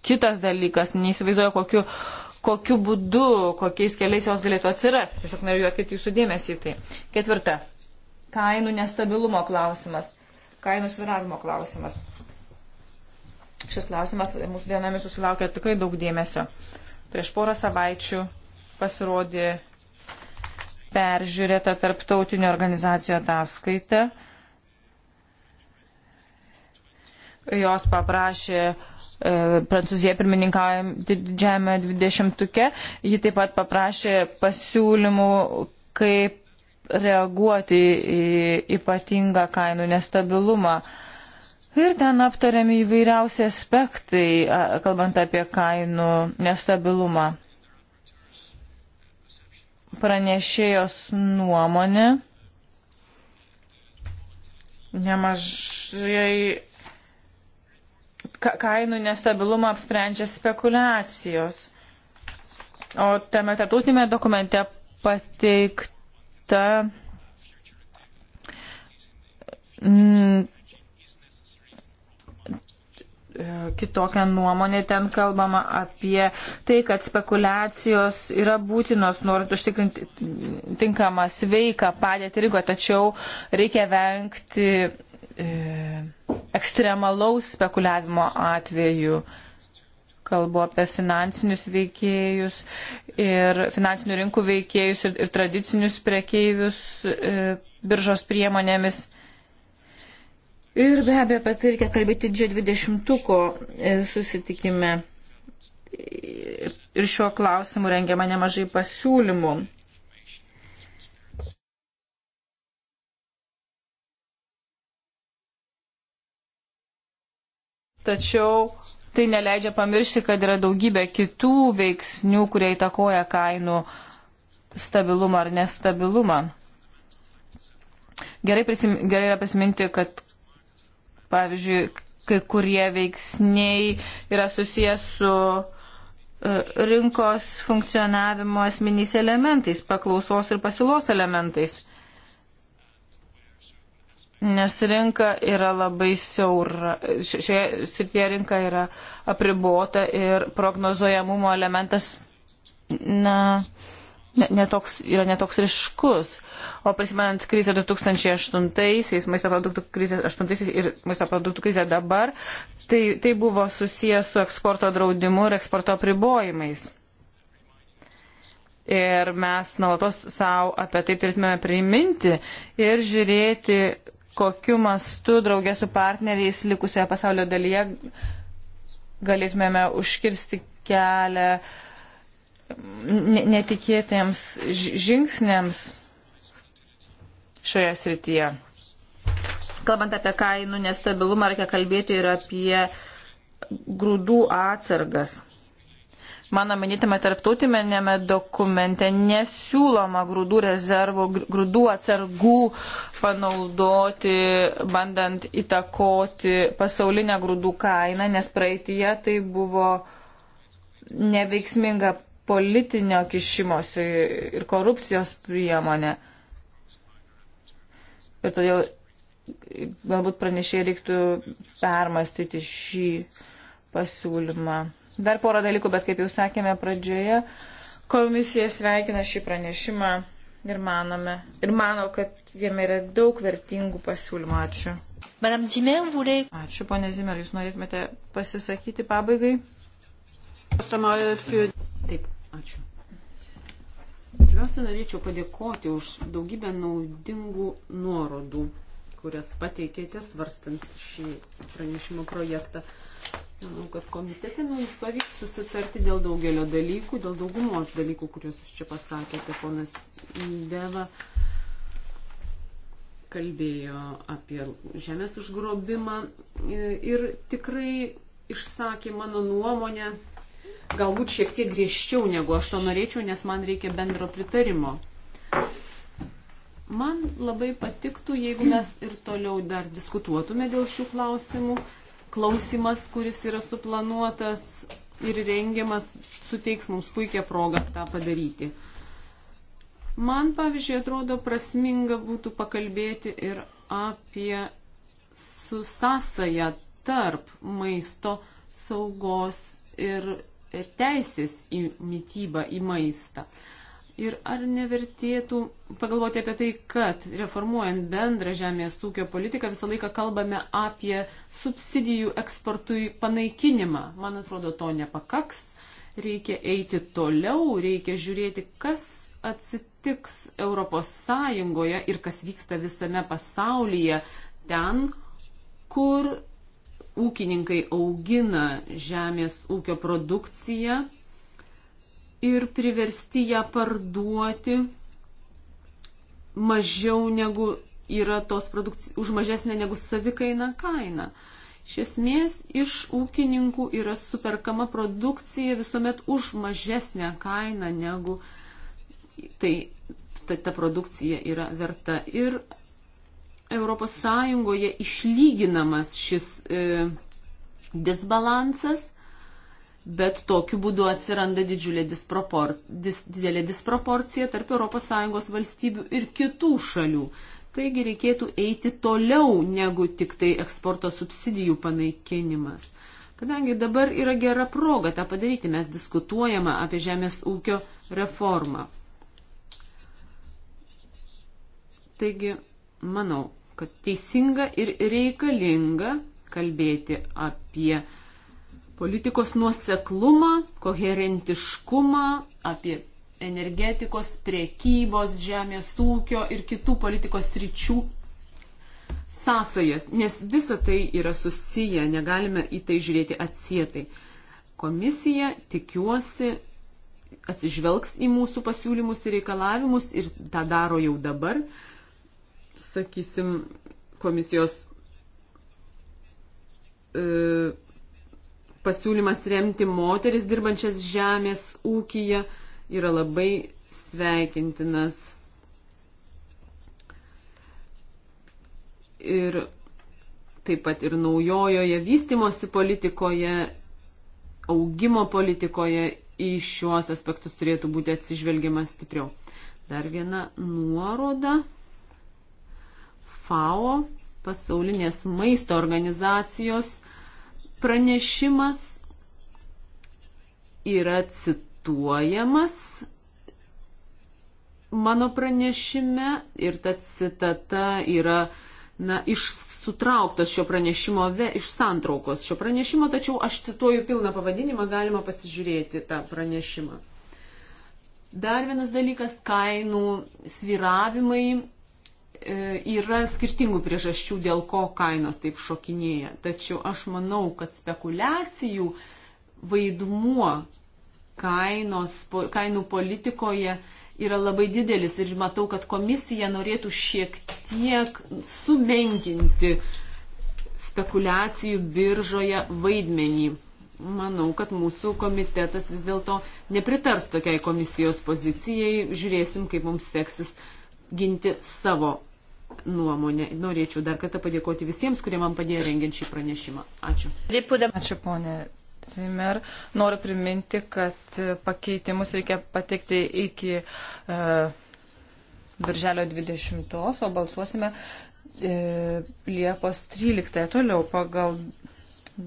S3: kitas dalykas, neįsivaizduoju, kokiu, kokiu būdu, kokiais keliais jos galėtų atsirasti. Tiesiog noriu atkreipti jūsų dėmesį į tai. Ketvirta. Kainų nestabilumo klausimas. Kainų sviravimo klausimas. Šis klausimas mūsų dienomis susilaukė tikrai daug dėmesio. Prieš porą savaičių pasirodė peržiūrėta tarptautinio organizacijų ataskaita Jos paprašė e, Prancūzija pirmininkaujantį didžiajame dvidešimtuke. Ji taip pat paprašė pasiūlymų, kaip reaguoti į ypatingą kainų nestabilumą. Ir ten aptariami įvairiausi aspektai, kalbant apie kainų nestabilumą. Pranešėjos nuomonė nemažai kainų nestabilumą apsprendžia spekulacijos. O tame tarptautinėme dokumente pateikta m, mm, kitokią nuomonę, ten kalbama apie tai, kad spekulacijos yra būtinos, norint užtikrinti tinkamą sveiką padėtį rinkoje, tačiau reikia vengti e, ekstremalaus spekuliavimo atveju. Kalbu apie finansinius veikėjus ir finansinių rinkų veikėjus ir, ir tradicinius prekeivius e, biržos priemonėmis. Ir be abejo, apie tai reikia kalbėti G20 e, susitikime. Ir šiuo klausimu rengiama nemažai pasiūlymų. Tačiau tai neleidžia pamiršti, kad yra daugybė kitų veiksnių, kurie įtakoja kainų stabilumą ar nestabilumą. Gerai, prisim, gerai yra prisiminti, kad, pavyzdžiui, kai kurie veiksniai yra susijęs su e, rinkos funkcionavimo esminiais elementais, paklausos ir pasiūlos elementais nes rinka yra labai siaura, šioje srityje rinka yra apribota ir prognozuojamumo elementas na, netoks, ne yra netoks ryškus. O prisimenant krizę 2008-aisiais, maisto produktų krizę 2008-aisiais ir maisto produktų krizę dabar, tai, tai buvo susijęs su eksporto draudimu ir eksporto apribojimais. Ir mes nuolatos savo apie tai turėtume priminti ir žiūrėti, kokiu mastu draugė su partneriais likusioje pasaulio dalyje galėtumėme užkirsti kelią netikėtiems žingsniams šioje srityje. Kalbant apie kainų nestabilumą, reikia kalbėti ir apie grūdų atsargas mano minėtame tarptautinėme dokumente nesiūloma grūdų rezervų, grūdų atsargų panaudoti, bandant įtakoti pasaulinę grūdų kainą, nes praeitie tai buvo neveiksminga politinio kišimosi ir korupcijos priemonė. Ir todėl galbūt pranešėjai reiktų permastyti šį pasiūlymą. Dar porą dalykų, bet kaip jau sakėme pradžioje, komisija sveikina šį pranešimą ir, manome, ir mano, kad jame yra daug vertingų pasiūlymų. Ačiū. Madame Zimmer, voulez... Ačiū, ponė Zimmer, jūs norėtumėte pasisakyti pabaigai?
S2: Taip, ačiū. Pirmiausia, norėčiau padėkoti už daugybę naudingų nuorodų, kurias pateikėte svarstant šį pranešimo projektą. Manau, kad komitete mums pavyks susitarti dėl daugelio dalykų, dėl daugumos dalykų, kuriuos jūs čia pasakėte, ponas Deva kalbėjo apie žemės užgrobimą ir tikrai išsakė mano nuomonę, galbūt šiek tiek griežčiau negu aš to norėčiau, nes man reikia bendro pritarimo. Man labai patiktų, jeigu mes ir toliau dar diskutuotume dėl šių klausimų, klausimas, kuris yra suplanuotas ir rengiamas, suteiks mums puikią progą tą padaryti. Man, pavyzdžiui, atrodo prasminga būtų pakalbėti ir apie susąsają tarp maisto saugos ir, ir teisės į mytybą, į maistą. Uh, Ir ar nevertėtų pagalvoti apie tai, kad reformuojant bendrą žemės ūkio politiką visą laiką kalbame apie subsidijų eksportui panaikinimą. Man atrodo, to nepakaks. Reikia eiti toliau, reikia žiūrėti, kas atsitiks ES ir kas vyksta visame pasaulyje ten, kur ūkininkai augina žemės ūkio produkciją ir priversti ją parduoti mažiau negu yra tos produkcijos, už mažesnę negu savikaina kaina. Iš esmės, iš ūkininkų yra superkama produkcija visuomet už mažesnę kainą negu tai ta, ta produkcija yra verta. Ir ES išlyginamas šis e, disbalansas bet tokiu būdu atsiranda didžiulė dispropor, dis, didelė disproporcija tarp ES valstybių ir kitų šalių. Taigi reikėtų eiti toliau negu tik tai eksporto subsidijų panaikinimas. Kadangi dabar yra gera proga tą padaryti, mes diskutuojame apie žemės ūkio reformą. Taigi, manau, kad teisinga ir reikalinga kalbėti apie uh, politikos nuoseklumą, koherentiškumą, apie energetikos, priekybos, žemės ūkio ir kitų politikos ryčių sąsajas, nes visa tai yra susiję, negalime į tai žiūrėti atsietai. Komisija, tikiuosi, atsižvelgs į mūsų pasiūlymus ir reikalavimus ir tą daro jau dabar. Sakysim, komisijos e, pasiūlymas remti moteris dirbančias žemės ūkyje yra labai sveikintinas. Ir taip pat ir naujojoje vystimosi politikoje, augimo politikoje į šiuos aspektus turėtų būti atsižvelgiama stipriau. Dar viena nuoroda. FAO, pasaulinės maisto organizacijos pranešimas yra cituojamas mano pranešime ir ta citata yra na, iš sutrauktas šio pranešimo, ve, iš santraukos šio pranešimo, tačiau aš cituoju pilną pavadinimą, galima pasižiūrėti tą pranešimą. Dar vienas dalykas - kainų sviravimai E, yra skirtingų priežasčių, dėl ko kainos taip šokinėja. Tačiau aš manau, kad spekulacijų vaidmuo kainos, kainų politikoje yra labai didelis ir matau, kad komisija norėtų šiek tiek sumenkinti spekulacijų biržoje vaidmenį. Manau, kad mūsų komitetas vis dėlto nepritars tokiai komisijos pozicijai. Žiūrėsim, kaip mums seksis uh, ginti savo nuomonę. Norėčiau dar kartą padėkoti visiems, kurie man padėjo rengiant šį pranešimą. Ačiū.
S3: Ačiū, ponė Cimer. Noriu priminti, kad pakeitimus reikia pateikti iki e, birželio 20, o balsuosime e, Liepos 13. Toliau pagal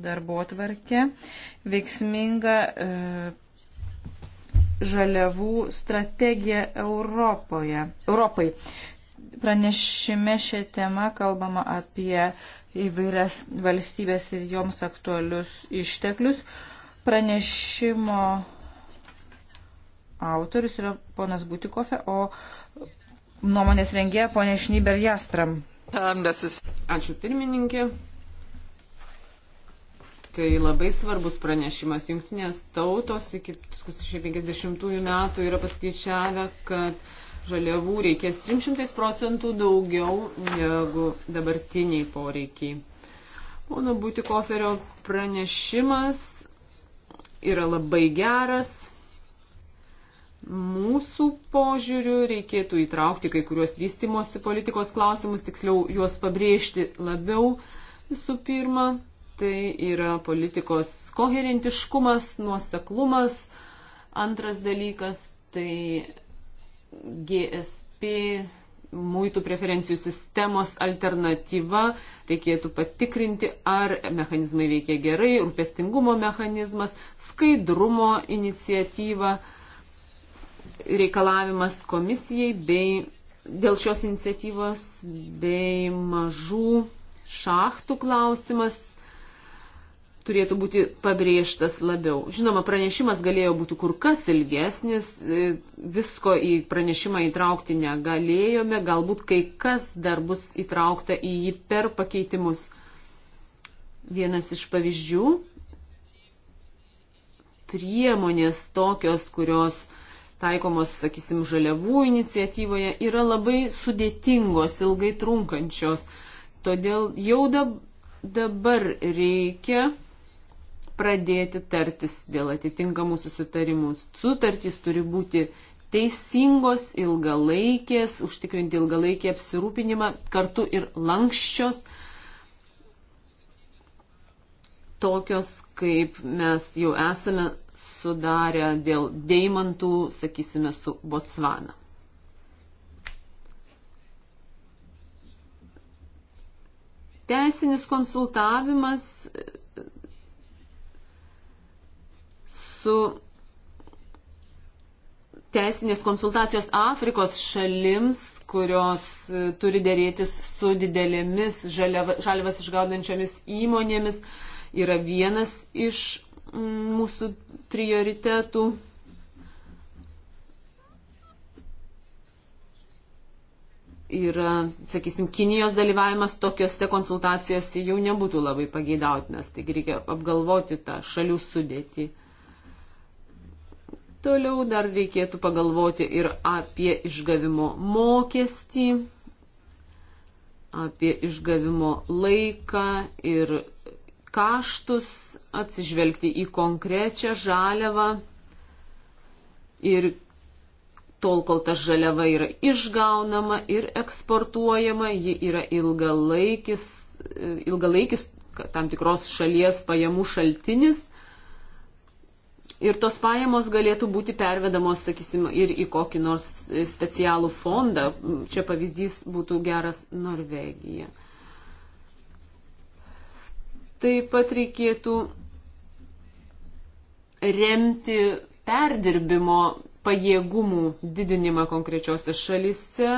S3: darbo tvarkę veiksminga. E, žaliavų strategiją Europoje, Europai. Pranešime šią temą kalbama apie įvairias valstybės ir joms aktualius išteklius. Pranešimo autorius yra ponas Butikofe, o nuomonės rengėja ponė Šnyber Jastram.
S2: Ačiū pirmininkė. Tai labai svarbus pranešimas. Junktinės tautos iki 2050 metų yra paskaičiavę, kad žaliavų reikės 300 procentų daugiau negu dabartiniai poreikiai. Pono Būtikoferio pranešimas yra labai geras mūsų požiūriu reikėtų įtraukti kai kuriuos vystimosi politikos klausimus, tiksliau juos pabrėžti labiau visų pirma. Tai yra politikos koherentiškumas, nuoseklumas. Antras dalykas - tai GSP muitų preferencijų sistemos alternatyva. Reikėtų patikrinti, ar mechanizmai veikia gerai, rūpestingumo mechanizmas, skaidrumo iniciatyva, reikalavimas komisijai bei dėl šios iniciatyvos bei mažų šachtų klausimas turėtų būti pabrėžtas labiau. Žinoma, pranešimas galėjo būti kur kas ilgesnis, e, visko į pranešimą įtraukti negalėjome, galbūt kai kas dar bus įtraukta į jį per pakeitimus. Vienas iš pavyzdžių - priemonės tokios, kurios taikomos, sakysim, žaliavų iniciatyvoje, yra labai sudėtingos, ilgai trunkančios. Todėl jau dabar reikia pradėti tartis dėl atitinkamų susitarimų. Sutartys turi būti teisingos, ilgalaikės, užtikrinti ilgalaikį apsirūpinimą, kartu ir lankščios, tokios kaip mes jau esame sudarę dėl deimantų, sakysime, su Botsvana. Teisinis konsultavimas su teisinės konsultacijos Afrikos šalims, kurios e, turi dėrėtis su didelėmis žaliavas išgaudančiomis įmonėmis, yra vienas iš mūsų prioritetų. Yra, sakysim, Kinijos dalyvavimas tokiuose konsultacijose jau nebūtų labai pageidautinas, taigi reikia apgalvoti tą šalių sudėtį. Toliau dar reikėtų pagalvoti ir apie išgavimo mokestį, apie išgavimo laiką ir kaštus, atsižvelgti į konkrečią žaliavą ir tol, kol ta žaliava yra išgaunama ir eksportuojama, ji yra ilgalaikis, ilgalaikis tam tikros šalies pajamų šaltinis Ir tos pajamos galėtų būti pervedamos, sakysim, ir į kokį nors e, specialų fondą. Čia pavyzdys būtų geras Norvegija. Taip pat reikėtų remti perdirbimo pajėgumų didinimą konkrečiose šalise.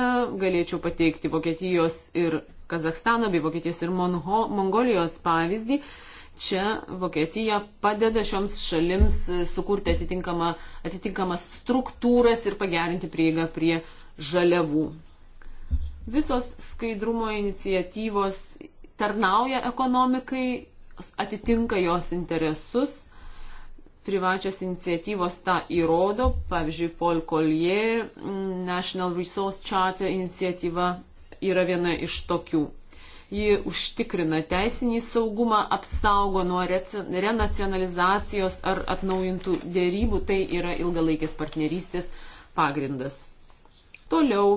S2: Galėčiau pateikti Vokietijos ir Kazakstano bei Vokietijos ir Monho, Mongolijos pavyzdį čia Vokietija padeda šioms šalims e, sukurti atitinkamą, atitinkamas struktūras ir pagerinti prieigą prie žaliavų. Visos skaidrumo iniciatyvos tarnauja ekonomikai, atitinka jos interesus. Privačios iniciatyvos tą įrodo, pavyzdžiui, Paul Collier mm, National Resource Charter iniciatyva yra viena iš tokių. Ji užtikrina teisinį saugumą, apsaugo nuo renacionalizacijos ar atnaujintų dėrybų. Tai yra ilgalaikės partnerystės pagrindas. Toliau.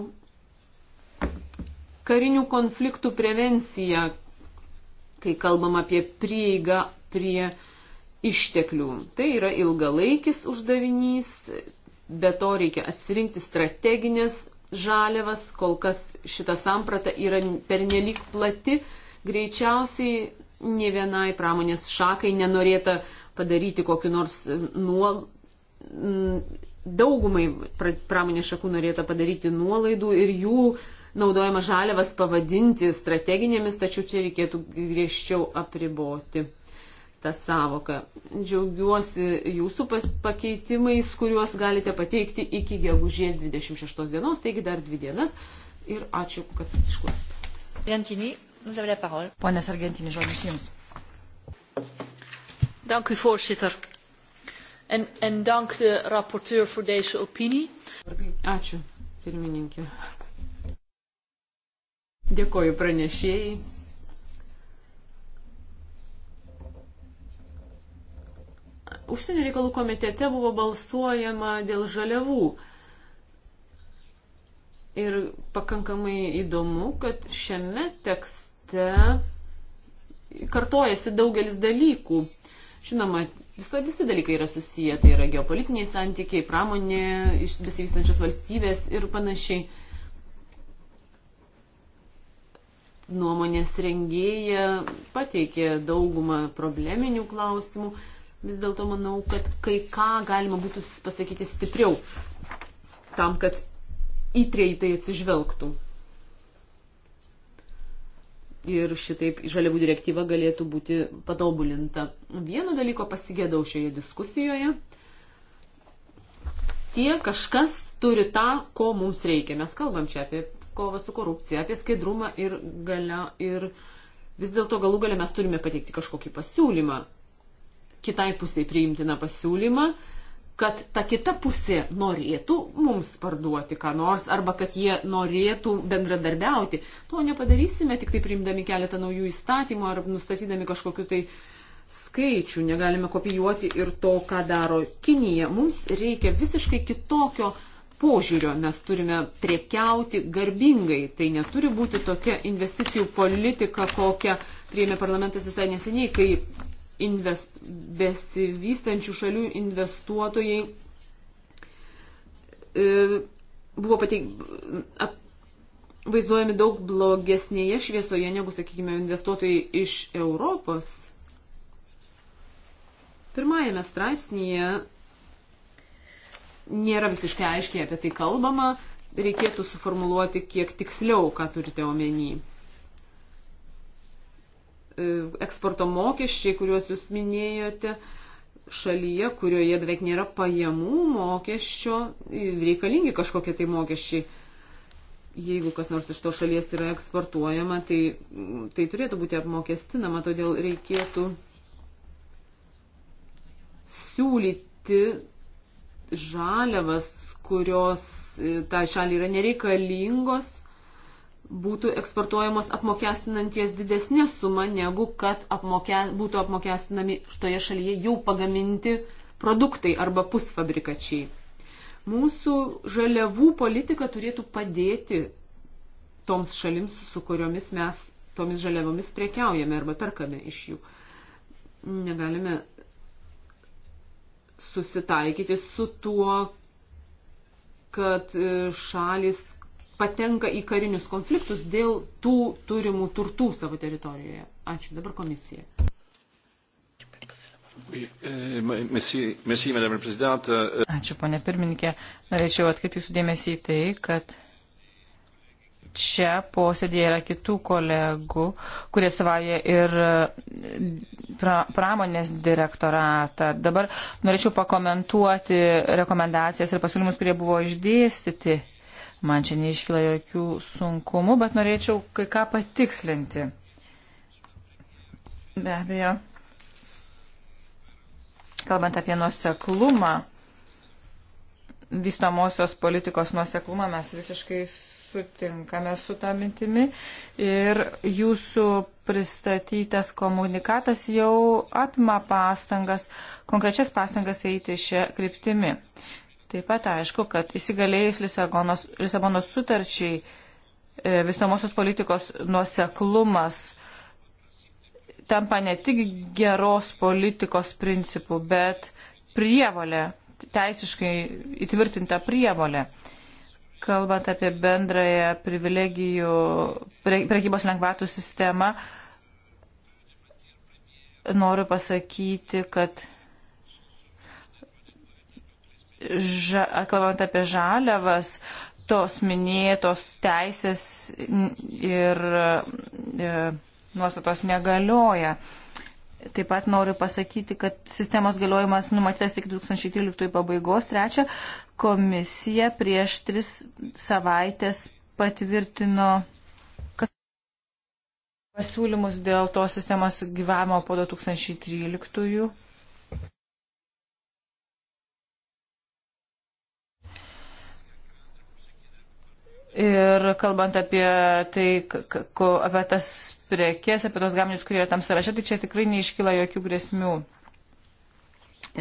S2: Karinių konfliktų prevencija, kai kalbam apie prieigą prie išteklių. Tai yra ilgalaikis uždavinys, be to reikia atsirinkti strateginės žaliavas, kol kas šita samprata yra pernelik plati, greičiausiai ne vienai pramonės šakai nenorėta padaryti kokiu nors e, nuol. Mm, daugumai pramonės šakų norėta padaryti nuolaidų ir jų naudojama žaliavas pavadinti strateginėmis, tačiau čia reikėtų griežčiau apriboti tą savoką. Džiaugiuosi jūsų pakeitimais, kuriuos galite pateikti iki gegužės 26 dienos, taigi dar dvi dienas. Ir ačiū, kad
S1: išklausėte. Ponės Argentinį žodis jums. Dank u voorzitter. En, en dank de
S2: rapporteur voor deze opinie. Ačiū, pirmininkė. Dėkoju pranešėjai. užsienio reikalų komitete buvo balsuojama dėl žaliavų. Ir pakankamai įdomu, kad šiame tekste kartojasi daugelis dalykų. Žinoma, visa, visi dalykai yra susiję, tai yra geopolitiniai santykiai, pramonė, besivystančios valstybės ir panašiai. Nuomonės rengėja pateikė daugumą probleminių klausimų, vis dėlto manau, kad kai ką galima būtų pasakyti stipriau, tam, kad įtrei tai atsižvelgtų. Ir šitaip žaliavų direktyva galėtų būti patobulinta. Vieno dalyko pasigėdau šioje diskusijoje. Tie kažkas turi tą, ko mums reikia. Mes kalbam čia apie kovą su korupcija, apie skaidrumą ir, galia, ir vis dėlto galų galę mes turime pateikti kažkokį pasiūlymą kitai pusiai priimtiną pasiūlymą, kad ta kita pusė norėtų mums parduoti ką nors arba kad jie norėtų bendradarbiauti. To nepadarysime tik tai priimdami keletą naujų įstatymų ar nustatydami kažkokiu tai skaičių. Negalime kopijuoti ir to, ką daro Kinija. Mums reikia visiškai kitokio požiūrio. Mes turime priekiauti garbingai. Tai neturi būti tokia investicijų politika, kokią priėmė parlamentas visai neseniai, kai invest, besivystančių šalių investuotojai e, buvo pateik, ap, vaizduojami daug blogesnėje šviesoje negu, sakykime, investuotojai iš Europos. Pirmajame straipsnėje nėra visiškai aiškiai apie tai kalbama, reikėtų suformuluoti kiek tiksliau, ką turite omenyje. E, eksporto mokesčiai, kuriuos jūs minėjote, šalyje, kurioje beveik nėra pajamų mokesčio, e, reikalingi kažkokie tai mokesčiai. Jeigu kas nors iš to šalies yra eksportuojama, tai, tai turėtų būti apmokestinama, todėl reikėtų siūlyti žaliavas, kurios e, tai šaliai yra nereikalingos būtų eksportuojamos apmokestinanties didesnė suma, negu kad apmoke, būtų apmokestinami šitoje šalyje jau pagaminti produktai arba pusfabrikačiai. Mūsų žaliavų politika turėtų padėti toms šalims, su kuriomis mes tomis žaliavomis priekiaujame arba perkame iš jų. Negalime susitaikyti su tuo, kad e, šalis patenka į karinius konfliktus dėl tų turimų turtų savo teritorijoje. Ačiū. Dabar komisija.
S1: Euh, euh,
S3: Ačiū, ponė pirmininkė. Norėčiau atkreipti jūsų dėmesį į tai, kad čia posėdėje yra kitų kolegų, kurie savaja ir e, pra, pramonės direktoratą. Dabar norėčiau pakomentuoti rekomendacijas ir pasiūlymus, kurie buvo išdėstyti. Man čia neiškyla jokių sunkumų, bet norėčiau kai ką patikslinti. Be abejo, kalbant apie nuoseklumą, vystomosios politikos nuoseklumą mes visiškai sutinkame su tą mintimi ir jūsų pristatytas komunikatas jau apima pastangas, konkrečias pastangas eiti šią kryptimį. Taip pat aišku, kad įsigalėjus Lisabonos, Lisabonos sutarčiai e, visomosios politikos nuoseklumas tampa ne tik geros politikos principų, bet prievolė, teisiškai įtvirtinta prievolė. Kalbant apie bendrąją privilegijų prekybos lengvatų sistemą, noriu pasakyti, kad ža, kalbant apie žaliavas, tos minėtos teisės ir e, nuostatos negalioja. Taip pat noriu pasakyti, kad sistemos galiojimas numatytas iki 2013 pabaigos. Trečia, komisija prieš tris savaitės patvirtino pasiūlymus dėl tos sistemos gyvavimo po 2013. Ir kalbant apie tai, ko, apie tas prekes, apie tos gaminius, kurie yra tam sąraše, tai čia tikrai neiškyla jokių grėsmių.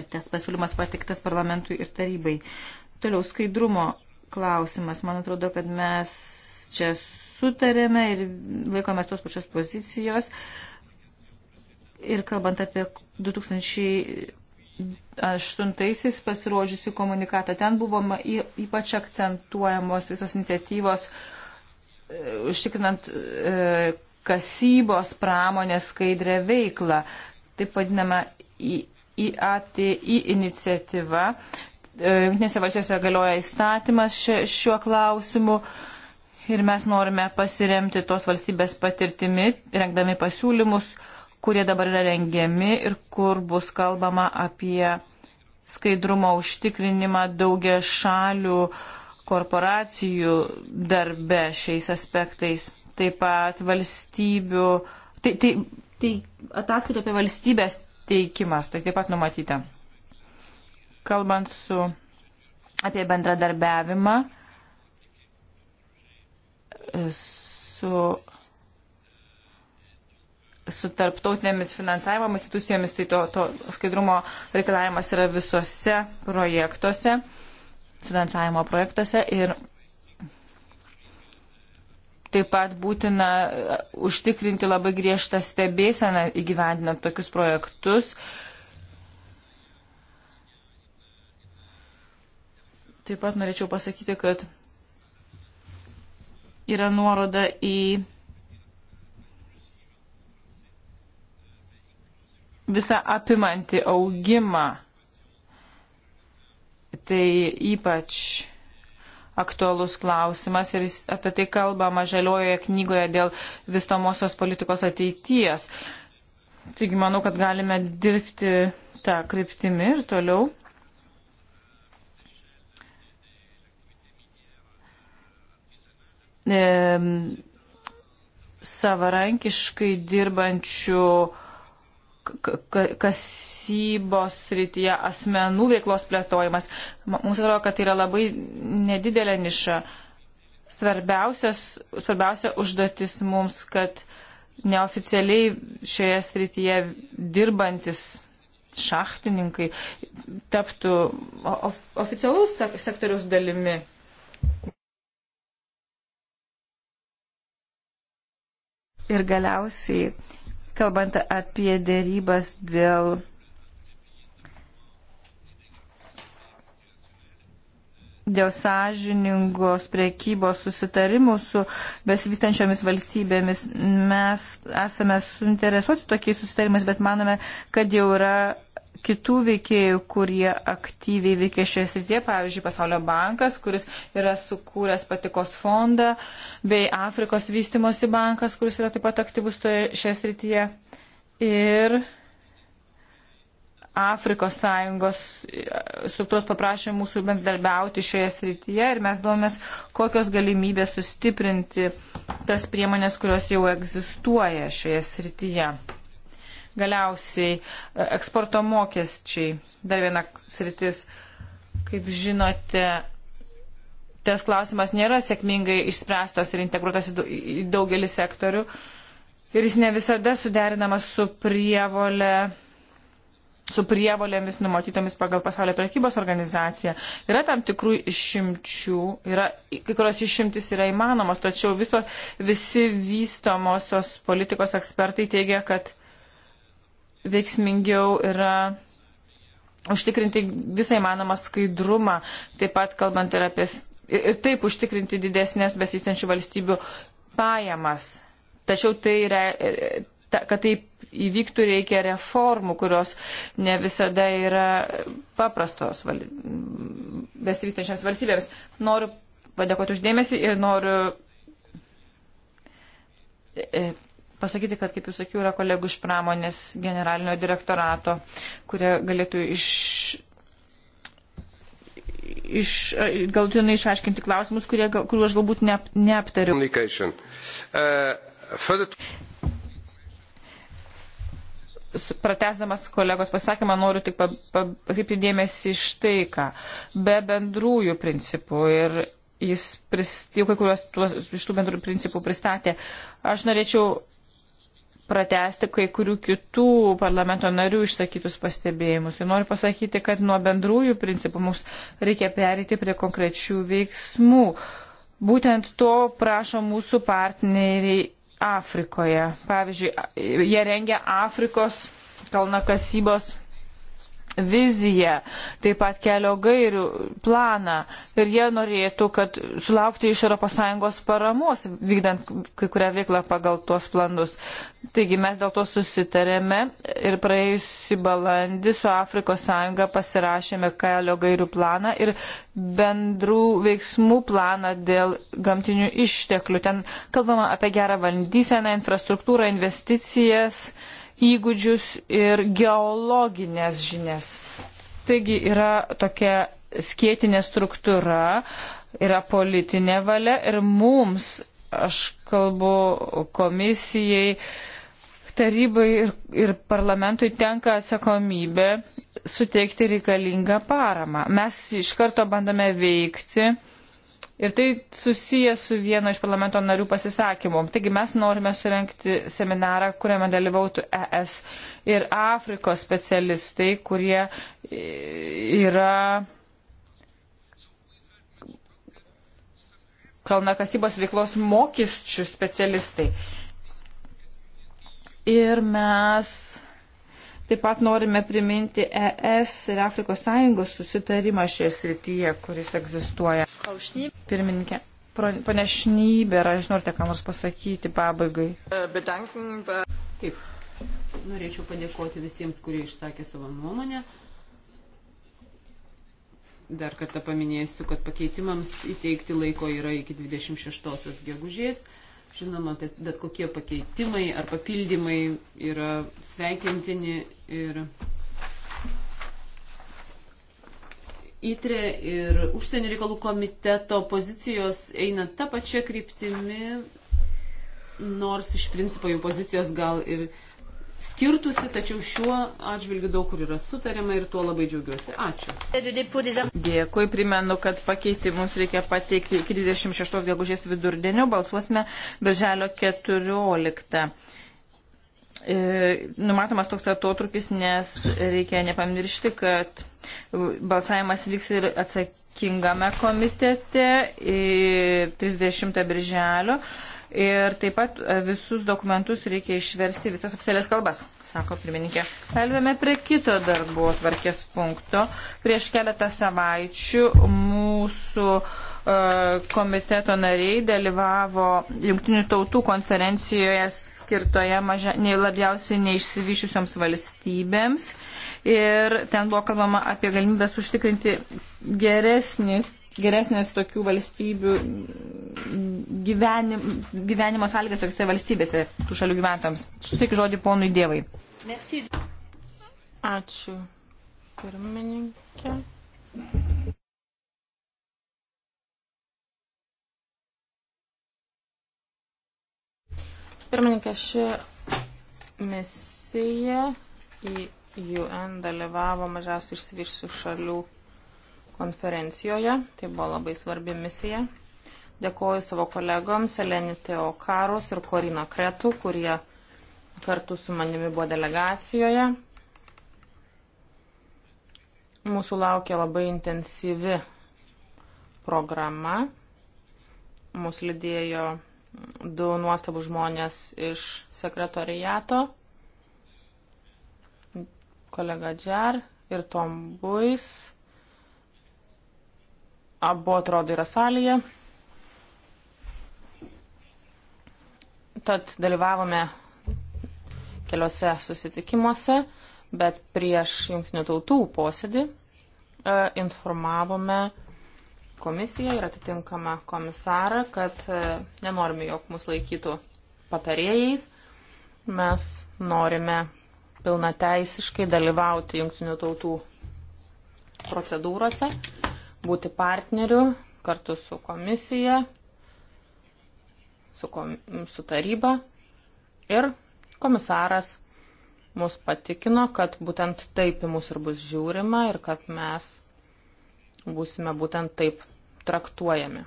S3: Ir tas pasiūlymas patiktas parlamentui ir tarybai. Toliau skaidrumo klausimas. Man atrodo, kad mes čia sutarėme ir laikomės tos pačios pozicijos. Ir kalbant apie 2000 aštuntaisiais pasirodžiusi komunikatą. Ten buvo ypač akcentuojamos visos iniciatyvos e, užtikrinant e, kasybos pramonės skaidrę veiklą, taip vadinama IATI iniciatyva. E, Junktinėse valstijose galioja įstatymas šiuo klausimu ir mes norime pasiremti tos valstybės patirtimi, rengdami pasiūlymus, kurie dabar yra rengiami ir kur bus kalbama apie skaidrumo užtikrinimą daugia šalių korporacijų darbe šiais aspektais. Taip pat valstybių, tai, tai, tai ataskaita apie valstybės teikimas, tai taip pat numatyta. Kalbant su apie bendradarbiavimą su su tarptautinėmis finansavimo institucijomis, tai to, to skaidrumo reikalavimas yra visose projektuose, finansavimo projektuose ir taip pat būtina e, užtikrinti labai griežtą stebėseną įgyvendinant tokius projektus. Taip pat norėčiau pasakyti, kad yra nuoroda į visą apimantį augimą. Tai ypač aktualus klausimas ir apie tai kalbama žaliojoje knygoje dėl vystomosios politikos ateities. Taigi manau, kad galime dirbti tą kryptimį ir toliau. E, savarankiškai dirbančių kasybos srityje asmenų veiklos plėtojimas. Mums atrodo, kad tai yra labai nedidelė niša. Svarbiausia užduotis mums, kad neoficialiai šioje srityje dirbantis šachtininkai taptų of, oficialaus sektoriaus dalimi. Ir galiausiai kalbant apie dėrybas dėl dėl sąžiningos priekybos susitarimų su besivystančiomis valstybėmis. Mes esame suinteresuoti tokiais susitarimais, bet manome, kad jau yra kitų veikėjų, kurie aktyviai veikia šioje srityje, pavyzdžiui, Pasaulio bankas, kuris yra sukūręs patikos fondą, bei Afrikos vystimosi bankas, kuris yra taip pat aktyvus šioje srityje. Ir Afrikos sąjungos e, struktūros paprašė mūsų bendarbiauti šioje srityje ir mes domės, kokios galimybės sustiprinti tas priemonės, kurios jau egzistuoja šioje srityje. Galiausiai e, eksporto mokesčiai. Dar viena sritis. Kaip žinote, tas klausimas nėra sėkmingai išspręstas ir integruotas į daugelį sektorių. Ir jis ne visada suderinamas su prievolė su prievolėmis numatytomis pagal pasaulio prekybos organizaciją. Yra tam tikrų išimčių, yra, kai kurios išimtis yra įmanomos, tačiau viso, visi vystomosios politikos ekspertai teigia, kad veiksmingiau yra užtikrinti visą įmanomą skaidrumą, taip pat kalbant ir apie ir taip užtikrinti didesnės besistenčių valstybių pajamas. Tačiau tai, re, ta, kad taip įvyktų, reikia reformų, kurios ne visada yra paprastos val, besivystančiams valstybėms. Noriu padėkoti uždėmesį ir noriu e, pasakyti, kad, kaip jūs sakiau, yra kolegų iš pramonės generalinio direktorato, kurie galėtų iš, iš galutinai išaiškinti klausimus, kurie, kurių aš galbūt neap, neaptariu.
S1: Uh,
S3: pratesdamas kolegos pasakymą, noriu tik pakreipti dėmesį iš tai, ką be bendrųjų principų ir jis prist, jau kai kuriuos tuos, iš tų bendrų principų pristatė. Aš norėčiau pratesti kai kurių kitų parlamento narių išsakytus pastebėjimus. Ir noriu pasakyti, kad nuo bendrųjų principų mums reikia perėti prie konkrečių veiksmų. Būtent to prašo mūsų partneriai Afrikoje. Pavyzdžiui, jie rengia Afrikos kalnakasybos viziją, taip pat kelio gairių planą ir jie norėtų, kad sulaukti iš ES paramos, vykdant kai kurią veiklą pagal tuos planus. Taigi mes dėl to susitarėme ir praėjusį balandį su Afrikos Sąjunga pasirašėme kelio gairių planą ir bendrų veiksmų planą dėl gamtinių išteklių. Ten kalbama apie gerą valdyseną, infrastruktūrą, investicijas. Uh, įgūdžius ir geologinės žinias. Taigi yra tokia skėtinė struktūra, yra politinė valia ir mums, aš kalbu komisijai, tarybai ir, ir parlamentui tenka atsakomybė suteikti reikalingą paramą. Mes iš karto bandome veikti Ir tai susiję su vieno iš parlamento narių pasisakymu. Taigi mes norime surenkti seminarą, kuriame dalyvautų ES ir Afrikos specialistai, kurie yra kalnakasybos veiklos mokesčių specialistai. Ir mes Taip pat norime priminti ES ir Afrikos Sąjungos susitarimą šioje srityje, kuris egzistuoja. Pirmininkė. Pane Šnybė, ar žinote, ką nors pasakyti pabaigai?
S4: E, Taip. Norėčiau padėkoti
S2: visiems, kurie išsakė savo nuomonę. Dar kartą paminėsiu, kad pakeitimams įteikti laiko yra iki 26 gegužės. Žinoma, bet kokie pakeitimai ar papildymai yra sveikintini ir įtrė ir užsienio reikalų komiteto pozicijos eina tą pačią kryptimį, nors iš principo jų pozicijos gal ir skirtusi, tačiau šiuo atžvilgiu daug kur yra sutariama ir tuo labai džiaugiuosi.
S1: Ačiū.
S2: Dėkui,
S3: primenu, kad pakeitimus reikia pateikti iki 26 gegužės vidurdienio, balsuosime birželio 14. E, numatomas toks atotrukis, nes reikia nepamiršti, kad balsavimas vyks ir atsakingame komitete 30 e, birželio. Ir taip pat e, visus dokumentus reikia išversti visas oficialias kalbas, sako pirmininkė. Pelvėme prie kito darbo atvarkės punkto. Prieš keletą savaičių mūsų e, komiteto nariai dalyvavo Junktinių tautų konferencijoje skirtoje maža, nei labiausiai neišsivyšiusioms valstybėms. Ir ten buvo kalbama apie galimybės užtikrinti geresnį geresnės tokių valstybių gyvenim, gyvenimo sąlygas tokiose valstybėse, tų šalių gyventojams. Suteikiu žodį ponui Dievai.
S1: Merci.
S4: Ačiū, pirmininkė. Pirmininkė, ši misija į UN dalyvavo mažiausiai išsivyščių šalių konferencijoje. Tai buvo labai svarbi misija. Dėkoju savo kolegoms Eleni Teokaros ir Korino Kretų, kurie kartu su manimi buvo delegacijoje. Mūsų laukia labai intensyvi programa. Mūsų lydėjo du nuostabų žmonės iš sekretorijato, kolega Džer ir Tom Buis. Abu atrodo yra salėje. Tad dalyvavome keliose susitikimuose, bet prieš jungtinių tautų posėdį e, informavome komisiją ir atitinkamą komisarą, kad e, nenorime, jog mus laikytų patarėjais. Mes norime pilnateisiškai dalyvauti jungtinių tautų procedūrose būti partneriu kartu su komisija, su, kom, su taryba ir komisaras mus patikino, kad būtent taip į mus ir bus žiūrima ir kad mes būsime būtent taip traktuojami.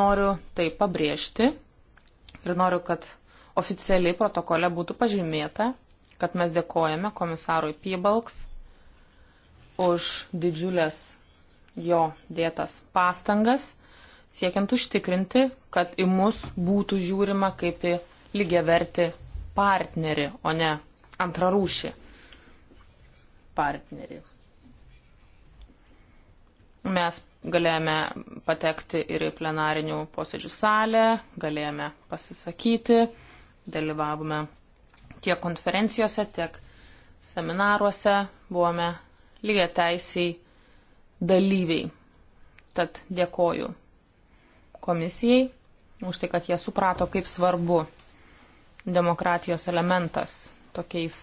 S4: Noriu tai pabrėžti ir noriu, kad oficialiai protokole būtų pažymėta, kad mes dėkojame komisarui Pybalks už didžiulės jo dėtas pastangas, siekiant užtikrinti, kad į mus būtų žiūrima kaip į lygiaverti partnerį, o ne antrarūšį partnerį. Mes galėjome patekti ir į plenarinių posėdžių salę, galėjome pasisakyti, dalyvavome tiek konferencijose, tiek seminaruose, buvome lygiai teisiai dalyviai. Tad dėkoju komisijai už tai, kad jie suprato, kaip svarbu demokratijos elementas tokiais,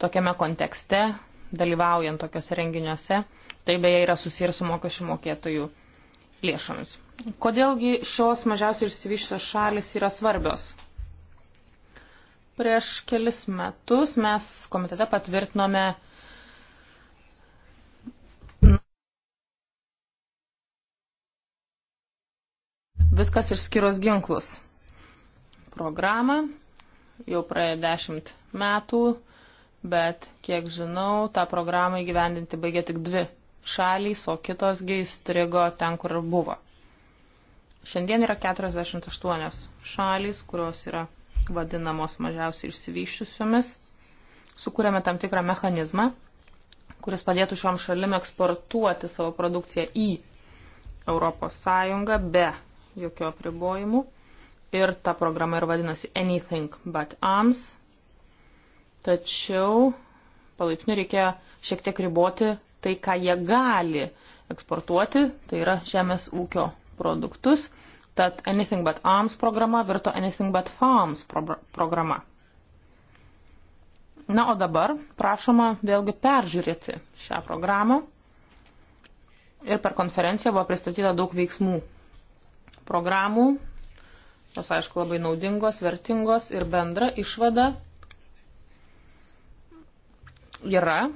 S4: tokiame kontekste, dalyvaujant tokiuose renginiuose. Tai beje yra susiję ir su mokesčių mokėtojų lėšomis. Kodėlgi šios mažiausiai išsivyščios šalis yra svarbios? Prieš kelis metus mes komitete patvirtinome Viskas išskyrus ginklus. Programą jau praėjo dešimt metų, bet kiek žinau, tą programą įgyvendinti baigė tik dvi šalys, o kitos įstrigo ten, kur ir buvo. Šiandien yra 48 šalys, kurios yra vadinamos mažiausiai išsivyščiusiomis. Sukūrėme tam tikrą mechanizmą, kuris padėtų šiom šalim eksportuoti savo produkciją į ES be jokių apribojimų. Ir ta programa ir vadinasi Anything But Arms. Tačiau palaipsniui reikia šiek tiek riboti tai, ką jie gali eksportuoti, tai yra žemės ūkio produktus. Tad Anything But Arms programa virto Anything But Farms pro programa. Na, o dabar prašoma vėlgi peržiūrėti šią programą. Ir per konferenciją buvo pristatyta daug veiksmų programų. Jos, aišku, labai naudingos, vertingos ir bendra išvada yra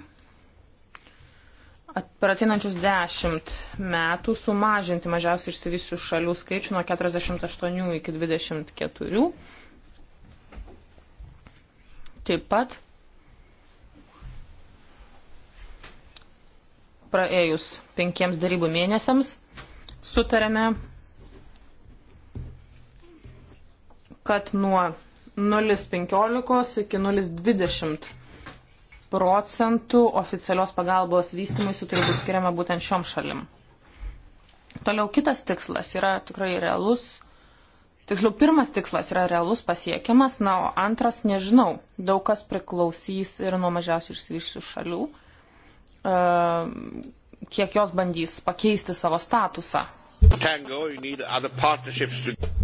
S4: per ateinančius 10 metų sumažinti mažiausiai išsivysių šalių skaičių nuo 48 iki 24. Taip pat praėjus penkiems darybų mėnesiams sutarėme kad nuo 0,15 iki 0,20 procentų oficialios pagalbos vystymui su turi būti skiriama būtent šiom šalim. Toliau kitas tikslas yra tikrai realus. Tiksliau, pirmas tikslas yra realus pasiekiamas, na, o antras nežinau. Daug kas priklausys ir nuo mažiausiai išsivyščių šalių, e, kiek jos bandys pakeisti savo statusą.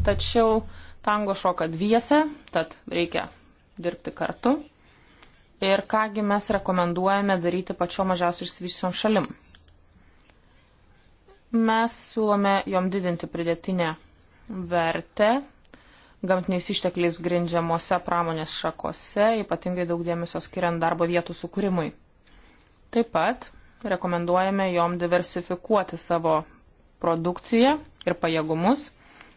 S4: Tačiau tango šoka dviese, tad reikia dirbti kartu. Ir kągi mes rekomenduojame daryti pačio mažiausiai išsivysiusiom šalim. Mes siūlome jom didinti pridėtinę vertę gamtiniais ištekliais grindžiamuose pramonės šakose, ypatingai daug dėmesio skiriant darbo vietų sukūrimui. Taip pat rekomenduojame jom diversifikuoti savo produkciją ir pajėgumus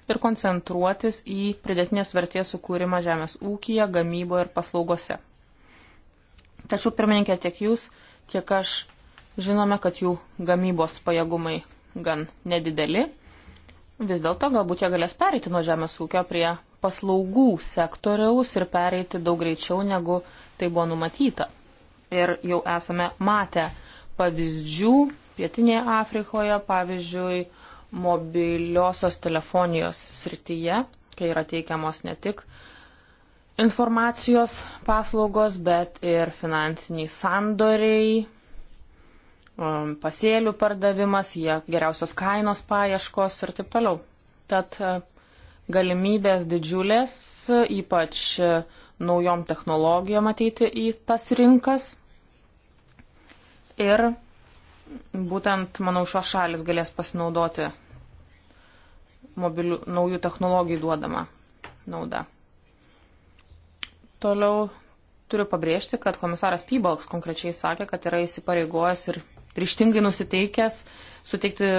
S4: ir koncentruotis į pridėtinės vertės sukūrimą žemės ūkija, gamyboje ir paslaugose. Tačiau, pirmininkė, tiek jūs, tiek aš žinome, kad jų gamybos pajėgumai gan nedideli. Vis dėlto galbūt jie galės pereiti nuo žemės ūkio prie paslaugų sektoriaus ir pereiti daug greičiau, negu tai buvo numatyta. Ir jau esame matę pavyzdžių Pietinėje Afrikoje, pavyzdžiui, mobiliosios telefonijos srityje, kai yra teikiamos ne tik informacijos paslaugos, bet ir finansiniai sandoriai, um, pasėlių pardavimas, jie geriausios kainos paieškos ir taip toliau. Tad e, galimybės didžiulės, ypač e, naujom technologijom ateiti į tas rinkas. Ir būtent, manau, šios šalis galės pasinaudoti mobilių, naujų technologijų duodama nauda. Toliau turiu pabrėžti, kad komisaras Pybalks konkrečiai sakė, kad yra įsipareigojęs ir ryštingai nusiteikęs suteikti,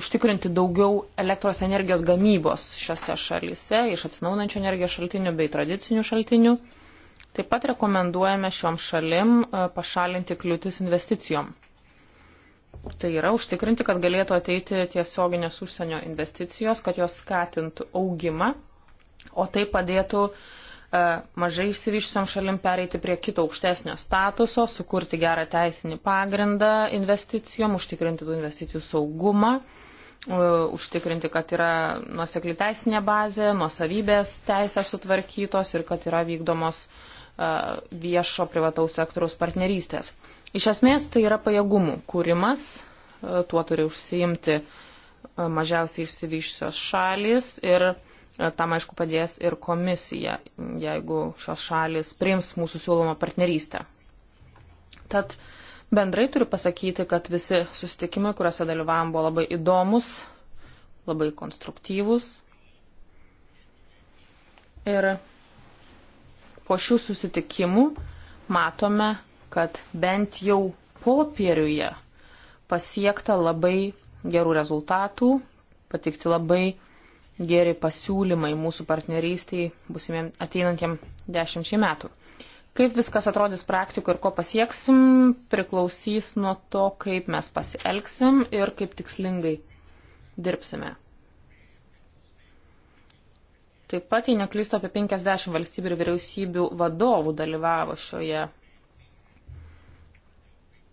S4: užtikrinti daugiau elektros energijos gamybos šiose šalyse iš atsinaunančių energijos šaltinių bei tradicinių šaltinių. Taip pat rekomenduojame šiom šalim e, pašalinti kliūtis investicijom. Tai yra užtikrinti, kad galėtų ateiti tiesioginės užsienio investicijos, kad jos skatintų augimą, o tai padėtų e, mažai išsivyščiusiam šalim pereiti prie kito aukštesnio statuso, sukurti gerą teisinį pagrindą investicijom, užtikrinti tų investicijų saugumą, e, užtikrinti, kad yra nuosekli teisinė bazė, nuosavybės teisės sutvarkytos ir kad yra vykdomos e, viešo privataus sektoriaus partnerystės. E, Iš esmės tai yra pajėgumų kūrimas, e, tuo turi užsiimti e, mažiausiai išsivyščiusios šalis ir e, tam aišku padės ir komisija, jeigu šios šalis priims mūsų siūlomą partnerystę. Tad bendrai turiu pasakyti, kad visi susitikimai, kuriuose dalyvavom, buvo labai įdomus, labai konstruktyvus. Ir po šių susitikimų matome, kad bent jau popieriuje pasiekta labai gerų rezultatų, patikti labai geri pasiūlymai mūsų partnerystiai busimiem ateinantiem dešimčiai metų. Kaip viskas atrodys praktikoje ir ko pasieksim, priklausys nuo to, kaip mes pasielgsim ir kaip tikslingai dirbsime. Taip pat, jei neklystu, apie 50 valstybių ir vyriausybių vadovų dalyvavo šioje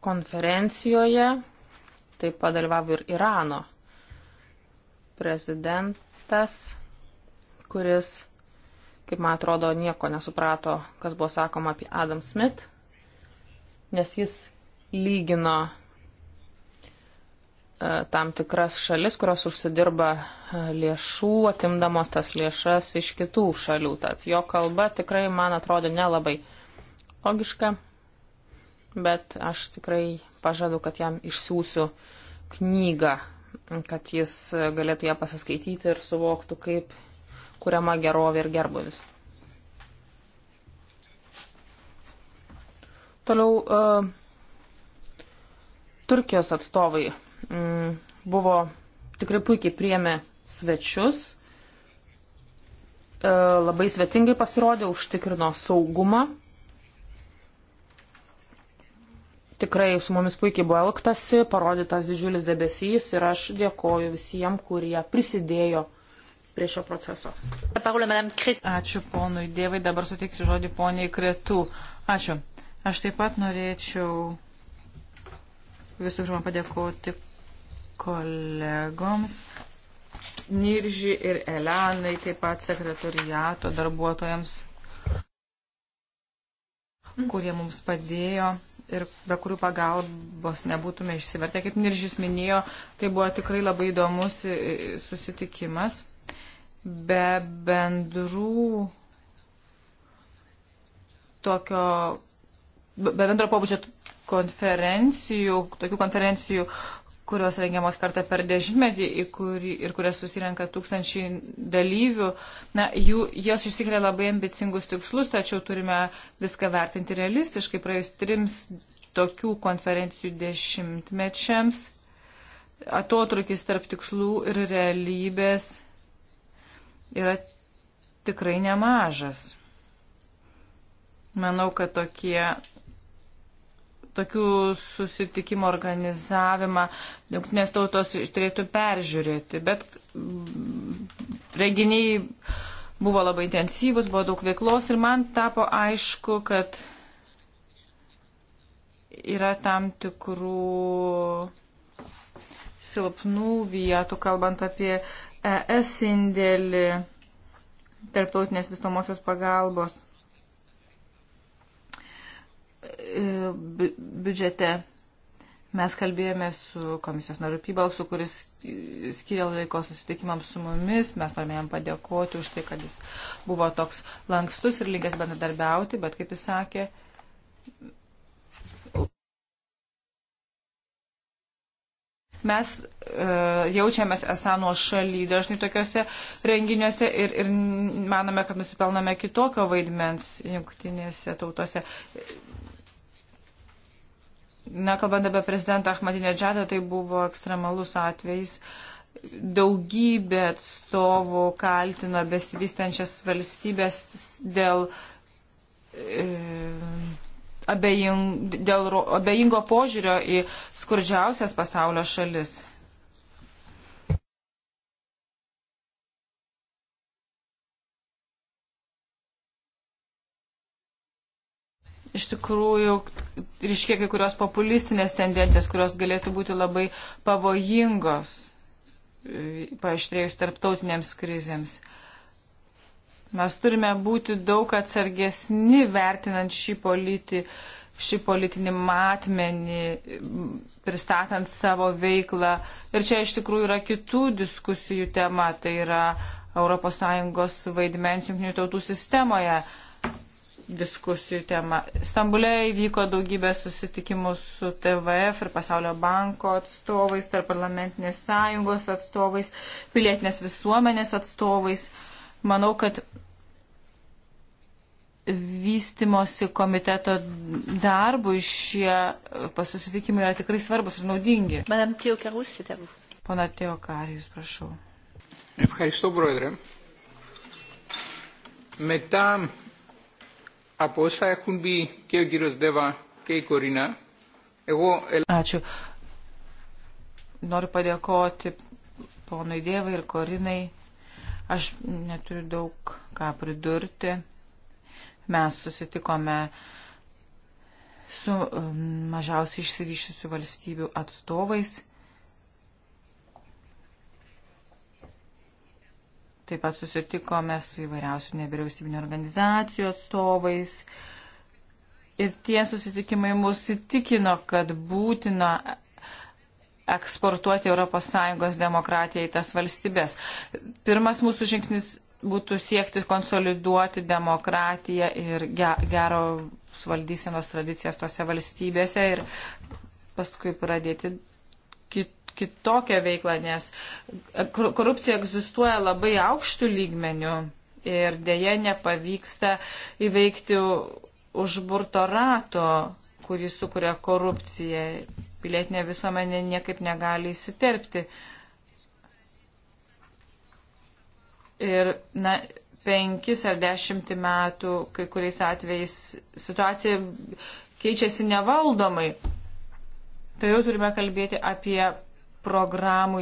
S4: konferencijoje taip pat dalyvavo ir Irano prezidentas, kuris, kaip man atrodo, nieko nesuprato, kas buvo sakoma apie Adam Smith, nes jis lygino e, tam tikras šalis, kurios užsidirba e, lėšų, atimdamos tas lėšas iš kitų šalių. Tad jo kalba tikrai, man atrodo, nelabai logiška bet aš tikrai pažadu, kad jam išsiųsiu knygą, kad jis galėtų ją pasiskaityti ir suvoktų, kaip kuriama gerovė ir gerbuvis. Toliau uh, Turkijos atstovai mm, buvo tikrai puikiai priėmė svečius, uh, labai svetingai pasirodė, užtikrino saugumą Tikrai su mumis puikiai buvo elgtasi, parodytas didžiulis debesys ir aš dėkoju visiems, kurie prisidėjo prie šio proceso.
S3: Ačiū ponui Dievai, dabar suteiksiu žodį poniai Kretų. Ačiū. Aš taip pat norėčiau visų pirma padėkoti kolegoms. Nirži ir Elenai, taip pat sekretoriato darbuotojams, kurie mums padėjo ir be kurių pagalbos nebūtume išsivertę. Kaip Niržys minėjo, tai buvo tikrai labai įdomus e, e, susitikimas. Be bendrų tokio, be bendro pobūdžio konferencijų, tokių konferencijų kurios rengiamos kartą per dešimtmetį kurį, ir kurias susirenka tūkstančiai dalyvių. Na, jų, jos išsikelia labai ambicingus tikslus, tačiau turime viską vertinti realistiškai. Praėjus trims tokių konferencijų dešimtmečiams atotrukis tarp tikslų ir realybės yra tikrai nemažas. Manau, kad tokie tokių susitikimų organizavimą jungtinės tautos turėtų peržiūrėti. Bet mm, renginiai buvo labai intensyvus, buvo daug veiklos ir man tapo aišku, kad yra tam tikrų silpnų vietų, kalbant apie ES indėlį tarptautinės visomosios pagalbos E, biudžete. Mes kalbėjome su komisijos nariu Pybalsu, kuris skiria laiko susitikimams su mumis. Mes norime jam padėkoti už tai, kad jis buvo toks lankstus ir lygęs bendradarbiauti, bet kaip jis sakė, mes e, jaučiamės esą nuo šaly dažnai tokiuose renginiuose ir, ir manome, kad nusipelname kitokio vaidmens jungtinėse tautose. Na, kalbant apie prezidentą Ahmadinedžadą, tai buvo ekstremalus atvejis. Daugybė atstovų kaltina besivystančias valstybės dėl, e, abejing, dėl abejingo požiūrio į skurdžiausias pasaulio šalis. iš tikrųjų ryškia kai kurios populistinės tendencijos, kurios galėtų būti labai pavojingos, e, paaištrėjus tarptautinėms krizėms. Mes turime būti daug atsargesni vertinant šį, politi, šį politinį matmenį, pristatant savo veiklą. Ir čia iš tikrųjų yra kitų diskusijų tema, tai yra ES vaidmens jungtinių tautų sistemoje. Uh, diskusijų tema. Stambulė įvyko daugybė susitikimų su TVF ir Pasaulio banko atstovais, tarp parlamentinės sąjungos atstovais, pilietinės visuomenės atstovais. Manau, kad vystimosi komiteto darbų šie e, pasusitikimai yra tikrai svarbus ir naudingi.
S1: Madame Teo Karus,
S3: c'est à vous. Pana Teo Karijus, prašau.
S1: Ευχαριστώ, Πρόεδρε. Μετά Από όσα έχουν πει και ο κύριος Ντέβα και η Κορίνα, εγώ... Ačiū.
S3: Noriu padėkoti ponui Dievai ir Korinai. Aš neturiu daug ką pridurti. Mes susitikome su um, mažiausiai išsivyščiusių valstybių atstovais Taip pat susitikome su įvairiausių nevyriausybinio organizacijų atstovais. Ir tie susitikimai mus įtikino, kad būtina eksportuoti ES demokratiją į tas valstybės. Pirmas mūsų žingsnis būtų siekti konsoliduoti demokratiją ir gero valdysenos tradicijas tose valstybėse ir paskui pradėti kitų kitokią veiklą, nes korupcija egzistuoja labai aukštų lygmenių ir dėje nepavyksta įveikti užburto rato, kurį sukuria korupcija. Pilietinė visuomenė niekaip negali įsiterpti. Ir, na, penkis ar dešimtį metų, kai kuriais atvejais situacija keičiasi nevaldomai. Tai jau turime kalbėti apie programų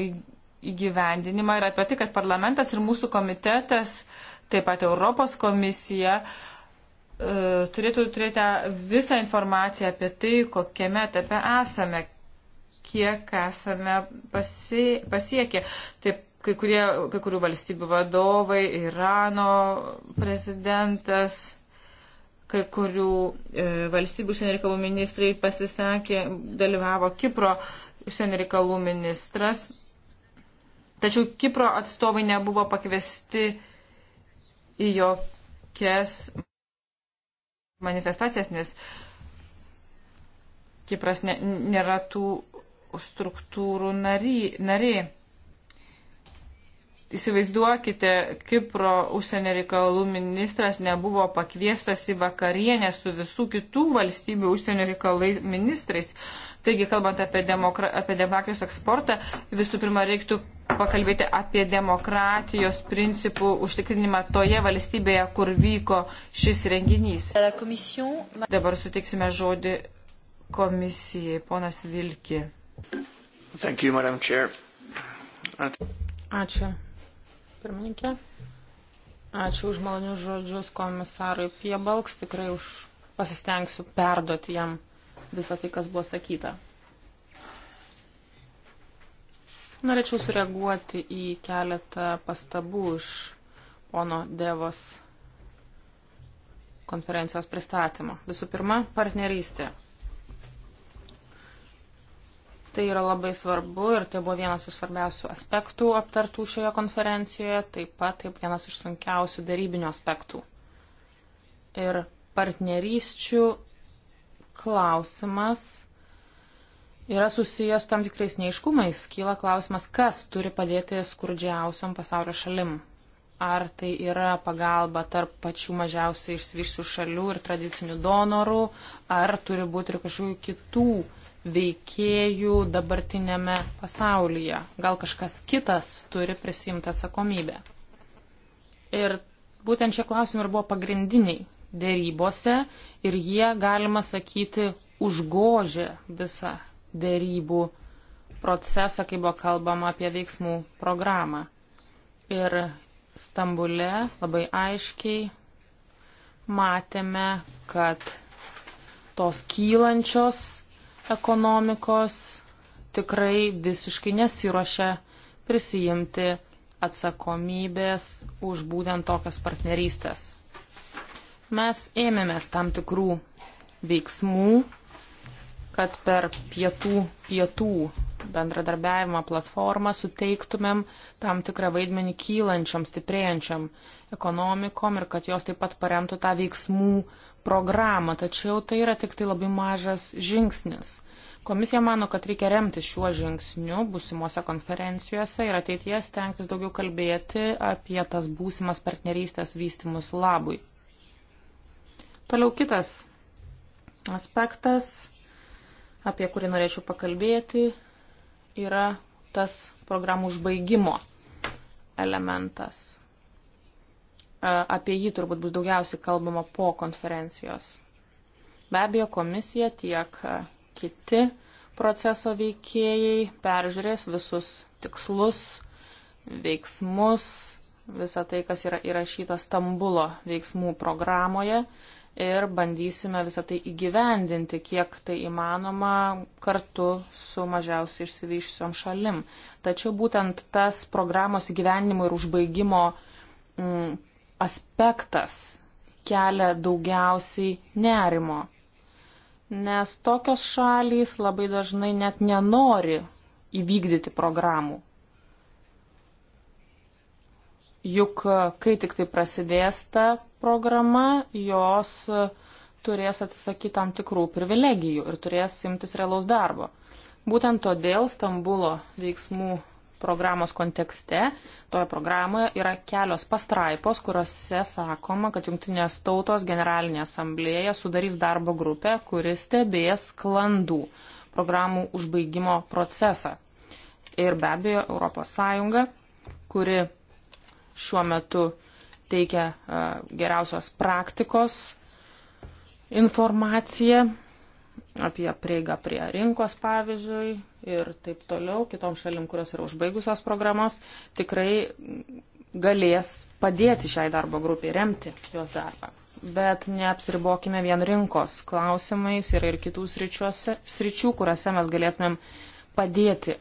S3: įgyvendinimą ir apie tai, kad parlamentas ir mūsų komitetas, taip pat Europos komisija, e, turėtų turėti visą informaciją apie tai, kokiame etape esame, kiek esame pasi, pasiekę. Taip, kai, kurie, kai kurių valstybių vadovai, Irano prezidentas, kai kurių e, valstybių šiandien reikalų ministrai pasisakė, dalyvavo Kipro užsienio reikalų ministras. Tačiau Kipro atstovai nebuvo pakviesti į jokias manifestacijas, nes Kipras ne, nėra tų struktūrų nariai. Įsivaizduokite, Kipro užsienio reikalų ministras nebuvo pakviestas į vakarienę su visų kitų valstybių užsienio reikalai ministrais. Uh, Taigi, kalbant apie, demokra apie demokratijos eksportą, visų pirma, reiktų pakalbėti apie demokratijos principų užtikrinimą toje valstybėje, kur vyko šis renginys. Dabar suteiksime žodį komisijai, ponas Vilki.
S1: Thank you, Madam Chair.
S4: Ačiū. Pirmininkė. Ačiū už malonius žodžius komisarui Piebalks, tikrai už pasistengsiu perduoti jam visą tai, kas buvo sakyta. Norėčiau sureaguoti į keletą pastabų iš pono Devos konferencijos pristatymo. Visų pirma, partnerystė. Tai yra labai svarbu ir tai buvo vienas iš svarbiausių aspektų aptartų šioje konferencijoje, taip pat taip vienas iš sunkiausių darybinių aspektų. Ir partnerysčių klausimas yra susijęs tam tikrais neiškumais. Kyla klausimas, kas turi padėti skurdžiausiam pasaulio šalim. Ar tai yra pagalba tarp pačių mažiausiai išsivyščių šalių ir tradicinių donorų, ar turi būti ir kažkokių kitų veikėjų dabartinėme pasaulyje. Gal kažkas kitas turi prisimti atsakomybę. Ir būtent šie klausimai ir buvo pagrindiniai dėrybose ir jie, galima sakyti, užgožė visą dėrybų procesą, kai buvo kalbama apie veiksmų programą. Ir Stambule labai aiškiai matėme, kad tos kylančios ekonomikos tikrai visiškai nesiuošia prisijimti atsakomybės už būtent tokias partnerystės mes ėmėmės tam tikrų veiksmų, kad per pietų pietų bendradarbiavimo platformą suteiktumėm tam tikrą vaidmenį kylančiom, stiprėjančiom ekonomikom ir kad jos taip pat paremtų tą veiksmų programą. Tačiau tai yra tik tai labai mažas žingsnis. Komisija mano, kad reikia remti šiuo žingsniu būsimose konferencijose ir ateities tenktis daugiau kalbėti apie tas būsimas partnerystės vystimus labui. Toliau kitas aspektas, apie kurį norėčiau pakalbėti, yra tas programų užbaigimo elementas. Apie jį turbūt bus daugiausiai kalbama po konferencijos. Be abejo, komisija tiek kiti proceso veikėjai peržiūrės visus tikslus, veiksmus, visą tai, kas yra įrašyta Stambulo veiksmų programoje ir bandysime visą tai įgyvendinti, kiek tai įmanoma, kartu su mažiausiai išsivyščiusiom šalim. Tačiau būtent tas programos įgyvendinimo ir užbaigimo m, mm, aspektas kelia daugiausiai nerimo, nes tokios šalys labai dažnai net nenori įvykdyti programų. Juk kai tik tai prasidės ta programa, jos e, turės atsisakyti tam tikrų privilegijų ir turės imtis realaus darbo. Būtent todėl Stambulo veiksmų programos kontekste, toje programoje yra kelios pastraipos, kuriuose sakoma, kad Junktinės tautos generalinė asamblėja sudarys darbo grupę, kuri stebės klandų programų užbaigimo procesą. Ir be abejo, ES, kuri šiuo metu teikia geriausios praktikos informaciją apie prieigą prie rinkos, pavyzdžiui, ir taip toliau, kitom šalim, kurios yra užbaigusios programas, tikrai galės padėti šiai darbo grupiai, remti jos darbą. Bet neapsiribokime vien rinkos klausimais, yra ir kitų sričiuose, sričių, kuriuose mes galėtumėm padėti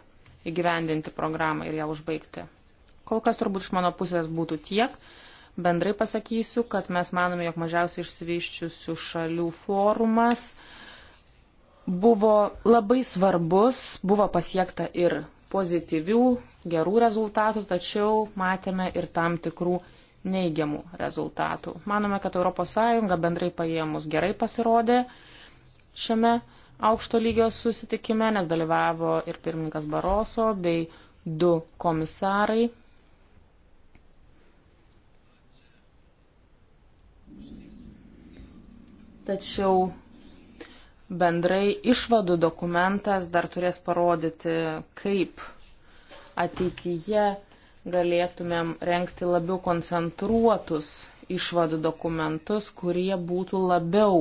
S4: įgyvendinti programą ir ją užbaigti. Kol kas turbūt iš mano pusės būtų tiek. Bendrai pasakysiu, kad mes manome, jog mažiausiai išsivyščiusių šalių forumas buvo labai svarbus, buvo pasiekta ir pozityvių, gerų rezultatų, tačiau matėme ir tam tikrų neigiamų rezultatų. Manome, kad ES bendrai paėmus gerai pasirodė šiame aukšto lygio susitikime, nes dalyvavo ir pirmininkas Baroso bei du komisarai tačiau bendrai išvadų dokumentas dar turės parodyti, kaip ateityje galėtumėm renkti labiau koncentruotus išvadų dokumentus, kurie būtų labiau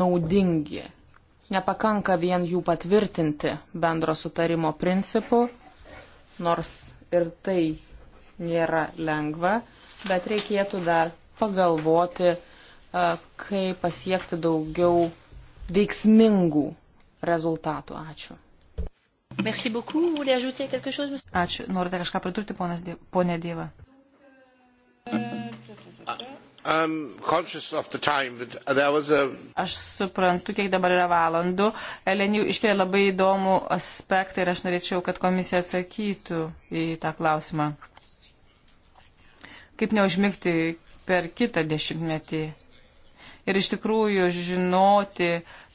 S4: naudingi. Nepakanka vien jų patvirtinti bendro sutarimo principų, nors ir tai nėra lengva, bet reikėtų dar pagalvoti, E, kaip pasiekti daugiau veiksmingų rezultatų. Ačiū.
S1: Merci beaucoup. Vous voulez ajouter quelque chose, monsieur?
S3: Ačiū. Norite kažką pridurti, ponas Dieva? Pone uh, Dieva. Aš suprantu, kiek dabar yra valandų. Elenijų iškėlė labai įdomų aspektą ir aš norėčiau, kad komisija atsakytų į tą klausimą. Kaip neužmigti per kitą dešimtmetį? ir iš tikrųjų žinoti,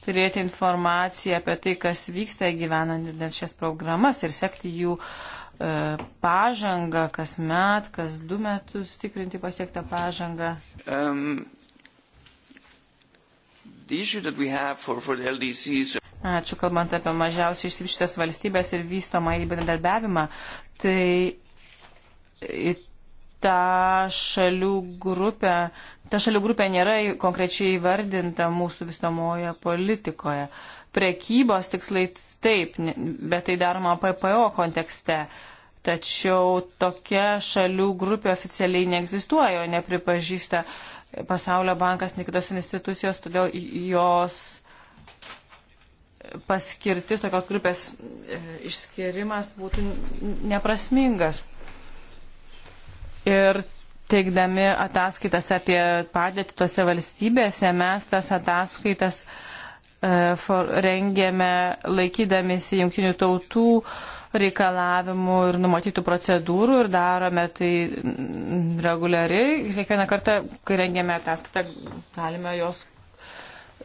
S3: turėti informaciją apie tai, kas vyksta gyvenant šias programas ir sekti jų e, pažangą kas met, kas du metus tikrinti pasiektą pažangą. Um, for, for LDCs... Ačiū, kalbant apie mažiausiai išsivyščias valstybės ir vystomą į bendradarbiavimą. Tai tą šalių grupę, ta šalių grupė nėra konkrečiai įvardinta mūsų visamoje politikoje. Prekybos tikslai taip, bet tai daroma PPO kontekste. Tačiau tokia šalių grupė oficialiai neegzistuoja, o nepripažįsta pasaulio bankas, nei kitos institucijos, todėl jos paskirtis tokios grupės e, išskirimas būtų neprasmingas. Ir teikdami ataskaitas apie padėtį tose valstybėse, mes tas ataskaitas e, for, rengėme laikydamėsi jungtinių tautų reikalavimų ir numatytų procedūrų ir darome tai mm, reguliariai. Kiekvieną kartą, kai rengėme ataskaitą, galime jos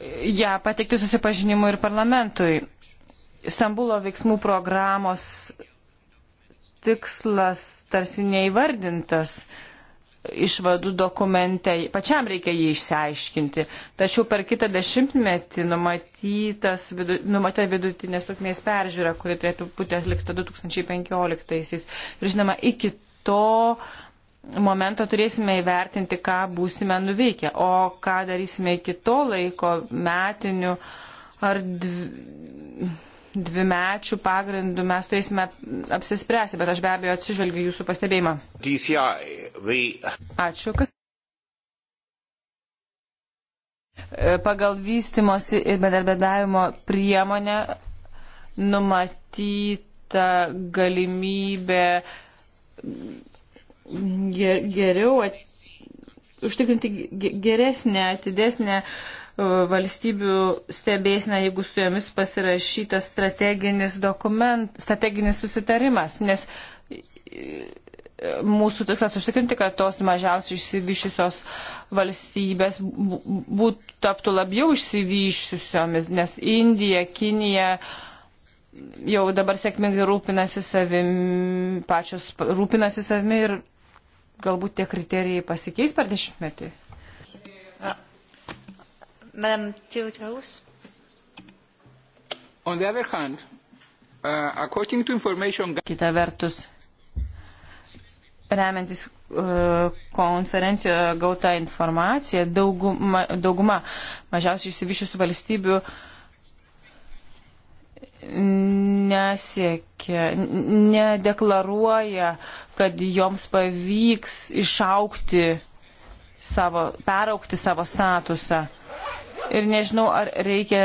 S3: ją ja, pateikti susipažinimui ir parlamentui. Stambulo veiksmų programos tikslas tarsi neįvardintas išvadų dokumente, pačiam reikia jį išsiaiškinti. Tačiau per kitą dešimtmetį numatytas, vidu, numatyta vidutinės trukmės peržiūra, kuri turėtų būti atlikta 2015-aisiais. Ir žinoma, iki to momento turėsime įvertinti, ką būsime nuveikę, o ką darysime iki to laiko metinių ar dvi dvimečių pagrindų mes turėsime apsispręsti, bet aš be abejo atsižvelgiu jūsų pastebėjimą.
S1: DCI, we...
S3: Ačiū. Kas... E, pagal vystimosi ir bedarbiavimo priemonę numatyta galimybė geriau at... užtikrinti geresnę, atidesnę uh, E, valstybių stebėsime, jeigu su jomis pasirašytas strateginis, dokument, strateginis susitarimas, nes e, mūsų tikslas užtikrinti, kad tos mažiausiai išsivyšiusios valstybės būtų taptų labiau išsivyšiusiomis, nes Indija, Kinija jau dabar sėkmingai rūpinasi savimi, pačios rūpinasi savimi ir galbūt tie kriterijai pasikeis per dešimtmetį.
S1: Madam Teotarous. On the other hand, uh, according to information... Kita
S3: vertus, remiantis uh, konferencijoje gauta informacija, dauguma, dauguma mažiausiai išsivyšusių valstybių nesiekia, nedeklaruoja, kad joms pavyks išaukti savo, peraukti savo statusą ir nežinau, ar reikia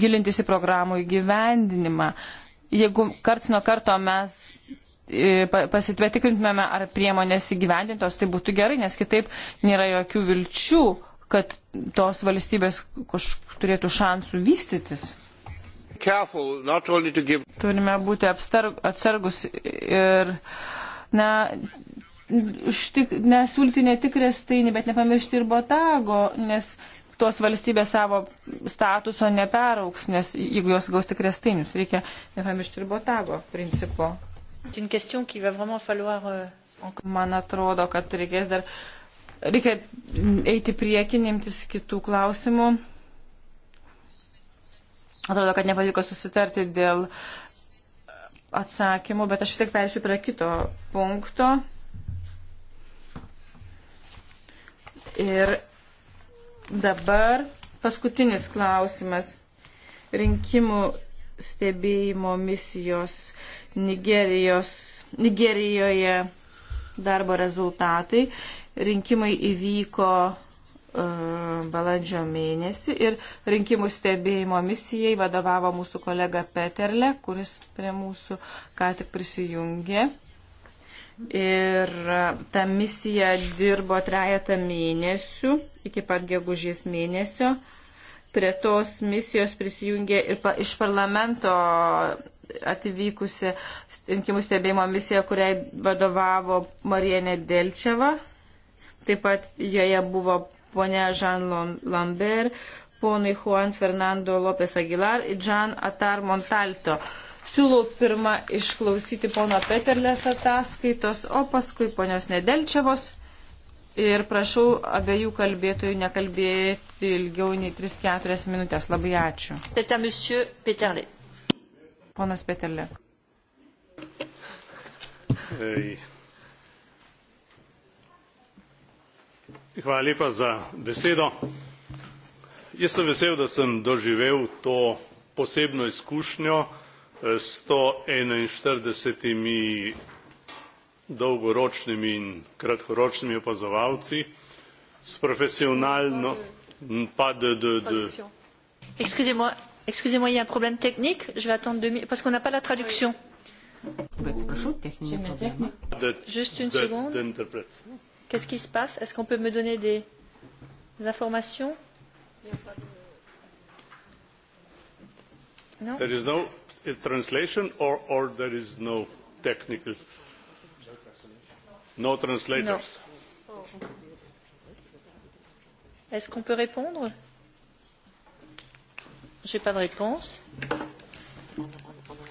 S3: gilintis į programų įgyvendinimą. Jeigu karts nuo karto mes e, pasitvetikrintumėme, ar priemonės įgyvendintos, tai būtų gerai, nes kitaip nėra jokių vilčių, kad tos valstybės turėtų šansų vystytis. Turime būti atsargus ir na, štik, nesūlti netik restainį, bet nepamiršti ir botago, nes tos valstybės savo statuso neperauks, nes jeigu jos gaus tik restainius, reikia nepamiršti ir botago principo.
S1: Euh,
S3: Man atrodo, kad reikės dar reikia eiti priekin, imtis kitų klausimų. Atrodo, kad nepavyko susitarti dėl atsakymų, bet aš vis tiek persiu prie kito punkto. Ir Dabar paskutinis klausimas. Rinkimų stebėjimo misijos Nigerijos, Nigerijoje darbo rezultatai. Rinkimai įvyko e, balandžio mėnesį ir rinkimų stebėjimo misijai vadovavo mūsų kolega Peterle, kuris prie mūsų ką tik prisijungė. Ir e, ta misija dirbo trejata mėnesių, iki pat gegužės mėnesio. Prie tos misijos prisijungė ir pa, iš parlamento atvykusi rinkimų stebėjimo misija, kuriai vadovavo Marienė Delčeva. Taip pat joje buvo ponia Jean Lambert, ponai Juan Fernando Lopes Aguilar ir Jean Atar Montalto. Uh, Siūlau pirmą išklausyti pono Peterlės ataskaitos, o paskui ponios Nedelčiavos. Ir prašau abiejų kalbėtojų nekalbėti ilgiau nei 3-4 minutės. Labai ačiū.
S1: Peterlė. Ponas Peterlė.
S2: Hey. Hvala lepa za besedo. Jaz sem vesel, da sem doživel to posebno izkušnjo, 141 dolgoročnimi in kratkoročnimi opazovalci s profesionalno pas de, de, de...
S1: Excusez-moi, excusez-moi, il y a un problème technique. Je vais attendre deux minutes parce qu'on n'a pas la traduction.
S2: Juste une seconde.
S1: Qu'est-ce qui se passe Est-ce qu'on peut me donner des, des informations Non. There is no
S2: is translation or, or there is no technical?
S1: No translators. No. Oh. Est-ce qu'on peut répondre Je n'ai pas de réponse.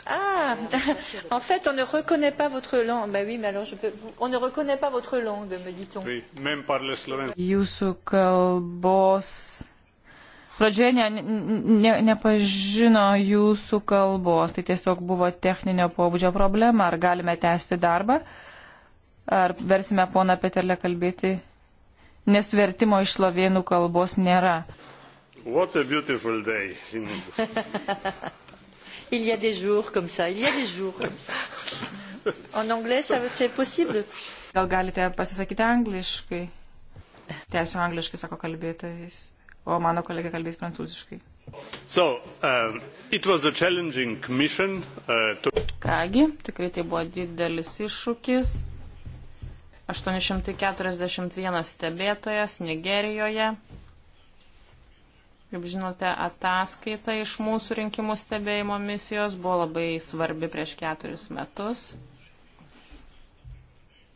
S1: Ah, en fait, on ne reconnaît pas votre langue. Bah oui, mais alors je peux. On ne reconnaît pas votre langue, me dit-on. Oui, même par le slovène.
S3: Jūsų kalbos pradžioje ne, ne, nepažino jūsų kalbos, tai tiesiog buvo techninio pobūdžio problema, ar galime tęsti darbą, ar versime poną Peterlę kalbėti, nes vertimo iš slovėnų kalbos nėra.
S4: What a beautiful day.
S1: Il y a des jours comme ça, il y a des jours comme ça. En anglais, c'est possible. Gal galite pasisakyti angliškai?
S3: Tęsiu angliškai, sako kalbėtojas o mano kolega kalbės prancūziškai.
S1: So,
S4: um, uh, to... Kągi, tikrai tai buvo didelis iššūkis. 841 stebėtojas Nigerijoje. Kaip žinote, ataskaita iš mūsų rinkimų stebėjimo misijos buvo labai svarbi prieš keturis metus.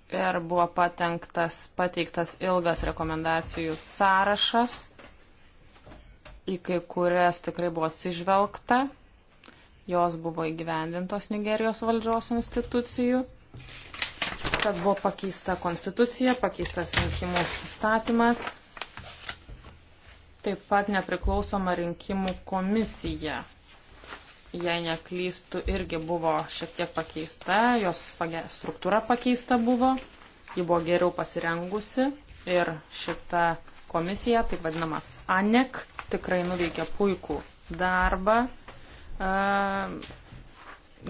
S4: Ir buvo pateiktas ilgas rekomendacijų sąrašas Į kai kurias tikrai buvo atsižvelgta, jos buvo įgyvendintos Nigerijos valdžios institucijų, kad buvo pakeista konstitucija, pakeistas rinkimų įstatymas, taip pat nepriklausoma rinkimų komisija jei neklystų, irgi buvo šiek tiek pakeista, jos struktūra pakeista buvo, ji buvo geriau pasirengusi ir šita Komisija, taip vadinamas ANEK, tikrai nuveikė puikų darbą.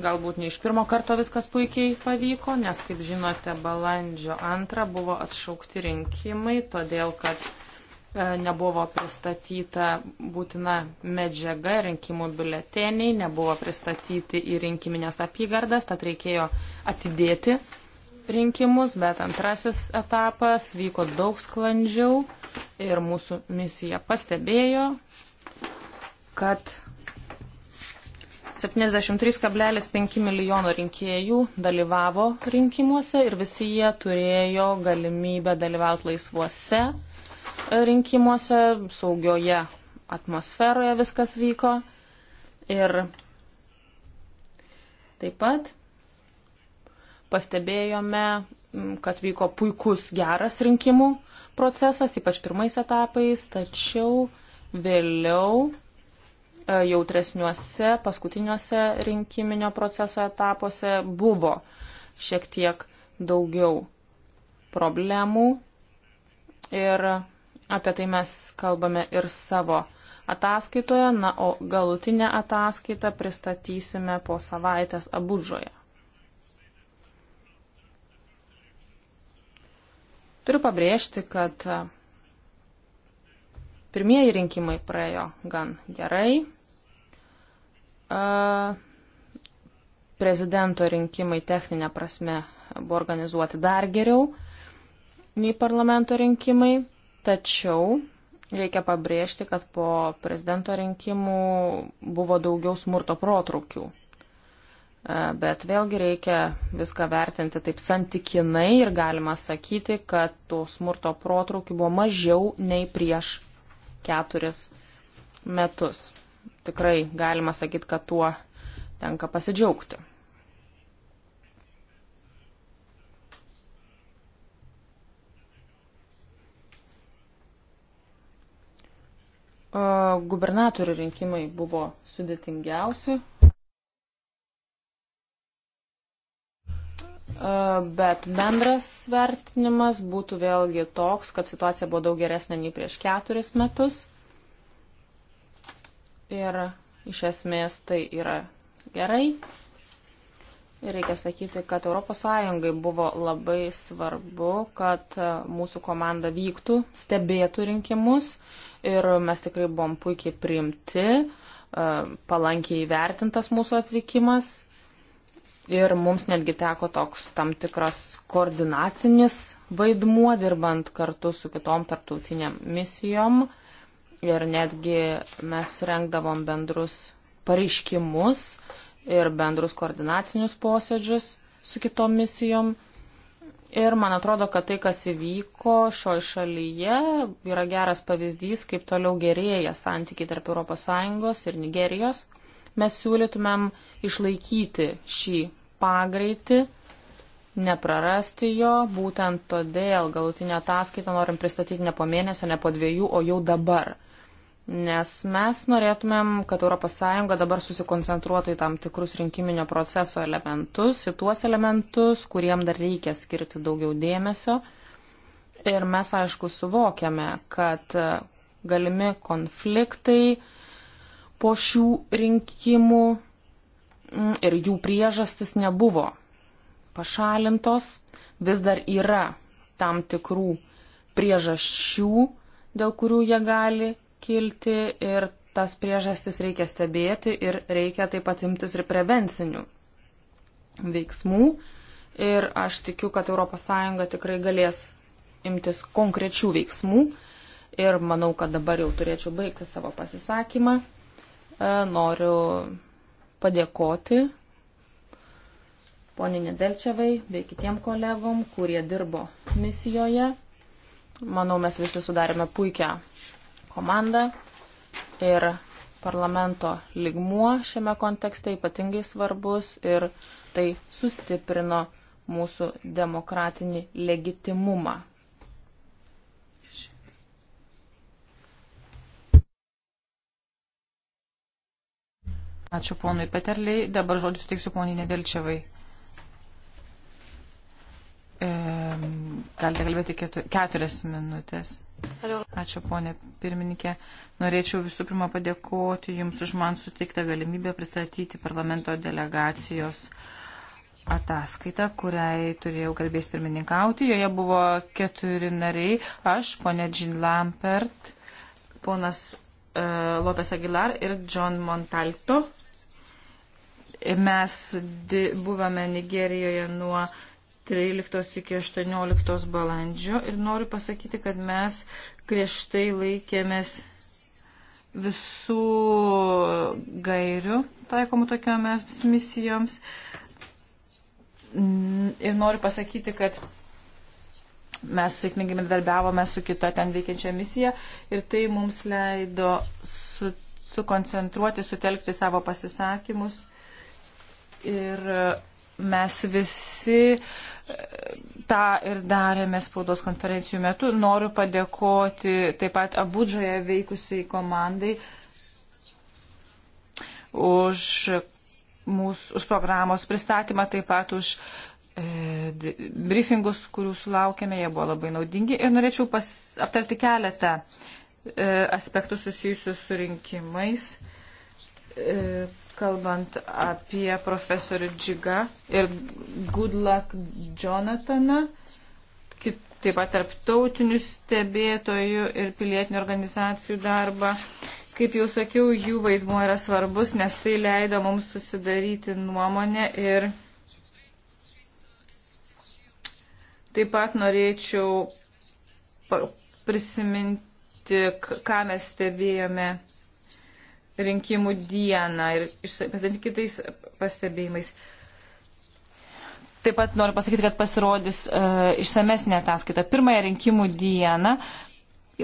S4: Galbūt ne iš pirmo karto viskas puikiai pavyko, nes, kaip žinote, balandžio antrą buvo atšaukti rinkimai, todėl kad e, nebuvo pristatyta būtina medžiaga rinkimų biuleteniai, nebuvo pristatyti į rinkiminės apygardas, tad reikėjo atidėti rinkimus, bet antrasis etapas vyko daug sklandžiau ir mūsų misija pastebėjo, kad 73,5 milijono rinkėjų dalyvavo rinkimuose ir visi jie turėjo galimybę dalyvauti laisvuose rinkimuose, saugioje atmosferoje viskas vyko. Ir taip pat pastebėjome, mm, kad vyko puikus geras rinkimų procesas, ypač pirmais etapais, tačiau vėliau e, jautresniuose, paskutiniuose rinkiminio proceso etapuose buvo šiek tiek daugiau problemų ir apie tai mes kalbame ir savo ataskaitoje, na, o galutinę ataskaitą pristatysime po savaitės Abudžoje. Turiu pabrėžti, kad e, pirmieji rinkimai praėjo gan gerai. E, prezidento rinkimai techninė prasme buvo organizuoti dar geriau nei parlamento rinkimai, tačiau reikia pabrėžti, kad po prezidento rinkimų buvo daugiau smurto protrukių. Bet vėlgi reikia viską vertinti taip santykinai ir galima sakyti, kad tų smurto protrūkių buvo mažiau nei prieš keturis metus. Tikrai galima sakyti, kad tuo tenka pasidžiaugti. Gubernatorių rinkimai buvo sudėtingiausi bet bendras vertinimas būtų vėlgi toks, kad situacija buvo daug geresnė nei prieš keturis metus. Ir iš esmės tai yra gerai. Ir reikia sakyti, kad ES buvo labai svarbu, kad mūsų komanda vyktų, stebėtų rinkimus ir mes tikrai buvom puikiai priimti, palankiai įvertintas mūsų atvykimas ir mums netgi teko toks tam tikras koordinacinis vaidmuo, dirbant kartu su kitom tarptautiniam misijom. Ir netgi mes rengdavom bendrus pareiškimus ir bendrus koordinacinius posėdžius su kitom misijom. Ir man atrodo, kad tai, kas įvyko šioje šalyje, yra geras pavyzdys, kaip toliau gerėja santykiai tarp ES ir Nigerijos. Mes siūlytumėm išlaikyti šį pagreitį, neprarasti jo, būtent todėl galutinę ataskaitą norim pristatyti ne po mėnesio, ne po dviejų, o jau dabar. Nes mes norėtumėm, kad ES dabar susikoncentruotų į tam tikrus rinkiminio proceso elementus, į tuos elementus, kuriem dar reikia skirti daugiau dėmesio. Ir mes, aišku, suvokiame, kad galimi konfliktai po šių rinkimų ir jų priežastis nebuvo pašalintos, vis dar yra tam tikrų priežasčių, dėl kurių jie gali kilti ir tas priežastis reikia stebėti ir reikia taip pat imtis ir prevencinių veiksmų. Ir aš tikiu, kad ES tikrai galės imtis konkrečių veiksmų. Ir manau, kad dabar jau turėčiau baigti savo pasisakymą. E, noriu padėkoti poniai Nedelčiavai bei kitiem kolegom, kurie dirbo misijoje. Manau, mes visi sudarėme puikią komandą ir parlamento ligmuo šiame kontekste ypatingai svarbus ir tai sustiprino mūsų demokratinį legitimumą.
S3: Ačiū ponui Peterliai. Dabar žodžiu suteiksiu poniai Nedelčiavai. E, galite kalbėti ketur, keturias minutės. Ačiū ponė pirmininkė. Norėčiau visų pirma padėkoti Jums už man suteiktą galimybę pristatyti parlamento delegacijos ataskaitą, kuriai turėjau garbės pirmininkauti. Joje buvo keturi nariai. Aš, ponė Jean Lampert, ponas e, Lopes Aguilar ir John Montalto. Mes buvome Nigerijoje nuo 13 iki 18 balandžio ir noriu pasakyti, kad mes griežtai laikėmės visų gairių taikomų tokiomis misijoms. Ir noriu pasakyti, kad mes sėkmingai bendarbiavome su kita ten veikiančia misija ir tai mums leido su, sukoncentruoti, sutelkti savo pasisakymus Ir e, mes visi e, tą ir darėme spaudos konferencijų metu. Noriu padėkoti taip pat Abudžoje veikusiai komandai už, mūsų, už programos pristatymą, taip pat už e, briefingus, kurių sulaukėme, jie buvo labai naudingi. Ir norėčiau pas, aptarti keletą e, aspektų susijusių su rinkimais. E, kalbant apie profesorių Džiga ir Goodluck Jonathaną, kit, taip pat tarptautinių stebėtojų ir pilietinių organizacijų darbą. Kaip jau sakiau, jų vaidmuo yra svarbus, nes tai leido mums susidaryti nuomonę ir taip pat norėčiau prisiminti, ką mes stebėjome rinkimų dieną ir pasidalinti kitais pastebėjimais. Taip pat noriu pasakyti, kad pasirodys uh, išsamesnė ataskaita. Pirmąją rinkimų dieną,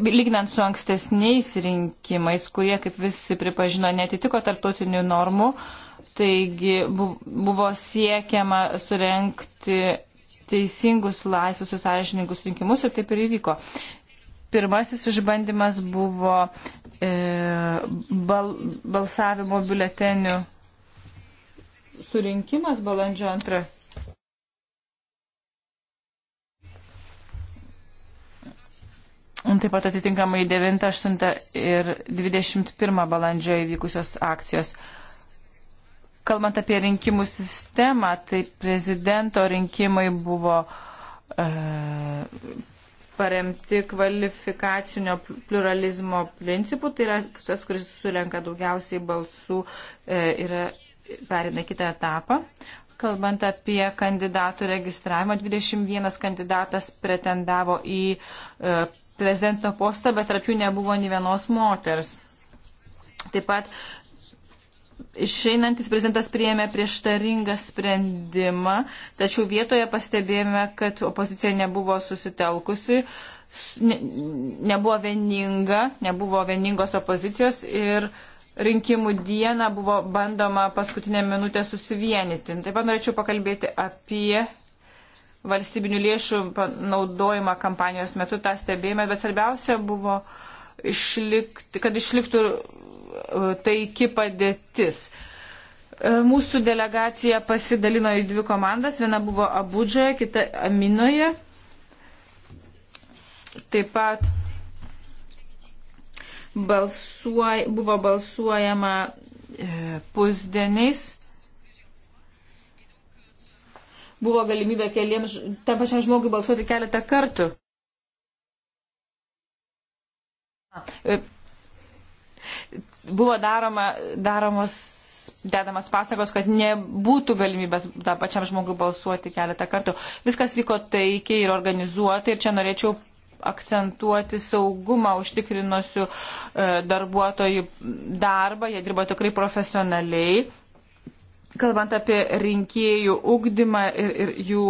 S3: lyginant su ankstesniais rinkimais, kurie, kaip visi pripažino, netitiko tarptautinių normų, taigi buvo siekiama surenkti teisingus, laisvus ir sąžininkus rinkimus ir taip ir įvyko. Pirmasis išbandymas buvo E, bal, balsavimo biuletenių surinkimas balandžio antrą. Taip pat atitinkamai 9, 8 ir 21 balandžio įvykusios akcijos. Kalbant apie rinkimų sistemą, tai prezidento rinkimai buvo e, paremti kvalifikacinio pluralizmo principu, tai yra tas, kuris surenka daugiausiai balsų e, ir perina kitą etapą. Kalbant apie kandidatų registravimą, 21 kandidatas pretendavo į e, prezidento postą, bet tarp jų nebuvo nei vienos moters. Taip pat Išeinantis prezidentas priėmė prieštaringą sprendimą, tačiau vietoje pastebėjome, kad opozicija nebuvo susitelkusi, ne, nebuvo vieninga, nebuvo vieningos opozicijos ir rinkimų dieną buvo bandoma paskutinę minutę susivienyti. Taip pat norėčiau pakalbėti apie valstybinių lėšų naudojimą kampanijos metu, tą stebėjome, bet svarbiausia buvo uh, išlikti, kad išliktų e, taiki padėtis. E, mūsų delegacija pasidalino į dvi komandas, viena buvo Abudžoje, kita Aminoje. Taip pat balsuoj, buvo balsuojama e, pusdieniais buvo galimybė keliems, tam pačiam žmogui balsuoti keletą kartų. Buvo daroma, daromos, dedamas pasakos, kad nebūtų galimybės tą pačiam žmogui balsuoti keletą kartų. Viskas vyko taikiai ir organizuotai ir čia norėčiau akcentuoti saugumą užtikrinusių e, darbuotojų darbą. Jie dirba tikrai profesionaliai. Kalbant apie rinkėjų ugdymą ir, ir jų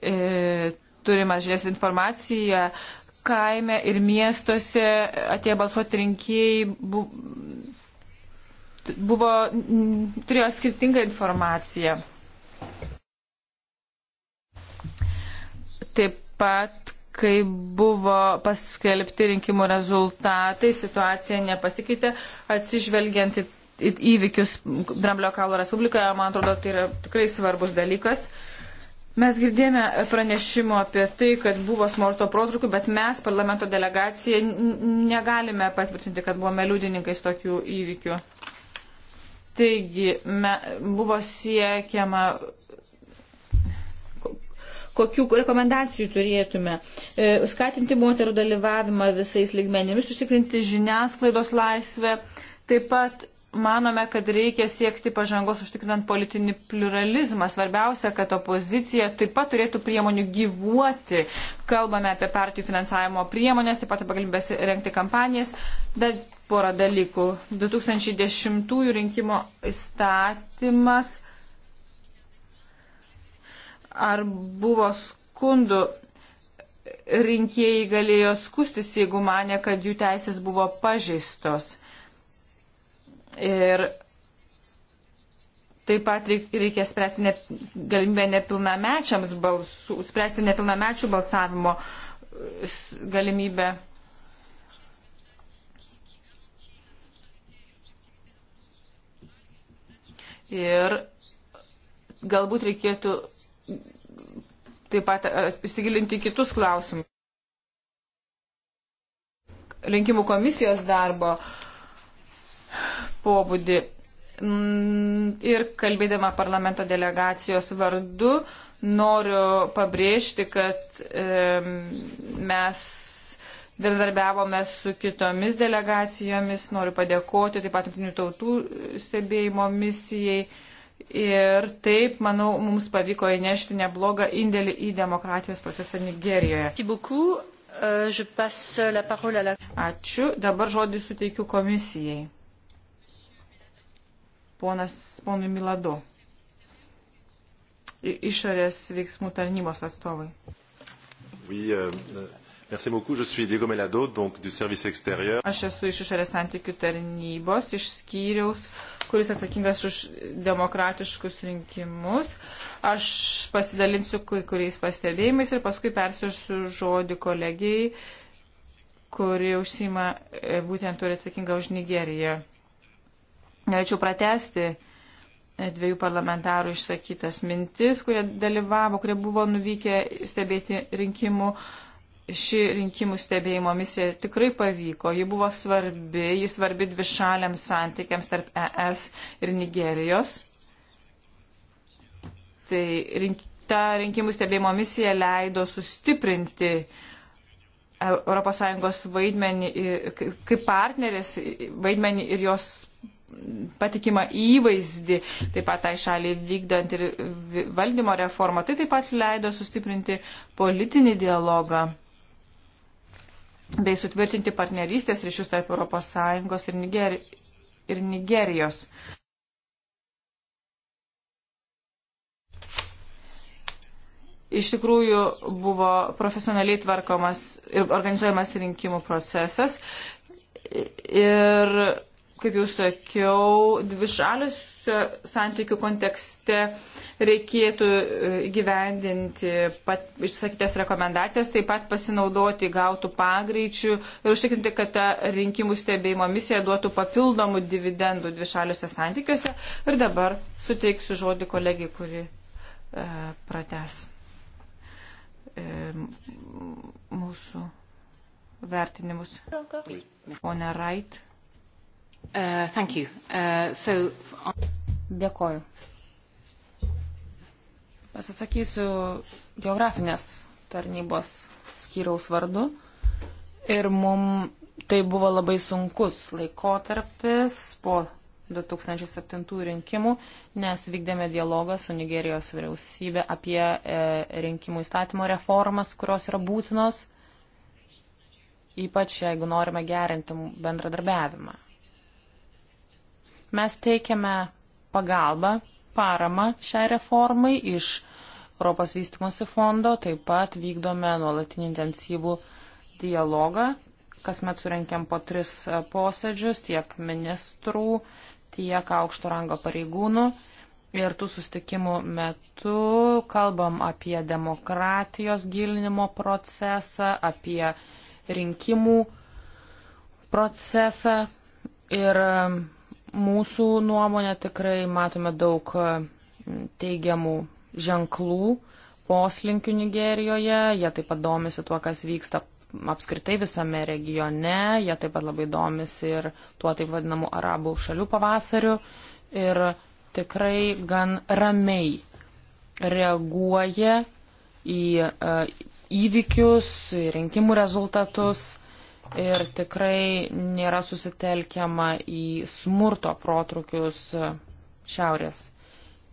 S3: e, turimą žinias informaciją, e, kaime ir miestuose atėję balsuoti rinkėjai bu, buvo, turėjo skirtingą informaciją. Taip pat, kai buvo paskelbti rinkimų rezultatai, situacija nepasikeitė, atsižvelgiant į įvykius Dramblio kalo Respublikoje, man atrodo, tai yra tikrai svarbus dalykas. Uh, Mes girdėjome pranešimo apie tai, kad buvo smurto protrukų, bet mes, parlamento delegacija, negalime patvirtinti, kad buvome liudininkais tokių įvykių. Taigi, me, buvo siekiama, kokių rekomendacijų turėtume. E, skatinti moterų dalyvavimą visais ligmenimis, užtikrinti žiniasklaidos laisvę, taip pat manome, kad reikia siekti pažangos užtikrinant politinį pluralizmą. Svarbiausia, kad opozicija taip pat turėtų priemonių gyvuoti. Kalbame apie partijų finansavimo priemonės, taip pat apie galimybės renkti kampanijas. Dar porą dalykų. 2010 rinkimo įstatymas. Ar buvo skundų rinkėjai galėjo skustis, jeigu mane, kad jų teisės buvo pažeistos? Ir taip pat reikia spręsti ne, galimybę nepilnamečiams balsų, spręsti nepilnamečių balsavimo e, galimybę. Ir galbūt reikėtų taip pat e, įsigilinti kitus klausimus. Rinkimų komisijos darbo pobūdį. Mm, ir kalbėdama parlamento delegacijos vardu, noriu pabrėžti, kad e, mes bendradarbiavome su kitomis delegacijomis, noriu padėkoti taip pat jungtinių tautų stebėjimo misijai. Ir taip, manau, mums pavyko įnešti neblogą indėlį į demokratijos procesą Nigerijoje. Euh, Ačiū. Dabar žodį suteikiu komisijai ponas, ponui Miladu, išorės veiksmų tarnybos atstovai.
S1: Oui, euh, euh merci beaucoup. Je suis Diego Melado,
S4: donc du service extérieur.
S3: Aš esu iš išorės santykių tarnybos, iš skyriaus, kuris atsakingas už demokratiškus rinkimus. Aš pasidalinsiu kai kuriais pastebėjimais ir paskui persiuosiu žodį kolegijai, kuri užsima e, būtent turi atsakingą už Nigeriją. Norėčiau pratesti dviejų parlamentarų išsakytas mintis, kurie dalyvavo, kurie buvo nuvykę stebėti rinkimų. Ši rinkimų stebėjimo misija tikrai pavyko. Ji buvo svarbi, ji svarbi dvišaliams santykiams tarp ES ir Nigerijos. Tai rink, ta rinkimų stebėjimo misija leido sustiprinti ES vaidmenį kaip partneris vaidmenį ir jos patikimą įvaizdį, taip pat tai šaliai vykdant ir valdymo reformą. Tai taip pat leido sustiprinti politinį dialogą bei sutvirtinti partnerystės ryšius tarp ES ir, Niger ir Nigerijos. Iš tikrųjų buvo profesionaliai tvarkomas ir organizuojamas rinkimų procesas ir kaip jau sakiau, dvišalius santykių kontekste reikėtų e, gyvendinti pat, išsakytas rekomendacijas, taip pat pasinaudoti gautų pagreičių ir užtikrinti, kad ta rinkimų stebėjimo misija duotų papildomų dividendų dvišaliuose santykiuose. Ir dabar suteiksiu žodį kolegijai, kuri e, prates e, mūsų vertinimus. Pone Rait. Right. Uh, thank you. Uh, so...
S4: Dėkoju. Pasisakysiu geografinės tarnybos skyriaus vardu. Ir mum tai buvo labai sunkus laikotarpis po 2007 rinkimų, nes vykdėme dialogą su Nigerijos vyriausybė apie e, rinkimų įstatymo reformas, kurios yra būtinos, ypač jeigu norime gerinti bendradarbiavimą. Mes teikiame pagalbą, paramą šiai reformai iš Europos vystimosi fondo, taip pat vykdome nuolatinį intensyvų dialogą, kasmet surenkiam po tris posėdžius tiek ministrų, tiek aukšto rango pareigūnų. Ir tų sustikimų metu kalbam apie demokratijos gilinimo procesą, apie rinkimų procesą ir Mūsų nuomonė tikrai matome daug e, teigiamų ženklų poslinkių Nigerijoje, jie taip pat domisi tuo, kas vyksta apskritai visame regione, jie taip pat labai domisi ir tuo taip vadinamu arabų šalių pavasariu ir tikrai gan ramiai reaguoja į e, įvykius, į rinkimų rezultatus ir tikrai nėra susitelkiama į smurto protrukius šiaurės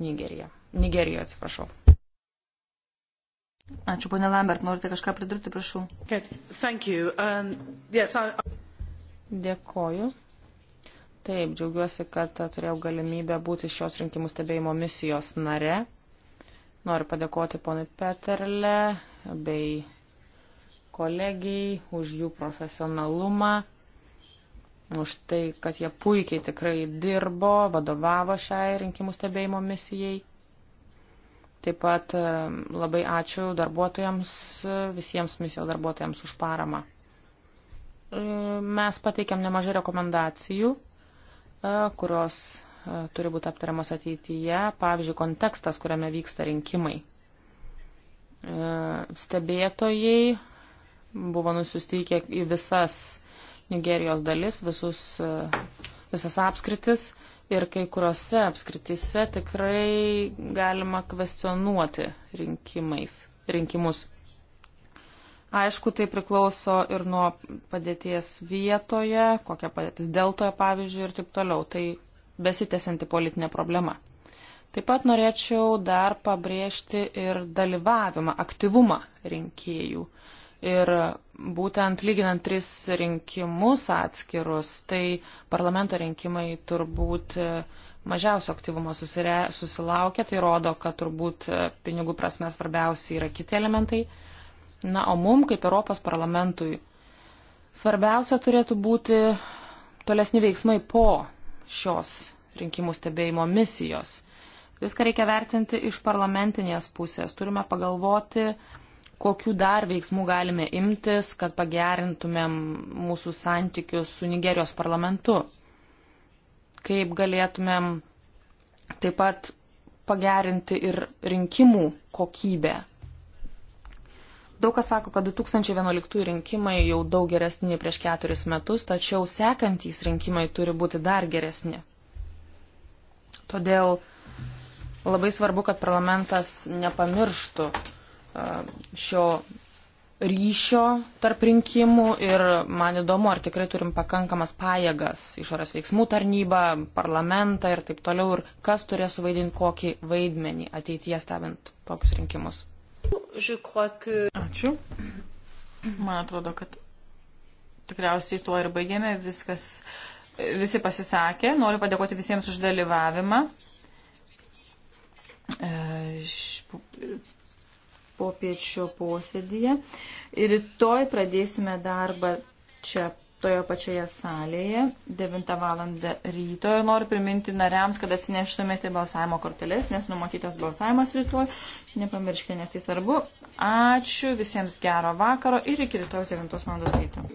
S4: Nigerija. Nigerijoje, atsiprašau. Ačiū,
S3: ponė Lambert, norite kažką pridurti, prašau. Okay. Um, yes, I...
S4: Dėkoju. Taip, džiaugiuosi, kad turėjau galimybę būti šios rinkimų stebėjimo misijos nare. Noriu padėkoti ponui Peterle bei kolegijai, už jų profesionalumą, už tai, kad jie puikiai tikrai dirbo, vadovavo šiai rinkimų stebėjimo misijai. Taip pat e, labai ačiū darbuotojams, e, visiems misijos darbuotojams už paramą. E, mes pateikėm nemažai rekomendacijų, kurios turi būti aptariamos ateityje, pavyzdžiui, kontekstas, kuriame vyksta rinkimai. Stebėtojai buvo nusiusti į visas Nigerijos dalis, visus, e, visas apskritis ir kai kuriuose apskritise tikrai galima kvestionuoti rinkimais, rinkimus. Aišku, tai priklauso ir nuo padėties vietoje, kokia padėtis deltoje, pavyzdžiui, ir taip toliau. Tai besitėsianti politinė problema. Taip pat norėčiau dar pabrėžti ir dalyvavimą, aktyvumą rinkėjų. Uh, Ir būtent lyginant tris rinkimus atskirus, tai parlamento rinkimai turbūt e, mažiausio aktyvumo susire, susilaukia, tai rodo, kad turbūt e, pinigų prasme svarbiausia yra kiti elementai. Na, o mum, kaip Europos parlamentui, svarbiausia turėtų būti tolesni veiksmai po šios rinkimų stebėjimo misijos. Viską reikia vertinti iš parlamentinės pusės. Turime pagalvoti, kokių dar veiksmų galime imtis, kad pagerintumėm mūsų santykius su Nigerijos parlamentu. Kaip galėtumėm taip pat pagerinti ir rinkimų kokybę. Daug kas sako, kad 2011 rinkimai jau daug geresni nei prieš keturis metus, tačiau sekantys rinkimai turi būti dar geresni. Todėl labai svarbu, kad parlamentas nepamirštų šio ryšio tarp rinkimų ir man įdomu, ar tikrai turim pakankamas pajėgas, išorės veiksmų tarnybą, parlamentą ir taip toliau, ir kas turės suvaidinti kokį vaidmenį ateityje stebint tokius rinkimus.
S1: Ačiū. Man atrodo, kad
S3: tikriausiai tuo ir baigėme, viskas, visi pasisakė. Noriu padėkoti visiems už dalyvavimą. E, popiečio posėdėje. Ir rytoj pradėsime darbą čia toje pačioje salėje 9 val. ryto. Ir noriu priminti nariams, kad atsineštumėte balsavimo korteles, nes numatytas balsavimas rytoj. Nepamirškite, nes tai svarbu. Ačiū visiems gero vakaro ir iki rytoj 9 val. ryto.